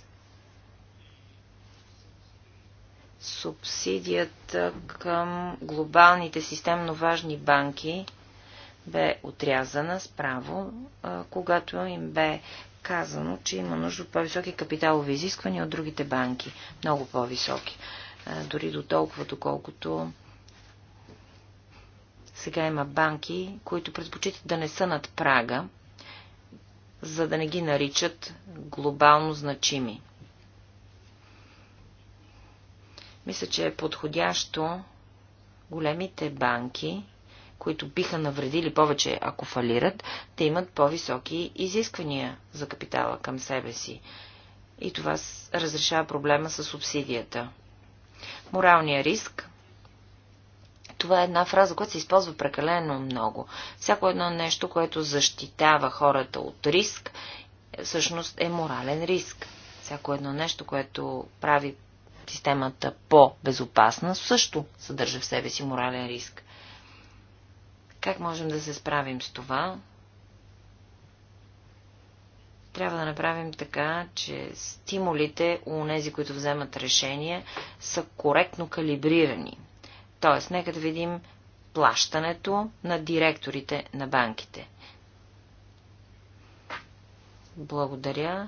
Speaker 2: субсидията към глобалните системно важни банки бе отрязана справо, когато им бе казано, че има нужда от по-високи капиталови изисквания от другите банки. Много по-високи. Дори до толкова, доколкото сега има банки, които предпочитат да не са над прага, за да не ги наричат глобално значими. Мисля, че е подходящо големите банки, които биха навредили повече, ако фалират, да имат по-високи изисквания за капитала към себе си. И това разрешава проблема с субсидията. Моралния риск. Това е една фраза, която се използва прекалено много. Всяко едно нещо, което защитава хората от риск, всъщност е морален риск. Всяко едно нещо, което прави системата по-безопасна също съдържа в себе си морален риск. Как можем да се справим с това? Трябва да направим така, че стимулите у нези, които вземат решения, са коректно калибрирани. Тоест, нека да видим плащането на директорите на банките. Благодаря.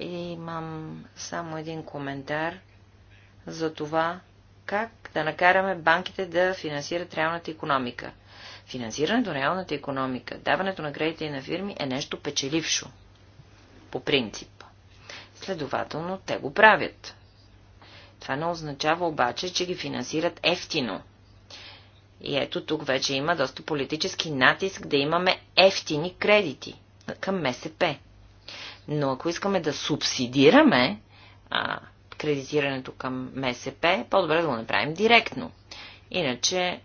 Speaker 2: И имам само един коментар за това, как да накараме банките да финансират реалната економика. Финансирането на реалната економика, даването на кредити на фирми е нещо печелившо. По принцип. Следователно, те го правят. Това не означава обаче, че ги финансират ефтино. И ето тук вече има доста политически натиск да имаме ефтини кредити към МСП. Но ако искаме да субсидираме а, кредитирането към МСП, по-добре да го направим директно. Иначе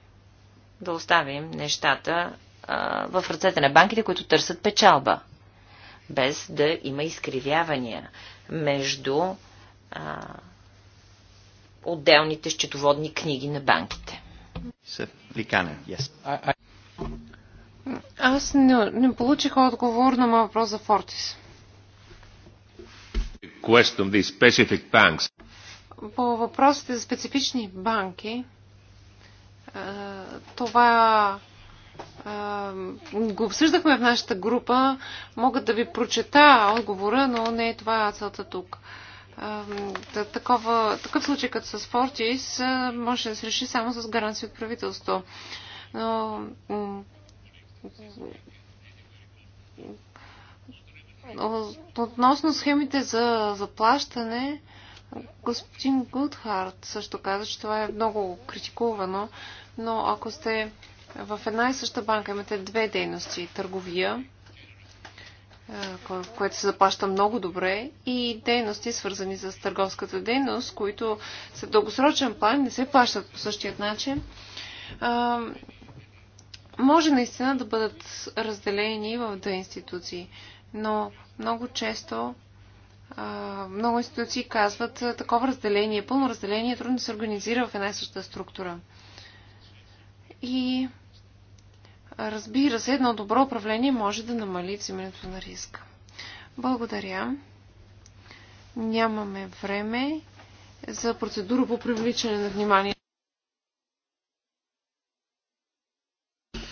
Speaker 2: да оставим нещата а, в ръцете на банките, които търсят печалба, без да има изкривявания между а, отделните счетоводни книги на банките.
Speaker 5: Аз не, не получих отговор на моя въпрос за Фортис
Speaker 1: question these specific banks.
Speaker 5: По въпросите за специфични банки, това го обсъждахме в нашата група. Мога да ви прочета отговора, но не е това целта тук. такова, такъв случай като с Фортис може да се реши само с гаранция от правителство. Но Относно схемите за заплащане, господин Гудхарт също каза, че това е много критикувано, но ако сте в една и съща банка, имате две дейности търговия, което се заплаща много добре, и дейности, свързани с търговската дейност, които са дългосрочен план не се плащат по същия начин може наистина да бъдат разделени в две институции но много често много институции казват такова разделение, пълно разделение е трудно да се организира в една и съща структура. И разбира се, едно добро управление може да намали взимането на риска. Благодаря. Нямаме време за процедура по привличане на внимание.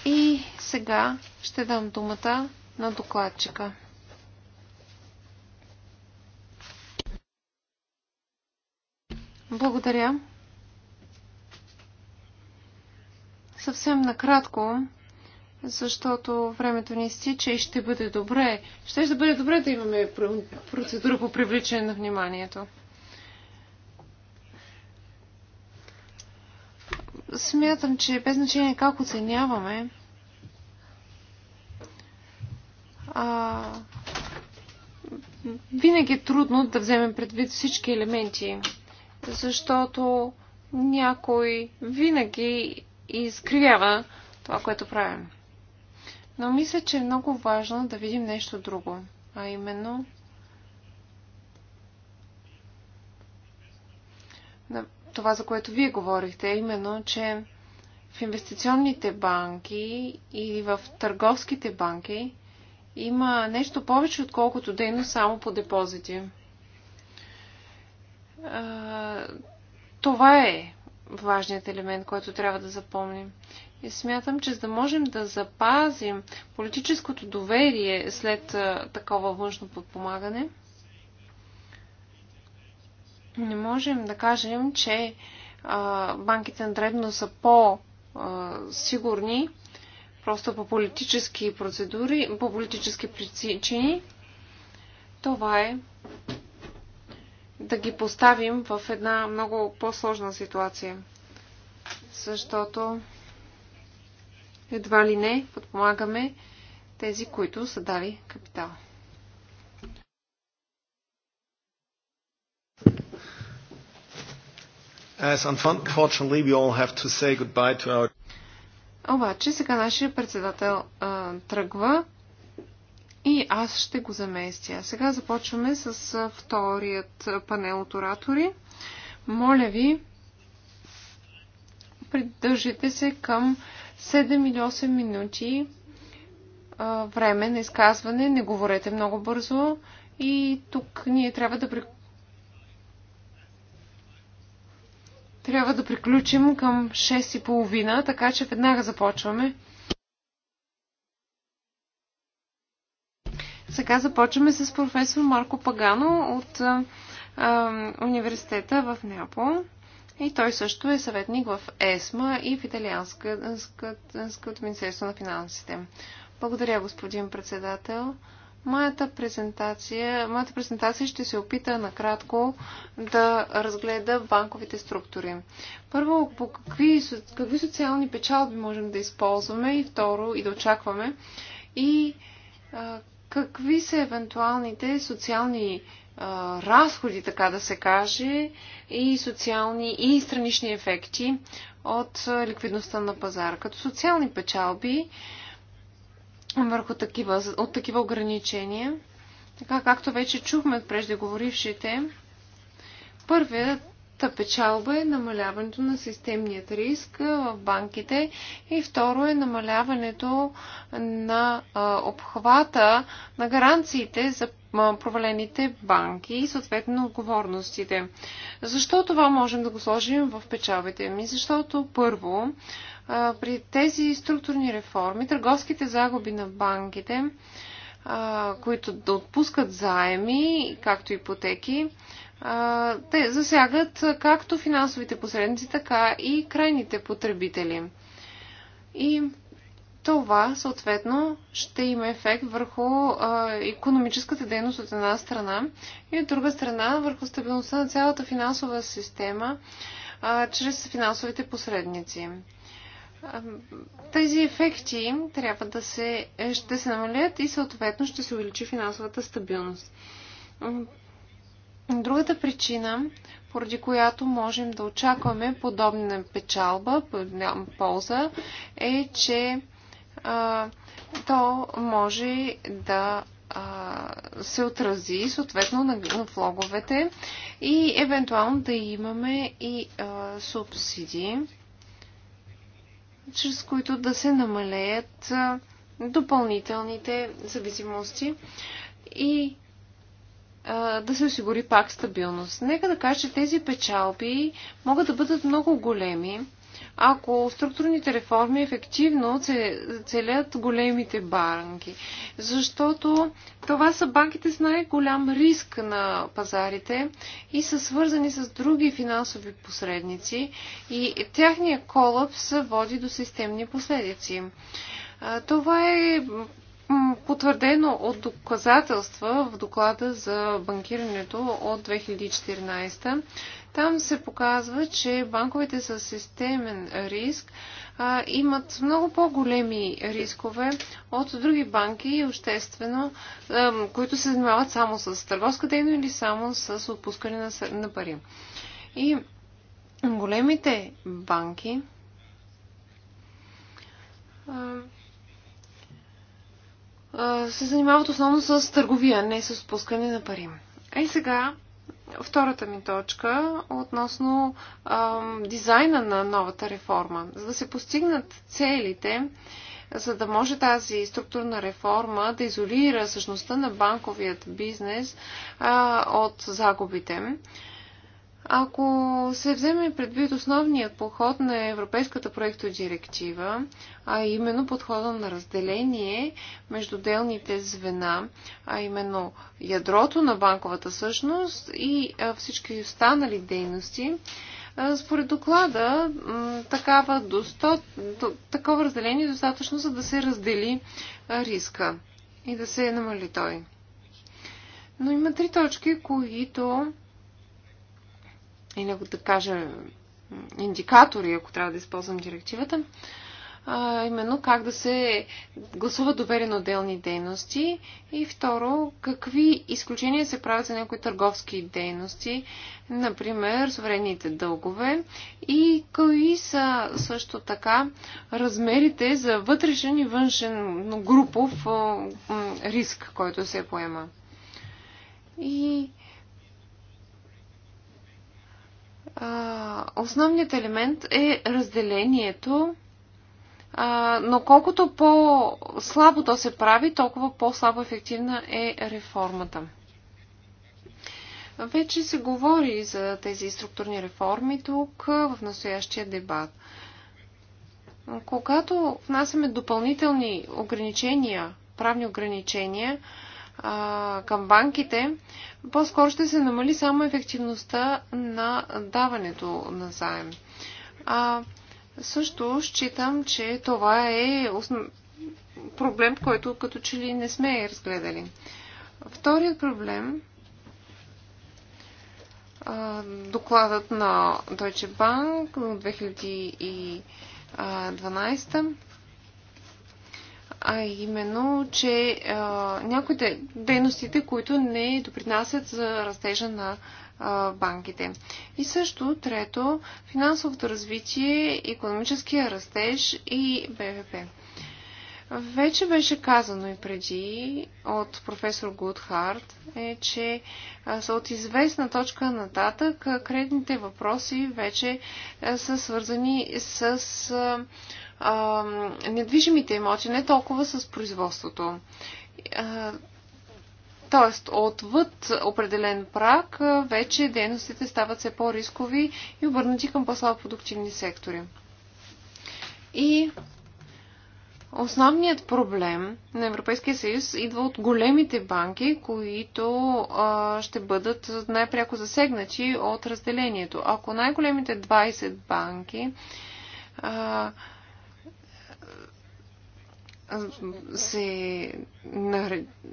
Speaker 5: И сега ще дам думата на докладчика. Благодаря. Съвсем накратко, защото времето ни стича и ще бъде добре. Ще ще бъде добре да имаме процедура по привличане на вниманието. Смятам, че без значение как оценяваме, а, винаги е трудно да вземем предвид всички елементи защото някой винаги изкривява това, което правим. Но мисля, че е много важно да видим нещо друго, а именно това, за което вие говорихте, е именно, че в инвестиционните банки или в търговските банки има нещо повече, отколкото дейност само по депозити това е важният елемент, който трябва да запомним. И смятам, че за да можем да запазим политическото доверие след а, такова външно подпомагане, не можем да кажем, че а, банките на дребно са по-сигурни, просто по политически процедури, по политически причини. Това е да ги поставим в една много по-сложна ситуация. Защото едва ли не подпомагаме тези, които са дали капитал.
Speaker 1: As unfortunately we all have to say goodbye to our...
Speaker 5: Обаче сега нашия председател а, тръгва и аз ще го заместя. Сега започваме с вторият панел от оратори. Моля ви, придържите се към 7 или 8 минути а, време на изказване. Не говорете много бързо и тук ние трябва да при... трябва да приключим към 6 и половина, така че веднага започваме. Сега започваме с професор Марко Пагано от а, университета в Неапол. И той също е съветник в ЕСМА и в Италианското Министерство на финансите. Благодаря, господин председател. Моята презентация, моята презентация ще се опита накратко да разгледа банковите структури. Първо, по какви, какви социални печалби можем да използваме и второ, и да очакваме и а, какви са евентуалните социални а, разходи, така да се каже, и социални и странични ефекти от ликвидността на пазара. Като социални печалби върху такива, от такива ограничения, така както вече чухме от преждеговорившите, първият Та печалба е намаляването на системният риск в банките и второ е намаляването на обхвата на гаранциите за провалените банки и съответно отговорностите. Защо това можем да го сложим в печалбите ми? Защото първо, при тези структурни реформи, търговските загуби на банките, които да отпускат заеми, както ипотеки, те засягат както финансовите посредници, така и крайните потребители. И това, съответно, ще има ефект върху а, економическата дейност от една страна и от друга страна върху стабилността на цялата финансова система а, чрез финансовите посредници. А, тези ефекти трябва да се, ще се намалят и съответно ще се увеличи финансовата стабилност. Другата причина, поради която можем да очакваме подобна печалба, полза, е, че а, то може да а, се отрази съответно на, на влоговете и евентуално да имаме и а, субсидии, чрез които да се намалеят а, допълнителните зависимости и да се осигури пак стабилност. Нека да кажа, че тези печалби могат да бъдат много големи, ако структурните реформи ефективно целят големите банки. Защото това са банките с най-голям риск на пазарите и са свързани с други финансови посредници и тяхния колапс води до системни последици. Това е потвърдено от доказателства в доклада за банкирането от 2014. Там се показва, че банковете с системен риск а, имат много по-големи рискове от други банки и обществено, а, които се занимават само с търговска дейност или само с отпускане на, на пари. И големите банки а, се занимават основно с търговия, не с спускане на пари. А и сега втората ми точка относно ам, дизайна на новата реформа. За да се постигнат целите, за да може тази структурна реформа да изолира същността на банковият бизнес а, от загубите. Ако се вземе предвид основният поход на Европейската проектодиректива, а именно подхода на разделение между делните звена, а именно ядрото на банковата същност и всички останали дейности, според доклада такава до 100, такова разделение е достатъчно, за да се раздели риска и да се намали той. Но има три точки, които или да кажа индикатори, ако трябва да използвам директивата, а, именно как да се гласува доверие на отделни дейности и второ, какви изключения се правят за някои търговски дейности, например суверените дългове и кои са също така размерите за вътрешен и външен групов риск, който се поема. И а, основният елемент е разделението, а, но колкото по-слабо то се прави, толкова по-слабо ефективна е реформата. Вече се говори за тези структурни реформи тук в настоящия дебат. Когато внасяме допълнителни ограничения, правни ограничения, а, към банките, по-скоро ще се намали само ефективността на даването на заем. А, също считам, че това е осн... проблем, който като че ли не сме разгледали. Вторият проблем докладът на Deutsche Bank от 2012 а именно, че а, някои дейностите, които не допринасят за растежа на а, банките. И също, трето, финансовото развитие, економическия растеж и БВП. Вече беше казано и преди от професор Гудхарт, е, че от известна точка нататък кредитните въпроси вече са свързани с а, недвижимите имоти, не толкова с производството. Тоест, отвъд определен прак, вече дейностите стават все по-рискови и обърнати към по-слабо продуктивни сектори. И Основният проблем на Европейския съюз идва от големите банки, които а, ще бъдат най-пряко засегнати от разделението. Ако най-големите 20 банки а, се,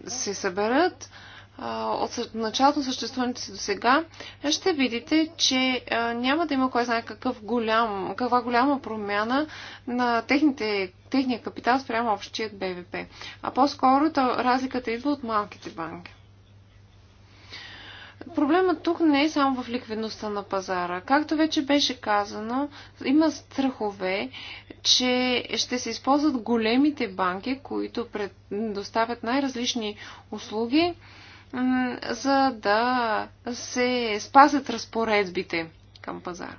Speaker 5: се съберат, от началото на съществуването си до сега, ще видите, че няма да има кой знае какъв голям, каква голяма промяна на техните, техния капитал спрямо общият БВП. А по-скоро разликата идва от малките банки. Проблемът тук не е само в ликвидността на пазара. Както вече беше казано, има страхове, че ще се използват големите банки, които предоставят най-различни услуги за да се спазят разпоредбите към пазара.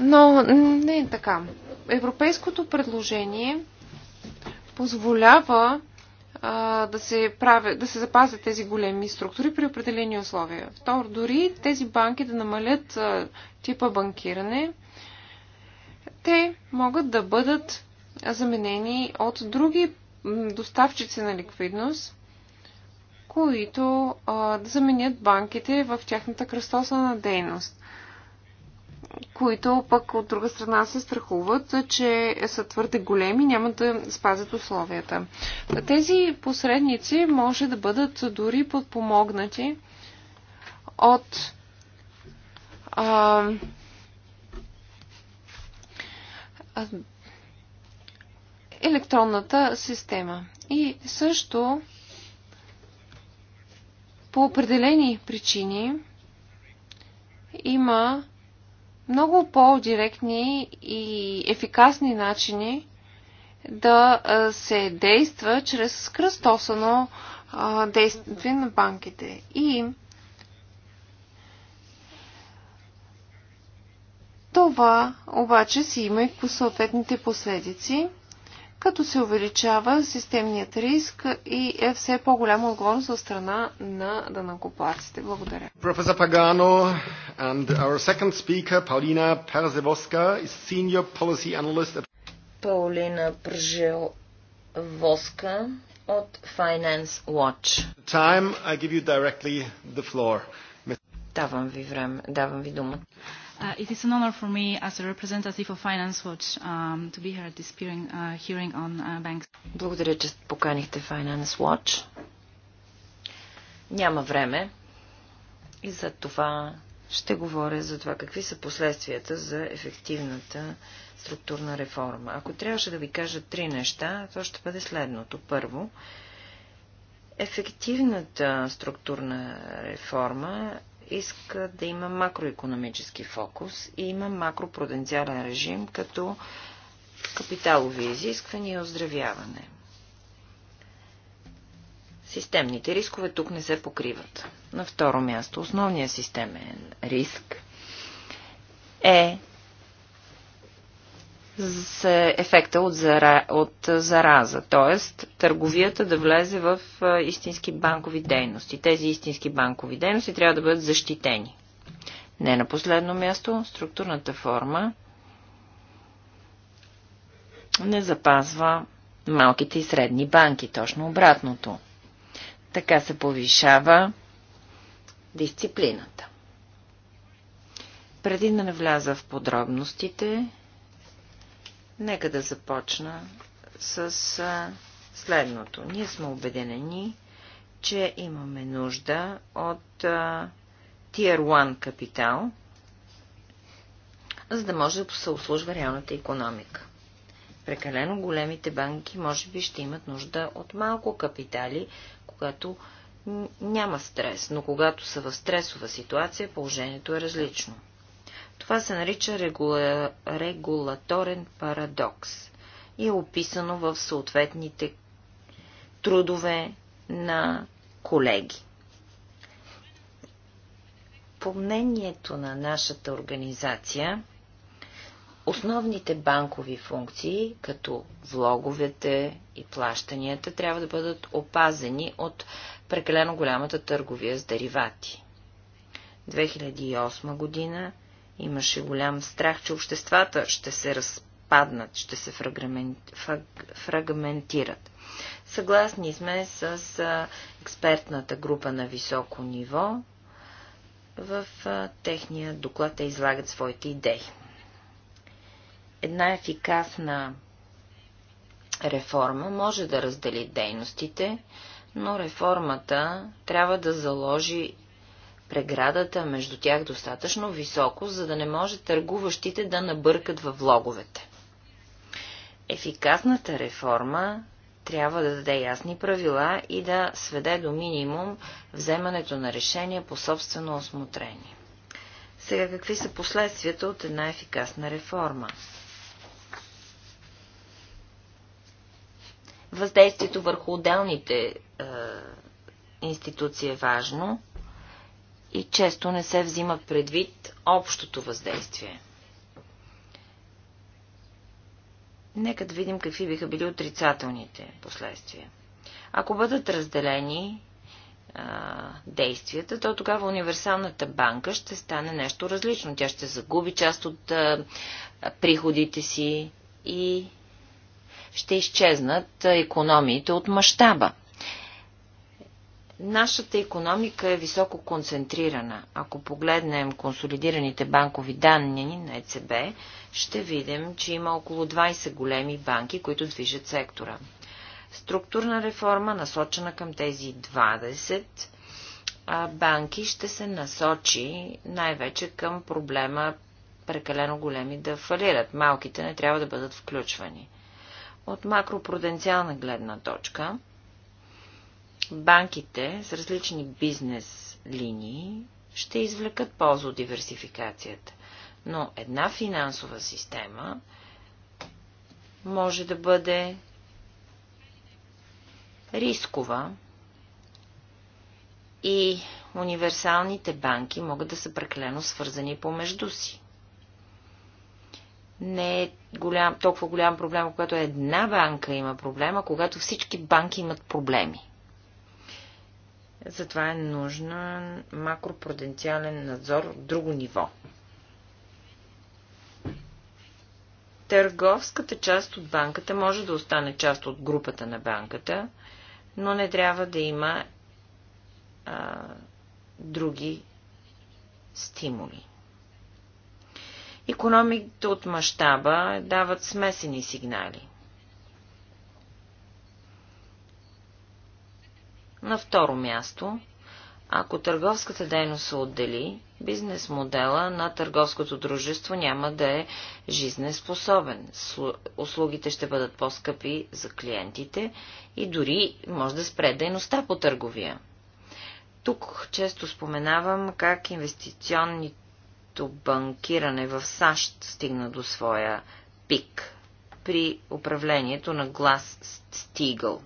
Speaker 5: Но не е така. Европейското предложение позволява а, да, се прави, да се запазят тези големи структури при определени условия. Второ, дори тези банки да намалят а, типа банкиране, те могат да бъдат заменени от други доставчици на ликвидност, които а, да заменят банките в тяхната кръстосана дейност, които пък от друга страна се страхуват, че са твърде големи и няма да спазят условията. Тези посредници може да бъдат дори подпомогнати от а, електронната система. И също по определени причини има много по-директни и ефикасни начини да се действа чрез кръстосано действие на банките. И това обаче си има и по съответните последици като се увеличава системният риск и е все по-голяма отговорност от страна на данакоплаците. Благодаря.
Speaker 1: Професор Пагано and our second speaker, Paulina Perzevoska, is senior policy analyst at...
Speaker 2: Паулина Пржелвоска от Finance
Speaker 1: Watch. Time, I give you directly the floor.
Speaker 2: Давам ви време, давам ви думата. Uh, it is an honor for me as a representative of Finance Watch um, to be here at this peering, uh, hearing on uh, banks. Благодаря, че поканихте Finance Watch. Няма време и за това ще говоря за това какви са последствията за ефективната структурна реформа. Ако трябваше да ви кажа три неща, то ще бъде следното. Първо, ефективната структурна реформа иска да има макроекономически фокус и има макропруденциален режим като капиталови изисквания и оздравяване. Системните рискове тук не се покриват. На второ място, основният системен риск е за ефекта от, зара, от зараза, т.е. търговията да влезе в истински банкови дейности. Тези истински банкови дейности трябва да бъдат защитени. Не на последно място, структурната форма не запазва малките и средни банки, точно обратното. Така се повишава дисциплината. Преди да не вляза в подробностите, Нека да започна с следното. Ние сме убедени, че имаме нужда от а, Tier 1 капитал, за да може да се услужва реалната економика. Прекалено големите банки може би ще имат нужда от малко капитали, когато няма стрес, но когато са в стресова ситуация, положението е различно. Това се нарича регула... регулаторен парадокс и е описано в съответните трудове на колеги. По мнението на нашата организация, основните банкови функции, като влоговете и плащанията, трябва да бъдат опазени от прекалено голямата търговия с деривати. 2008 година Имаше голям страх, че обществата ще се разпаднат, ще се фрагментират. Съгласни сме с експертната група на високо ниво. В техния доклад те излагат своите идеи. Една ефикасна реформа може да раздели дейностите, но реформата трябва да заложи преградата между тях достатъчно високо, за да не може търгуващите да набъркат във влоговете. Ефикасната реформа трябва да даде ясни правила и да сведе до минимум вземането на решения по собствено осмотрение. Сега какви са последствията от една ефикасна реформа? Въздействието върху отделните е, институции е важно и често не се взима предвид общото въздействие. Нека да видим какви биха били отрицателните последствия. Ако бъдат разделени а, действията, то тогава универсалната банка ще стане нещо различно. Тя ще загуби част от а, приходите си и ще изчезнат економиите от мащаба. Нашата економика е високо концентрирана. Ако погледнем консолидираните банкови данни на ЕЦБ, ще видим, че има около 20 големи банки, които движат сектора. Структурна реформа, насочена към тези 20 банки, ще се насочи най-вече към проблема прекалено големи да фалират. Малките не трябва да бъдат включвани. От макропруденциална гледна точка – банките с различни бизнес линии ще извлекат полза от диверсификацията. Но една финансова система може да бъде рискова и универсалните банки могат да са прекалено свързани помежду си. Не е голям, толкова голям проблем, когато една банка има проблема, когато всички банки имат проблеми. Затова е нужен макропруденциален надзор от друго ниво. Търговската част от банката може да остане част от групата на банката, но не трябва да има а, други стимули. Економиките от мащаба дават смесени сигнали. На второ място, ако търговската дейност се отдели, бизнес модела на търговското дружество няма да е жизнеспособен. Услугите ще бъдат по-скъпи за клиентите и дори може да спре дейността по търговия. Тук често споменавам как инвестиционното банкиране в САЩ стигна до своя пик при управлението на Глас Стигъл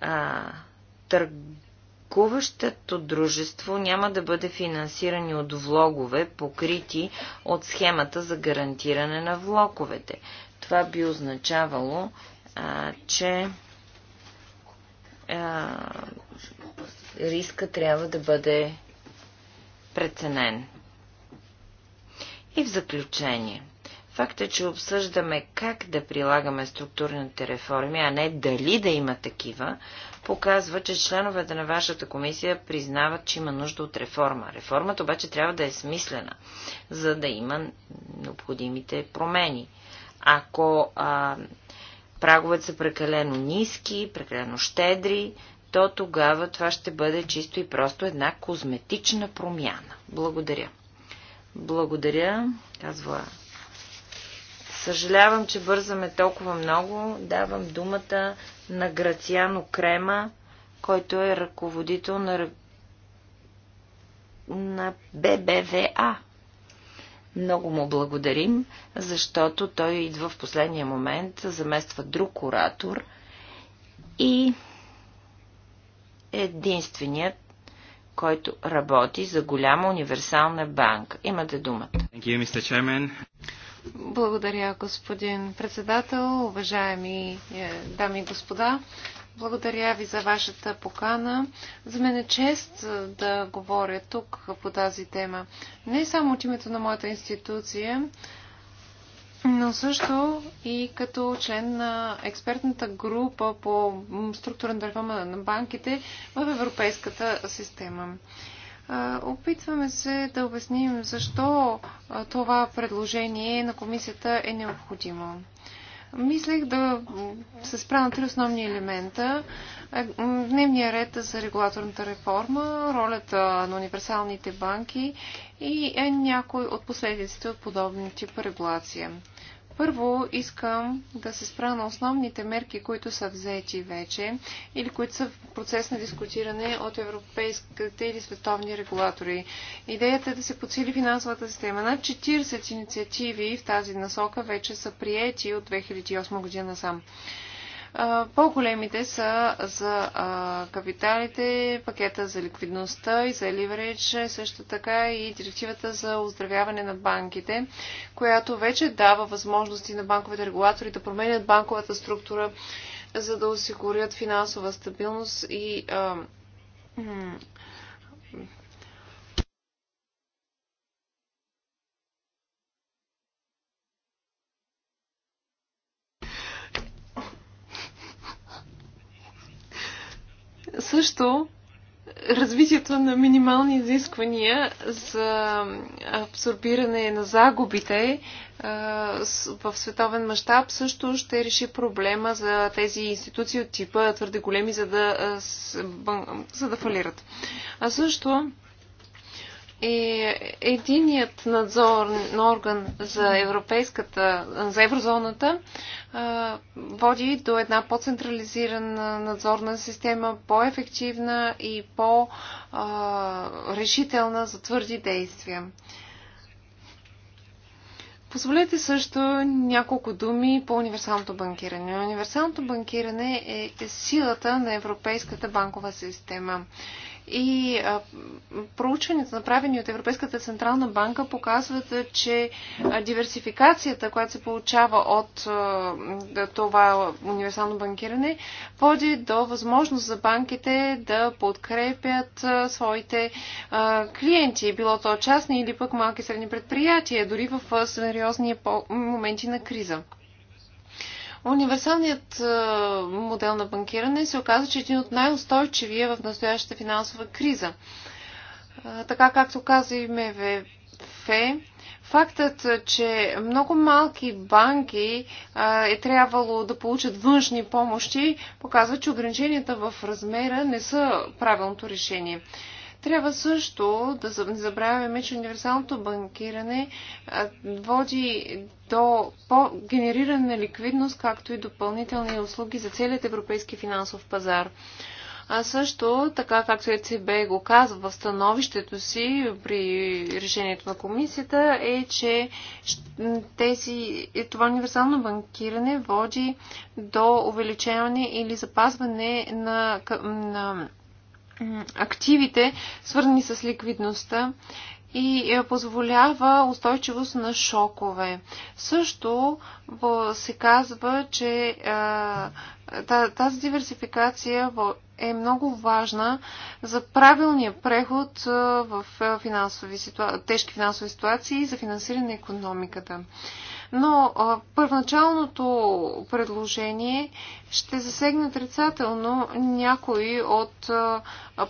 Speaker 2: а, търгуващото дружество няма да бъде финансирани от влогове, покрити от схемата за гарантиране на влоковете. Това би означавало, а, че а, риска трябва да бъде преценен. И в заключение, Факта, е, че обсъждаме как да прилагаме структурните реформи, а не дали да има такива, показва, че членовете на вашата комисия признават, че има нужда от реформа. Реформата обаче трябва да е смислена, за да има необходимите промени. Ако а, праговете са прекалено ниски, прекалено щедри, то тогава това ще бъде чисто и просто една козметична промяна. Благодаря. Благодаря, казва Съжалявам, че бързаме толкова много. Давам думата на Грациано Крема, който е ръководител на, на ББВА. Много му благодарим, защото той идва в последния момент, замества друг оратор и единственият, който работи за голяма универсална банка. Имате думата.
Speaker 5: Благодаря, господин председател, уважаеми е, дами и господа. Благодаря ви за вашата покана. За мен е чест е, да говоря тук по тази тема. Не само от името на моята институция, но също и като член на експертната група по структурен реформа на банките в европейската система. Опитваме се да обясним защо това предложение на комисията е необходимо. Мислех да се спра на три основни елемента. Е, дневния ред за регулаторната реформа, ролята на универсалните банки и е, някои от последиците от подобни тип регулация. Първо искам да се спра на основните мерки, които са взети вече или които са в процес на дискутиране от европейските или световни регулатори. Идеята е да се подсили финансовата система. Над 40 инициативи в тази насока вече са приети от 2008 година сам. По-големите са за капиталите, пакета за ликвидността и за ливеридж, е също така и директивата за оздравяване на банките, която вече дава възможности на банковите регулатори да променят банковата структура, за да осигурят финансова стабилност и Също развитието на минимални изисквания за абсорбиране на загубите в световен мащаб също ще реши проблема за тези институции от типа твърде големи, за да, за да фалират. А също е единият надзорен орган за европейската, за еврозоната води до една по-централизирана надзорна система, по-ефективна и по-решителна за твърди действия. Позволете също няколко думи по универсалното банкиране. Универсалното банкиране е, е силата на европейската банкова система. И проучванията, направени от Европейската централна банка, показват, че диверсификацията, която се получава от това универсално банкиране, води до възможност за банките да подкрепят своите клиенти, било то частни или пък малки и средни предприятия, дори в сериозни моменти на криза. Универсалният е, модел на банкиране се оказа, че е един от най-устойчивия в настоящата финансова криза. Е, така както каза и МВФ, фактът, че много малки банки е, е трябвало да получат външни помощи, показва, че ограниченията в размера не са правилното решение. Трябва също да забравяме, че универсалното банкиране води до по-генериране на ликвидност, както и допълнителни услуги за целият европейски финансов пазар. А също, така както ЕЦБ го казва в становището си при решението на комисията, е, че тези, е, това универсално банкиране води до увеличаване или запазване на, на активите, свързани с ликвидността и е, позволява устойчивост на шокове. Също се казва, че тази диверсификация е много важна за правилния преход в финансови ситуа... тежки финансови ситуации и за финансиране на економиката но а, първоначалното предложение ще засегне отрицателно някои от а,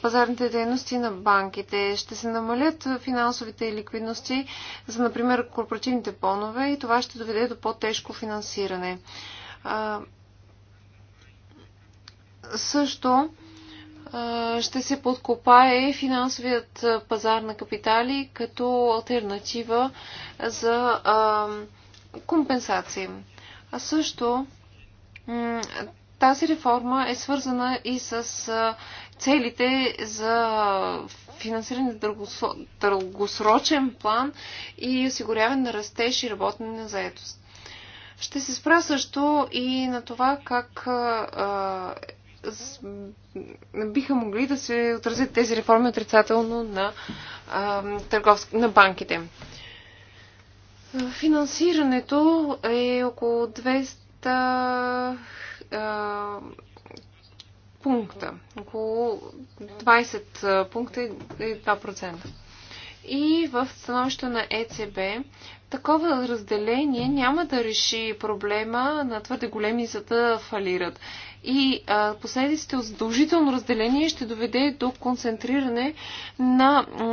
Speaker 5: пазарните дейности на банките. Ще се намалят финансовите ликвидности за, например, корпоративните бонове и това ще доведе до по-тежко финансиране. А, също ще се подкопае финансовият пазар на капитали като альтернатива за компенсации. А също тази реформа е свързана и с целите за финансиране на дългосрочен план и осигуряване на растеж и работна на Ще се спра също и на това как а, с, биха могли да се отразят тези реформи отрицателно на, а, търговск... на банките. Финансирането е около 200 а, пункта. Около 20 пункта и 2%. И в становището на ЕЦБ Такова разделение няма да реши проблема на твърде големи, за да фалират. И а, последиците от задължително разделение ще доведе до концентриране на а,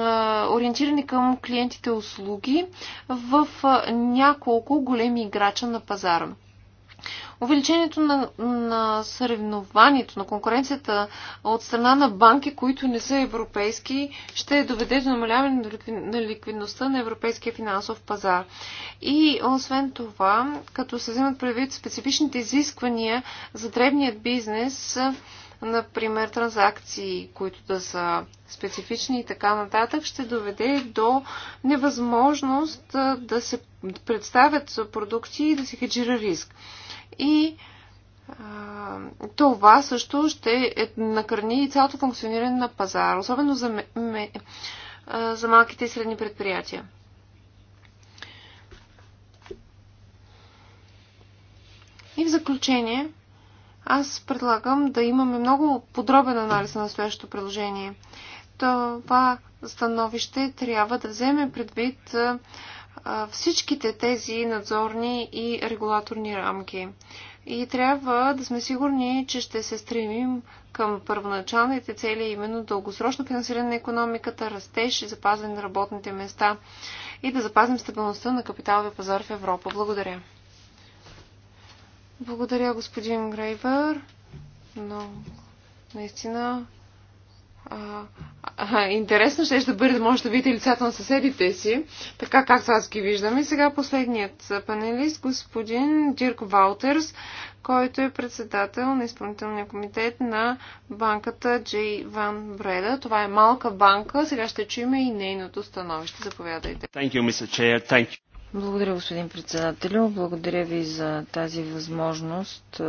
Speaker 5: ориентиране към клиентите услуги в а, няколко големи играча на пазара увеличението на, на съревнованието, на конкуренцията от страна на банки, които не са европейски, ще доведе до намаляване на ликвидността на европейския финансов пазар. И освен това, като се вземат предвид специфичните изисквания за древният бизнес, например, транзакции, които да са специфични и така нататък, ще доведе до невъзможност да се представят продукти и да се хеджира риск и а, това също ще е, накърни и цялото функциониране на пазара, особено за, ме, а, за малките и средни предприятия. И в заключение, аз предлагам да имаме много подробен анализ на следващото предложение. Това становище трябва да вземе предвид всичките тези надзорни и регулаторни рамки. И трябва да сме сигурни, че ще се стремим към първоначалните цели, именно дългосрочно финансиране на економиката, растеж и запазване на работните места и да запазим стабилността на капиталовия пазар в Европа. Благодаря. Благодаря, господин Грейвер. Но Наистина а, а, интересно ще е, ще бъде да можете да видите лицата на съседите си, така както аз ги виждам. И сега последният панелист, господин Дирк Валтерс, който е председател на изпълнителния комитет на банката J. Ван Бреда. Това е малка банка. Сега ще чуем и нейното становище. Заповядайте. Thank
Speaker 3: you, Mr. Chair. Thank you.
Speaker 2: Благодаря, господин председателю. Благодаря ви за тази възможност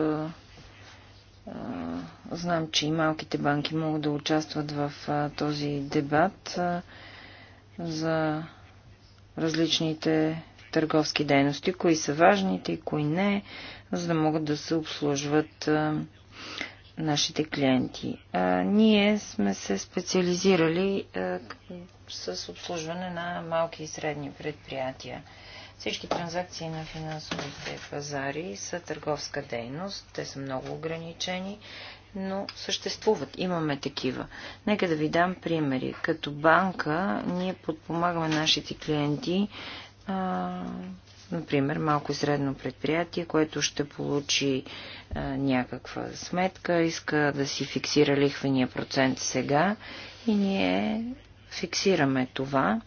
Speaker 2: Знам, че и малките банки могат да участват в този дебат за различните търговски дейности, кои са важните и кои не, за да могат да се обслужват нашите клиенти. ние сме се специализирали с обслужване на малки и средни предприятия. Всички транзакции на финансовите пазари са търговска дейност, те са много ограничени, но съществуват. Имаме такива. Нека да ви дам примери. Като банка ние подпомагаме нашите клиенти, а, например, малко и средно предприятие, което ще получи а, някаква сметка, иска да си фиксира лихвения процент сега и ние фиксираме това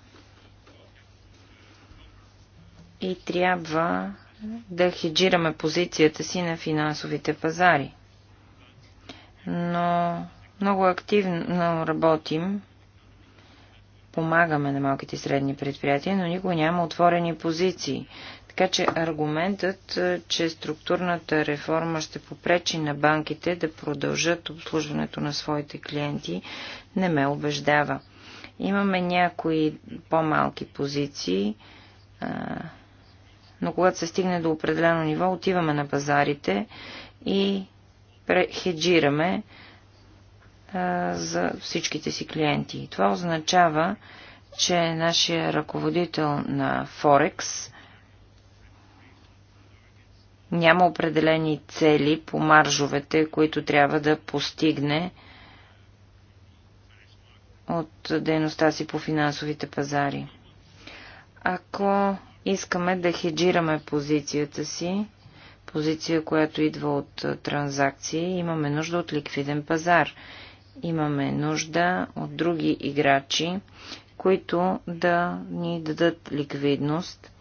Speaker 2: и трябва да хеджираме позицията си на финансовите пазари. Но много активно работим, помагаме на малките и средни предприятия, но никога няма отворени позиции. Така че аргументът, е, че структурната реформа ще попречи на банките да продължат обслужването на своите клиенти, не ме убеждава. Имаме някои по-малки позиции, но когато се стигне до определено ниво, отиваме на пазарите и хеджираме за всичките си клиенти. Това означава, че нашия ръководител на Форекс няма определени цели по маржовете, които трябва да постигне от дейността си по финансовите пазари. Ако Искаме да хеджираме позицията си, позиция, която идва от транзакции. Имаме нужда от ликвиден пазар. Имаме нужда от други играчи, които да ни дадат ликвидност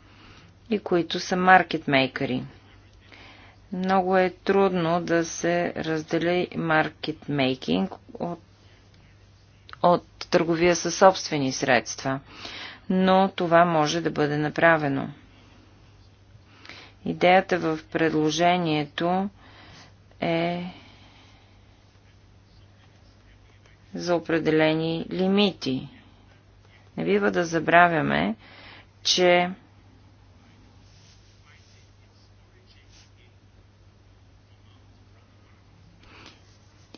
Speaker 2: и които са маркетмейкъри. Много е трудно да се раздели маркетмейкинг от, от търговия със собствени средства но това може да бъде направено. Идеята в предложението е за определени лимити. Не бива да забравяме, че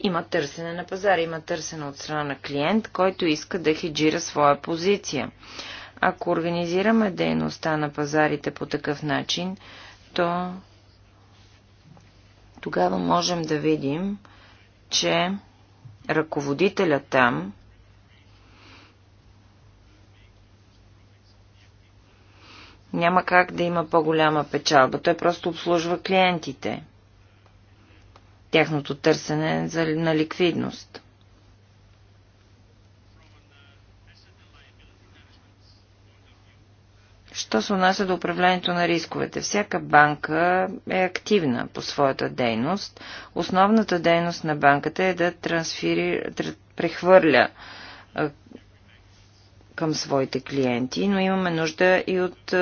Speaker 2: има търсене на пазара, има търсене от страна на клиент, който иска да хеджира своя позиция. Ако организираме дейността на пазарите по такъв начин, то тогава можем да видим, че ръководителя там няма как да има по-голяма печалба. Той просто обслужва клиентите. Тяхното търсене на ликвидност. Що се отнася до управлението на рисковете? Всяка банка е активна по своята дейност. Основната дейност на банката е да трансфери, прехвърля към своите клиенти, но имаме нужда и от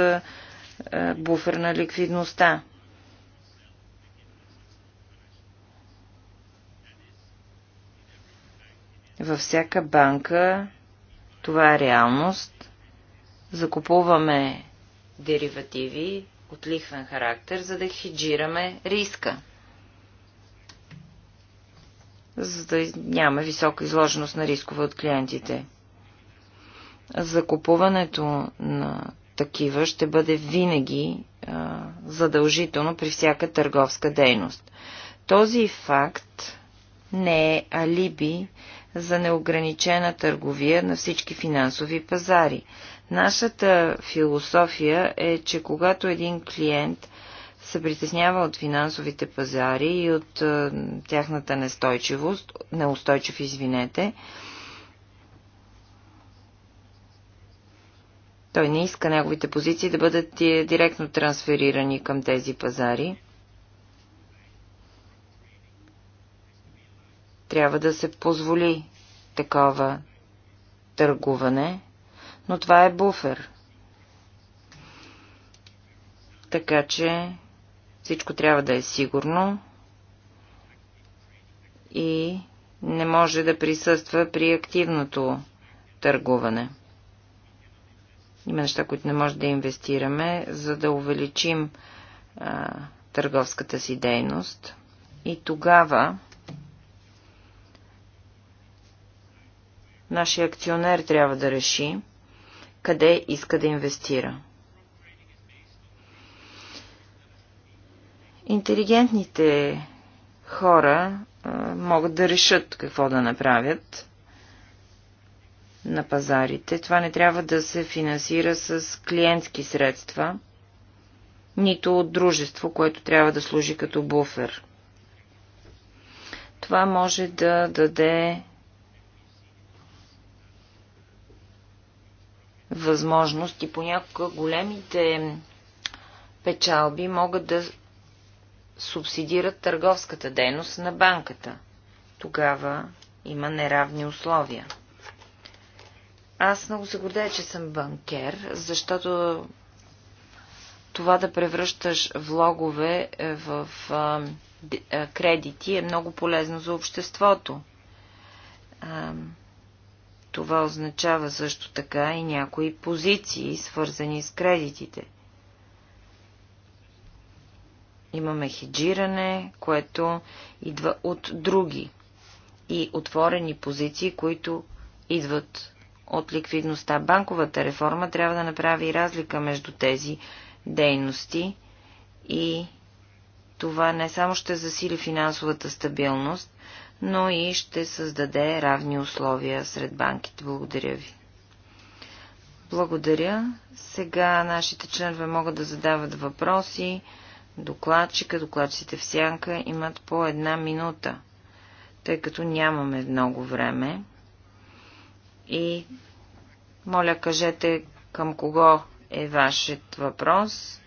Speaker 2: буфер на ликвидността. Във всяка банка това е реалност. Закупуваме деривативи от лихвен характер, за да хеджираме риска. За да няма висока изложеност на рискове от клиентите. Закупуването на такива ще бъде винаги а, задължително при всяка търговска дейност. Този факт не е алиби за неограничена търговия на всички финансови пазари. Нашата философия е, че когато един клиент се притеснява от финансовите пазари и от е, тяхната нестойчивост, неустойчив, извинете, той не иска неговите позиции да бъдат директно трансферирани към тези пазари. Трябва да се позволи такова търгуване но това е буфер. Така че всичко трябва да е сигурно и не може да присъства при активното търгуване. Има неща, които не може да инвестираме, за да увеличим а, търговската си дейност. И тогава нашия акционер трябва да реши къде иска да инвестира. Интелигентните хора а, могат да решат какво да направят на пазарите. Това не трябва да се финансира с клиентски средства, нито от дружество, което трябва да служи като буфер. Това може да даде възможност и понякога големите печалби могат да субсидират търговската дейност на банката. Тогава има неравни условия. Аз много се гордея, че съм банкер, защото това да превръщаш влогове е, в а, кредити е много полезно за обществото. А, това означава също така и някои позиции, свързани с кредитите. Имаме хеджиране, което идва от други и отворени позиции, които идват от ликвидността. Банковата реформа трябва да направи разлика между тези дейности и това не само ще засили финансовата стабилност, но и ще създаде равни условия сред банките. Благодаря ви. Благодаря. Сега нашите членове могат да задават въпроси. Докладчика, докладчите в сянка имат по една минута, тъй като нямаме много време. И моля, кажете към кого е вашият въпрос.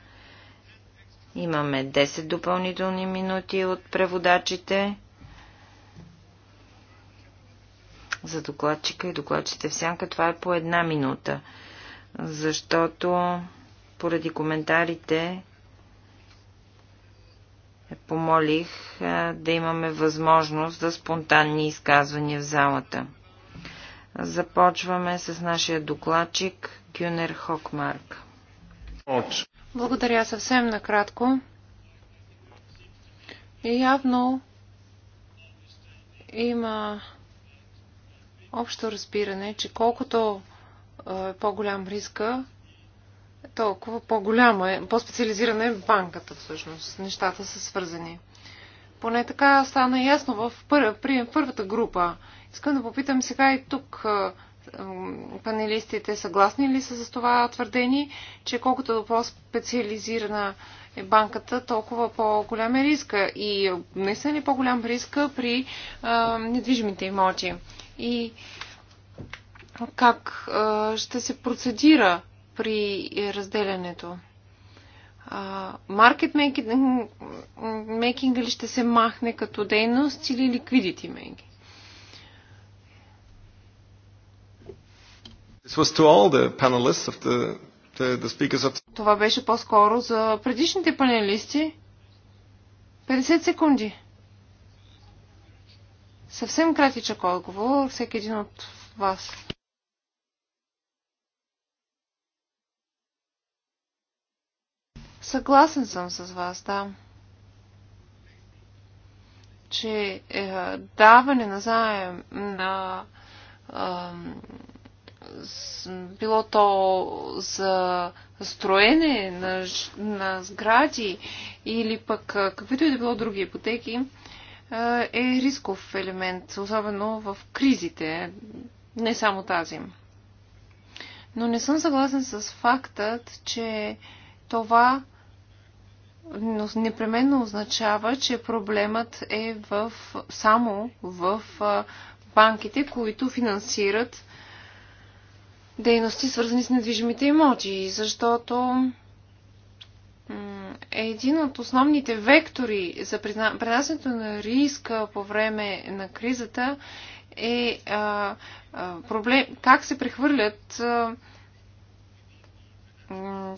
Speaker 2: Имаме 10 допълнителни минути от преводачите. за докладчика и докладчите в сянка. Това е по една минута, защото поради коментарите е, помолих е, да имаме възможност за спонтанни изказвания в залата. Започваме с нашия докладчик Гюнер Хокмарк.
Speaker 5: Благодаря съвсем накратко. И явно има общо разбиране, че колкото е по-голям риска, толкова по-голяма е, по-специализирана е банката всъщност. Нещата са свързани. Поне така стана ясно в пър, при първата група. Искам да попитам сега и тук панелистите съгласни ли са с това твърдение, че колкото по-специализирана е банката, толкова по-голям е риска. И наистина ли по-голям риска при а, недвижимите имоти? и как ще се процедира при разделянето. Маркет мейкинг ли ще се махне като дейност или ликвидити мейкинг?
Speaker 1: The, the, the of...
Speaker 5: Това беше по-скоро за предишните панелисти. 50 секунди. Съвсем кратичък отговор, всеки един от вас. Съгласен съм с вас, да. Че е, даване на заем на е, било то за строене на, на сгради или пък каквито и да било други ипотеки, е, е рисков елемент, особено в кризите, не само тази. Но не съм съгласен с фактът, че това непременно означава, че проблемът е в, само в банките, които финансират дейности, свързани с недвижимите имоти, защото е един от основните вектори за пренасенето на риска по време на кризата е а, а, проблем, как се прехвърлят а,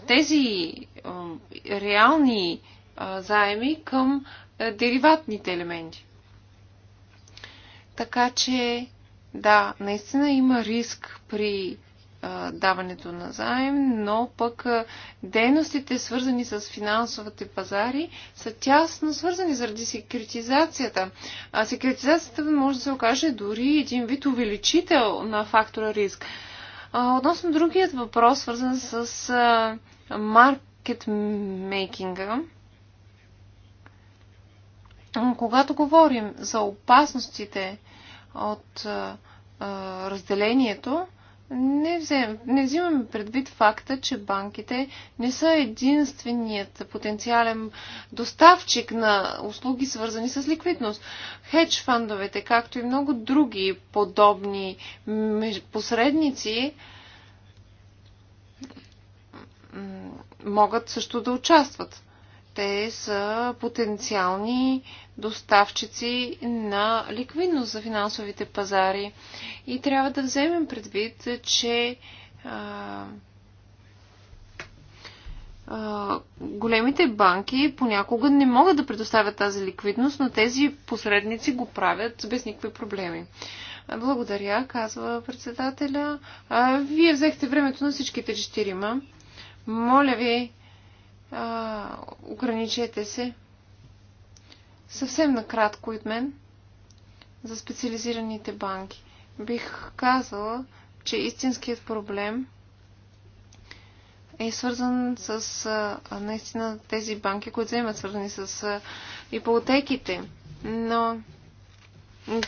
Speaker 5: тези а, реални а, заеми към а, дериватните елементи. Така че, да, наистина има риск при даването на заем, но пък дейностите, свързани с финансовите пазари, са тясно свързани заради секретизацията. А секретизацията може да се окаже дори един вид увеличител на фактора риск. Относно другият въпрос, свързан с маркетмейкинга, когато говорим за опасностите от разделението, не, взем, не взимаме предвид факта, че банките не са единственият потенциален доставчик на услуги, свързани с ликвидност. Хедж фандовете, както и много други подобни посредници, могат също да участват те са потенциални доставчици на ликвидност за финансовите пазари. И трябва да вземем предвид, че а, а, големите банки понякога не могат да предоставят тази ликвидност, но тези посредници го правят без никакви проблеми. Благодаря, казва председателя. А, вие взехте времето на всичките четирима. Моля ви, а, ограничете се. Съвсем накратко от мен за специализираните банки. Бих казала, че истинският проблем е свързан с а, наистина тези банки, които вземат свързани с а, ипотеките. Но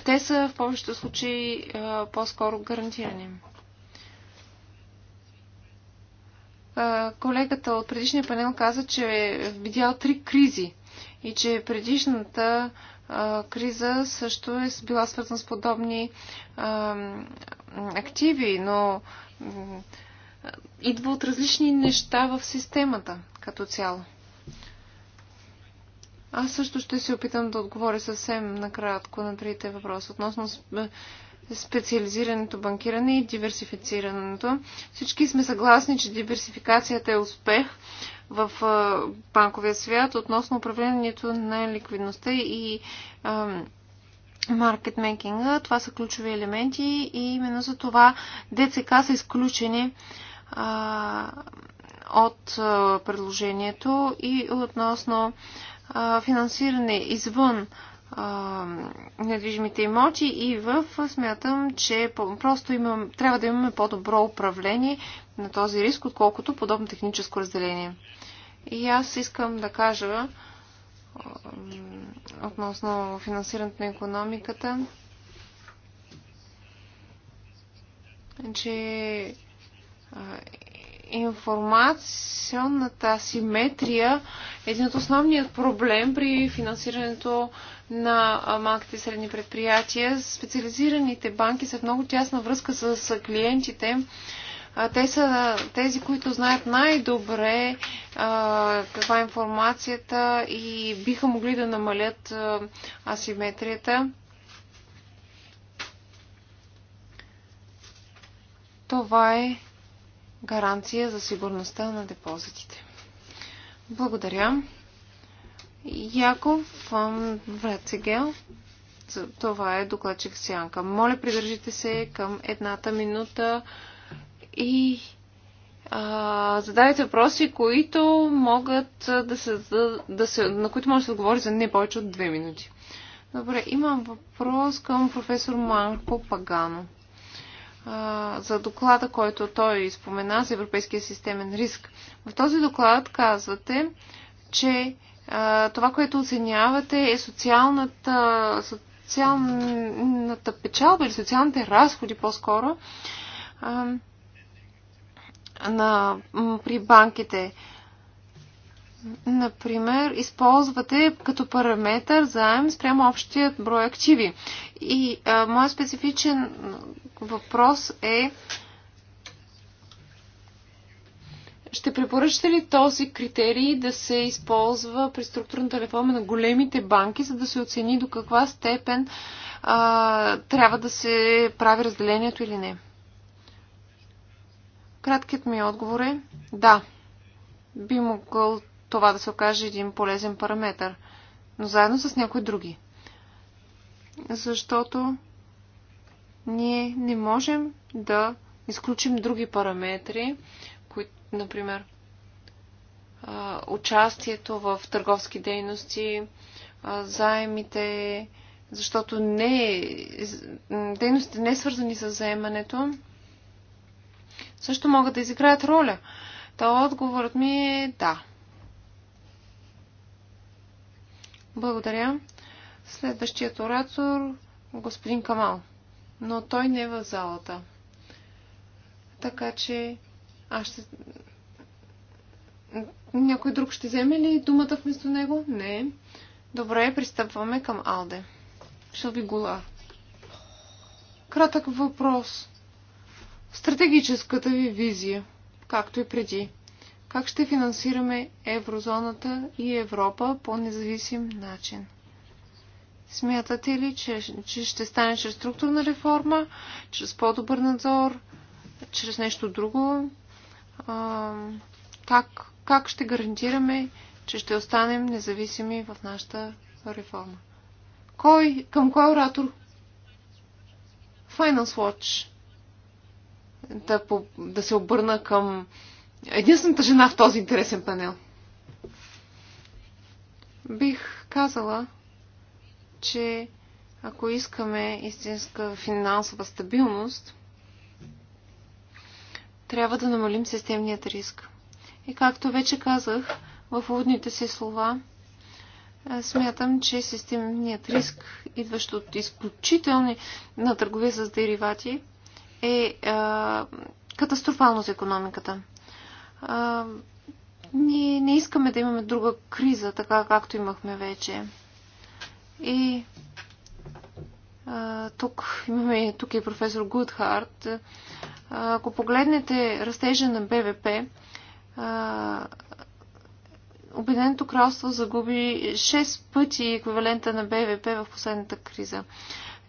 Speaker 5: те са в повечето случаи по-скоро гарантирани. колегата от предишния панел каза, че е видял три кризи и че предишната криза също е била свързана с подобни активи, но идва от различни неща в системата като цяло. Аз също ще се опитам да отговоря съвсем накратко на трите въпроса относно специализираното банкиране и диверсифицирането. Всички сме съгласни, че диверсификацията е успех в банковия свят относно управлението на ликвидността и маркетмейкинга. Това са ключови елементи и именно за това ДЦК са изключени а, от а, предложението и относно а, финансиране извън недвижимите имоти и в смятам, че просто имам, трябва да имаме по-добро управление на този риск, отколкото подобно техническо разделение. И аз искам да кажа относно финансирането на економиката, че информационната симетрия е един от основният проблем при финансирането на малките и средни предприятия. Специализираните банки са в много тясна връзка с клиентите. Те са тези, които знаят най-добре каква е информацията и биха могли да намалят асиметрията. Това е гаранция за сигурността на депозитите. Благодаря. Яков Врацегел. Това е докладчик Сянка. Моля, придържите се към едната минута и а, задавайте въпроси, които могат да се, да, да се, на които може да се отговори за не повече от две минути. Добре, имам въпрос към професор Манко Пагано за доклада, който той спомена за Европейския системен риск. В този доклад казвате, че това, което оценявате е социалната, социалната печалба или социалните разходи по-скоро на, при банките. Например, използвате като параметър заем спрямо общият брой активи. И а, моят специфичен въпрос е ще препоръчате ли този критерий да се използва при структурната реформа на големите банки, за да се оцени до каква степен а, трябва да се прави разделението или не? Краткият ми отговор е да. Би могъл това да се окаже един полезен параметр, но заедно с някои други. Защото ние не можем да изключим други параметри, Например, участието в търговски дейности, заемите, защото не, дейностите не свързани с заемането, също могат да изиграят роля. Та отговорът ми е да. Благодаря. Следващият оратор господин Камал, но той не е в залата. Така че аз ще... Някой друг ще вземе ли думата вместо него? Не. Добре, пристъпваме към Алде. ви Гула. Кратък въпрос. Стратегическата ви визия, както и преди. Как ще финансираме еврозоната и Европа по независим начин? Смятате ли, че, че ще стане чрез структурна реформа, чрез по-добър надзор, чрез нещо друго? как, как ще гарантираме, че ще останем независими в нашата реформа. Кой, към кой оратор? Finance Watch. Да, по, да се обърна към единствената жена в този интересен панел. Бих казала, че ако искаме истинска финансова стабилност, трябва да намалим системният риск. И както вече казах в уводните си слова, е, смятам, че системният риск, идващ от изключителни на търговия с деривати, е, е катастрофално за економиката. Е, ние не искаме да имаме друга криза, така както имахме вече. И тук имаме, тук е професор Гудхарт, ако погледнете растежа на БВП, Обединеното кралство загуби 6 пъти еквивалента на БВП в последната криза.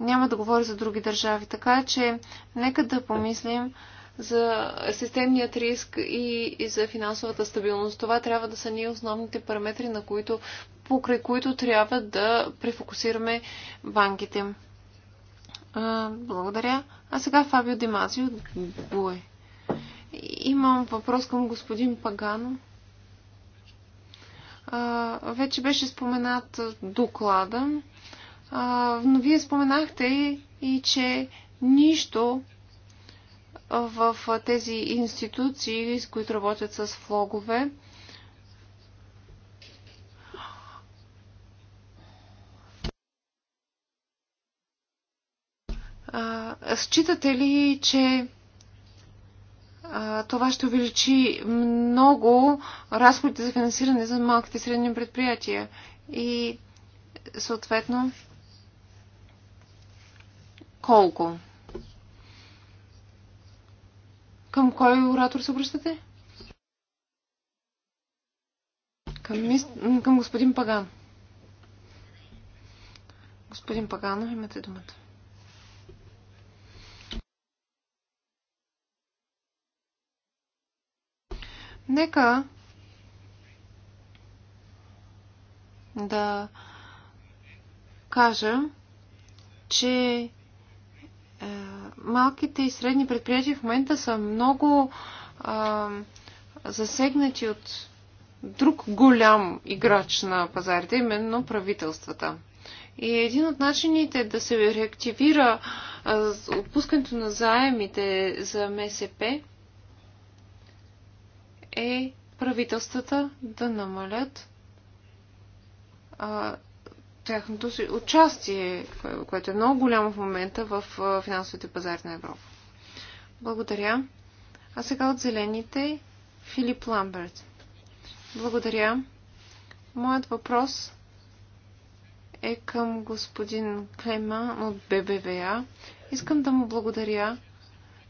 Speaker 5: Няма да говоря за други държави. Така че, нека да помислим за системният риск и, и за финансовата стабилност. Това трябва да са ние основните параметри, на които, покрай които трябва да префокусираме банките. А, благодаря. А сега Фабио Демазио от Буе. Имам въпрос към господин Пагано. А, вече беше споменат доклада, а, но вие споменахте и, че нищо в тези институции, с които работят с флогове, А, считате ли, че а, това ще увеличи много разходите за финансиране за малките и средни предприятия? И съответно, колко? Към кой оратор се обръщате? Към, мис... към господин Паган. Господин Паганов, имате думата. Нека да кажа, че е, малките и средни предприятия в момента са много е, засегнати от друг голям играч на пазарите, именно правителствата. И един от начините да се реактивира е, отпускането на заемите за МСП е правителствата да намалят а, тяхното си участие, което е много голямо в момента в финансовите пазари на Европа. Благодаря. А сега от зелените Филип Ламберт. Благодаря. Моят въпрос е към господин Клема от ББВА. Искам да му благодаря.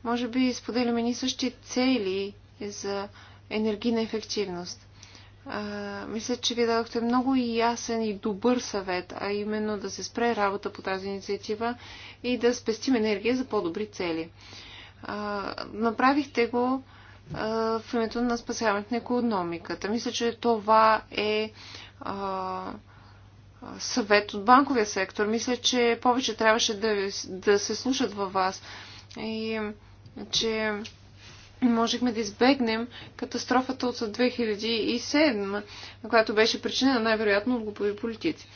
Speaker 5: Може би споделяме ни същи цели за енергийна ефективност. А, мисля, че ви дадохте много ясен и добър съвет, а именно да се спре работа по тази инициатива и да спестим енергия за по-добри цели. А, направихте го а, в името на спасяването на економиката. Мисля, че това е а, съвет от банковия сектор. Мисля, че повече трябваше да, да се слушат във вас и че можехме да избегнем катастрофата от 2007, която беше причинена най-вероятно от глупави политици.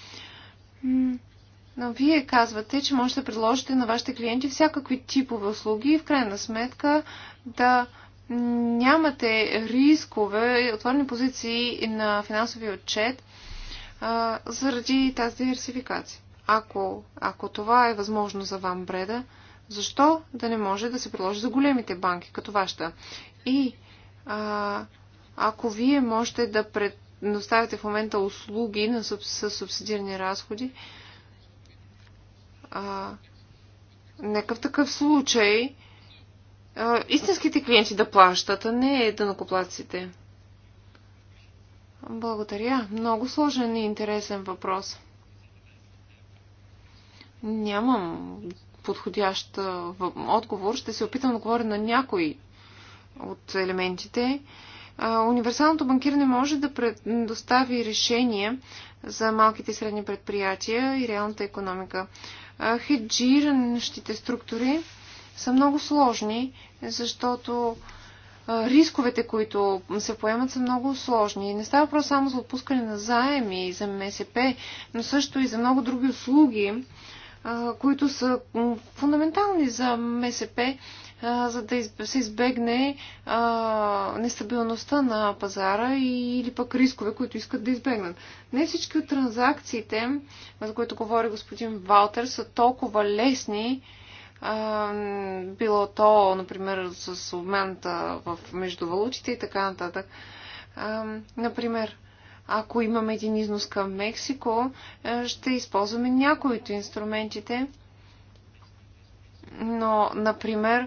Speaker 5: Но вие казвате, че можете да предложите на вашите клиенти всякакви типове услуги и в крайна сметка да нямате рискове, отворени позиции на финансовия отчет а, заради тази диверсификация. Ако, ако това е възможно за вам, Бреда, защо да не може да се приложи за големите банки, като вашата? И а, ако вие можете да предоставите в момента услуги на суб, с субсидирани разходи, а, нека в такъв случай а, истинските клиенти да плащат, а не дънакоплаците. Благодаря. Много сложен и интересен въпрос. Нямам подходящ отговор. Ще се опитам да говоря на някои от елементите. Универсалното банкиране може да предостави решение за малките и средни предприятия и реалната економика. Хеджиращите структури са много сложни, защото рисковете, които се поемат, са много сложни. Не става просто само за отпускане на заеми и за МСП, но също и за много други услуги, които са фундаментални за МСП, за да се избегне нестабилността на пазара или пък рискове, които искат да избегнат. Не всички от транзакциите, за които говори господин Валтер, са толкова лесни, било то, например, с обмената в валутите и така нататък. Например, ако имаме един износ към Мексико, е, ще използваме някои от инструментите. Но, например, е,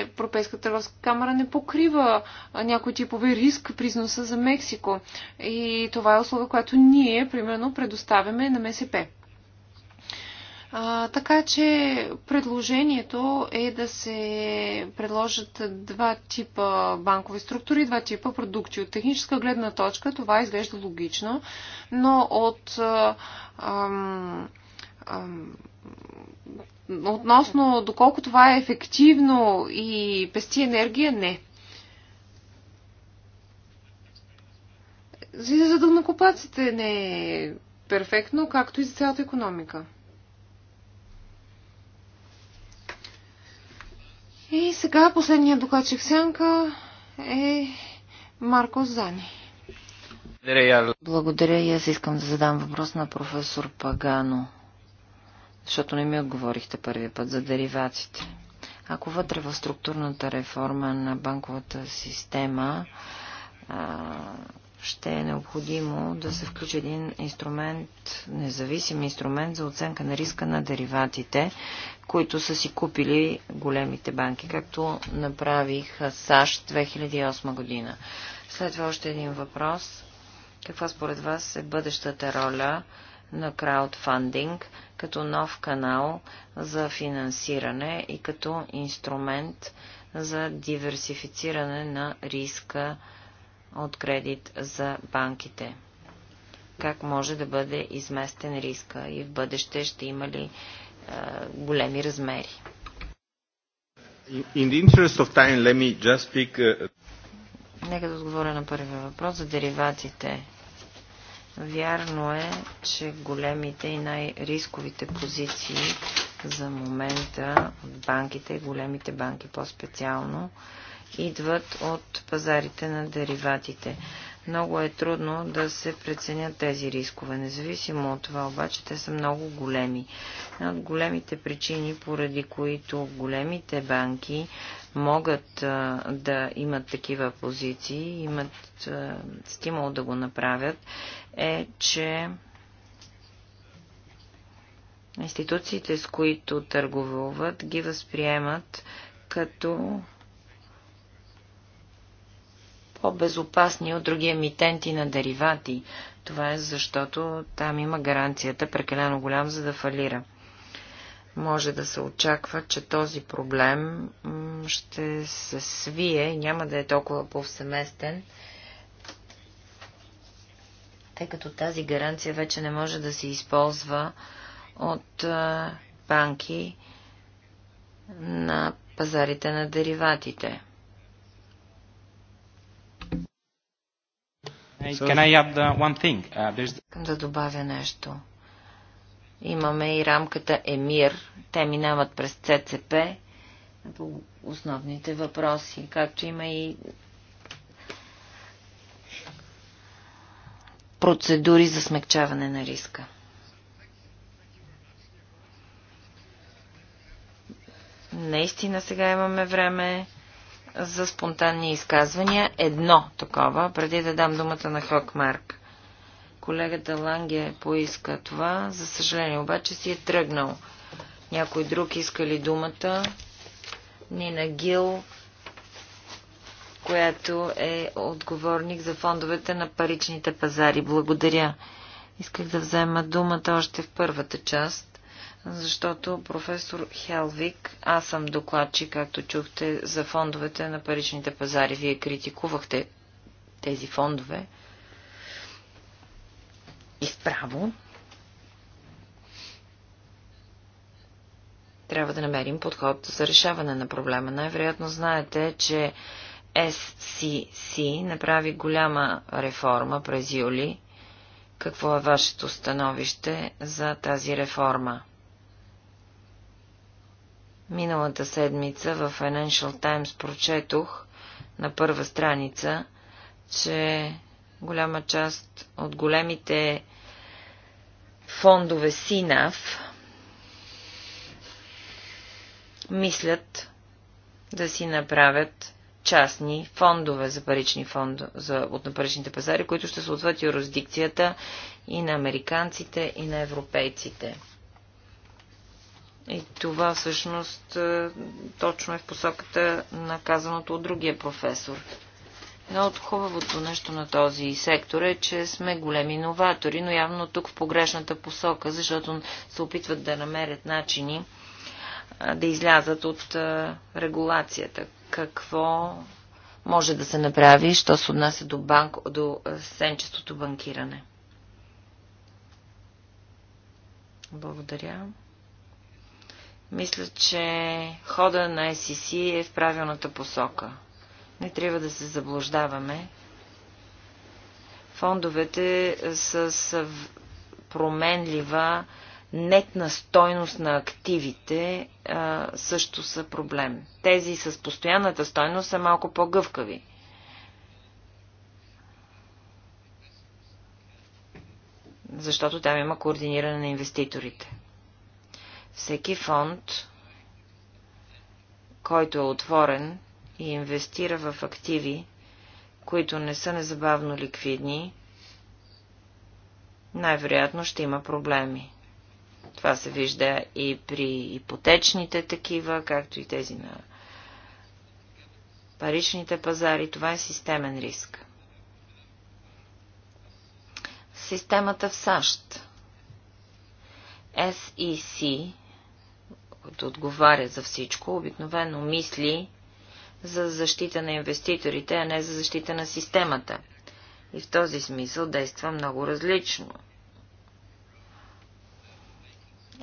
Speaker 5: Европейската търговска камера не покрива е, някой типови риск при износа за Мексико. И това е условие, което ние, примерно, предоставяме на МСП. А, така че предложението е да се предложат два типа банкови структури, два типа продукти. От техническа гледна точка това изглежда логично, но от. ам, ам, относно доколко това е ефективно и пести енергия, не. За да накопаците не е перфектно, както и за цялата економика. И сега последния докладчик сянка е Марко Зани.
Speaker 2: Благодаря и аз искам да задам въпрос на професор Пагано, защото не ми отговорихте първия път за деривациите. Ако вътре в структурната реформа на банковата система ще е необходимо да се включи един инструмент, независим инструмент за оценка на риска на дериватите, които са си купили големите банки, както направих САЩ 2008 година. След това още един въпрос. Каква според вас е бъдещата роля на краудфандинг като нов канал за финансиране и като инструмент за диверсифициране на риска от кредит за банките. Как може да бъде изместен риска и в бъдеще ще има ли е, големи размери?
Speaker 3: In the interest of time, let me just speak, uh...
Speaker 2: Нека да отговоря на първия въпрос за деривациите. Вярно е, че големите и най-рисковите позиции за момента от банките, големите банки по-специално, идват от пазарите на дериватите. Много е трудно да се преценят тези рискове. Независимо от това, обаче, те са много големи. Една от големите причини, поради които големите банки могат а, да имат такива позиции, имат а, стимул да го направят, е, че институциите, с които търговуват, ги възприемат като по-безопасни от други емитенти на деривати. Това е защото там има гаранцията прекалено голям, за да фалира. Може да се очаква, че този проблем ще се свие и няма да е толкова повсеместен, тъй като тази гаранция вече не може да се използва от банки на пазарите на дериватите. Uh,
Speaker 3: uh, Искам
Speaker 2: да добавя нещо. Имаме и рамката ЕМИР. Те минават през ЦЦП по основните въпроси, както има и процедури за смягчаване на риска. Наистина сега имаме време за спонтанни изказвания. Едно такова, преди да дам думата на Хокмарк. Колегата Ланге поиска това, за съжаление обаче си е тръгнал. Някой друг иска ли думата? Нина Гил, която е отговорник за фондовете на паричните пазари. Благодаря. Исках да взема думата още в първата част защото професор Хелвик, аз съм докладчик, както чухте, за фондовете на паричните пазари. Вие критикувахте тези фондове. Изправо. Трябва да намерим подход за решаване на проблема. Най-вероятно знаете, че SCC направи голяма реформа през юли. Какво е вашето становище за тази реформа? Миналата седмица в Financial Times прочетох на първа страница, че голяма част от големите фондове СИНАВ мислят да си направят частни фондове за парични фондове за, от на паричните пазари, които ще съответят юрисдикцията и на американците, и на европейците. И това всъщност е, точно е в посоката на казаното от другия професор. Едно от хубавото нещо на този сектор е, че сме големи новатори, но явно тук в погрешната посока, защото се опитват да намерят начини е, да излязат от е, регулацията. Какво може да се направи, що се отнася до, банк, до сенчестото банкиране? Благодаря. Мисля, че хода на СС е в правилната посока. Не трябва да се заблуждаваме. Фондовете с променлива нетна стойност на активите а, също са проблем. Тези с постоянната стойност са малко по-гъвкави. Защото там има координиране на инвеститорите. Всеки фонд, който е отворен и инвестира в активи, които не са незабавно ликвидни, най-вероятно ще има проблеми. Това се вижда и при ипотечните такива, както и тези на паричните пазари. Това е системен риск. Системата в САЩ. SEC който отговаря за всичко, обикновено мисли за защита на инвеститорите, а не за защита на системата. И в този смисъл действа много различно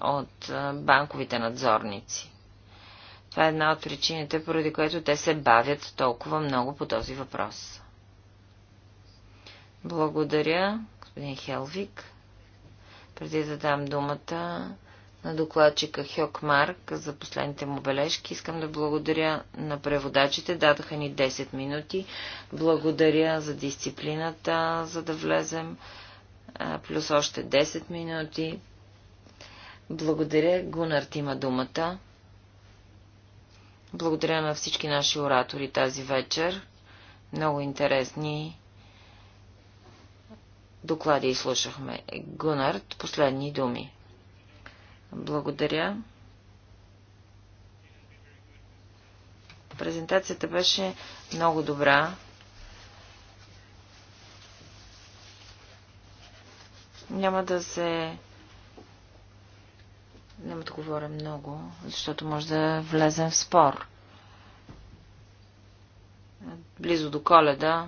Speaker 2: от банковите надзорници. Това е една от причините, поради което те се бавят толкова много по този въпрос. Благодаря, господин Хелвик. Преди да дам думата на докладчика Хьок Марк за последните му бележки. Искам да благодаря на преводачите. Дадаха ни 10 минути. Благодаря за дисциплината, за да влезем. Плюс още 10 минути. Благодаря. Гунарт има думата. Благодаря на всички наши оратори тази вечер. Много интересни доклади изслушахме. Гунарт, последни думи. Благодаря. Презентацията беше много добра. Няма да се... Няма да говоря много, защото може да влезем в спор. Близо до коледа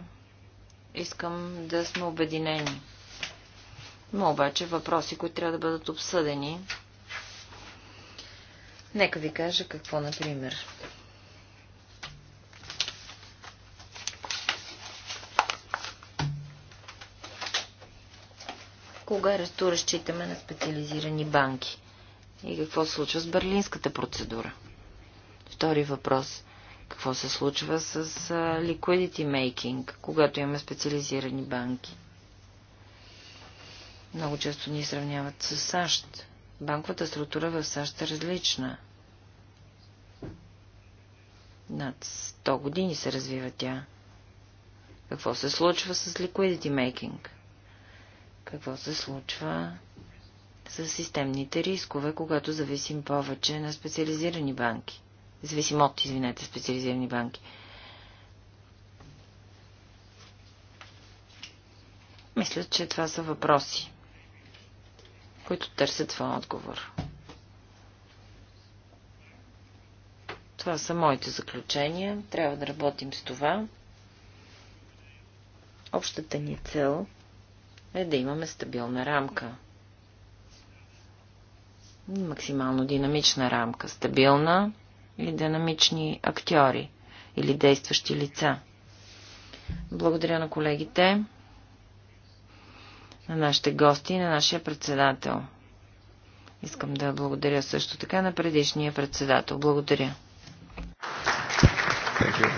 Speaker 2: искам да сме обединени. Има обаче въпроси, които трябва да бъдат обсъдени. Нека ви кажа какво, например. Кога расту разчитаме на специализирани банки? И какво се случва с берлинската процедура? Втори въпрос. Какво се случва с liquidity making, когато имаме специализирани банки? Много често ни сравняват с САЩ. Банковата структура в САЩ е различна. Над 100 години се развива тя. Какво се случва с liquidity making? Какво се случва с системните рискове, когато зависим повече на специализирани банки? Зависим от, извинете, специализирани банки. Мисля, че това са въпроси, които търсят своя отговор. Това са моите заключения. Трябва да работим с това. Общата ни цел е да имаме стабилна рамка. Максимално динамична рамка. Стабилна и динамични актьори или действащи лица. Благодаря на колегите, на нашите гости и на нашия председател. Искам да благодаря също така на предишния председател. Благодаря. Thank you.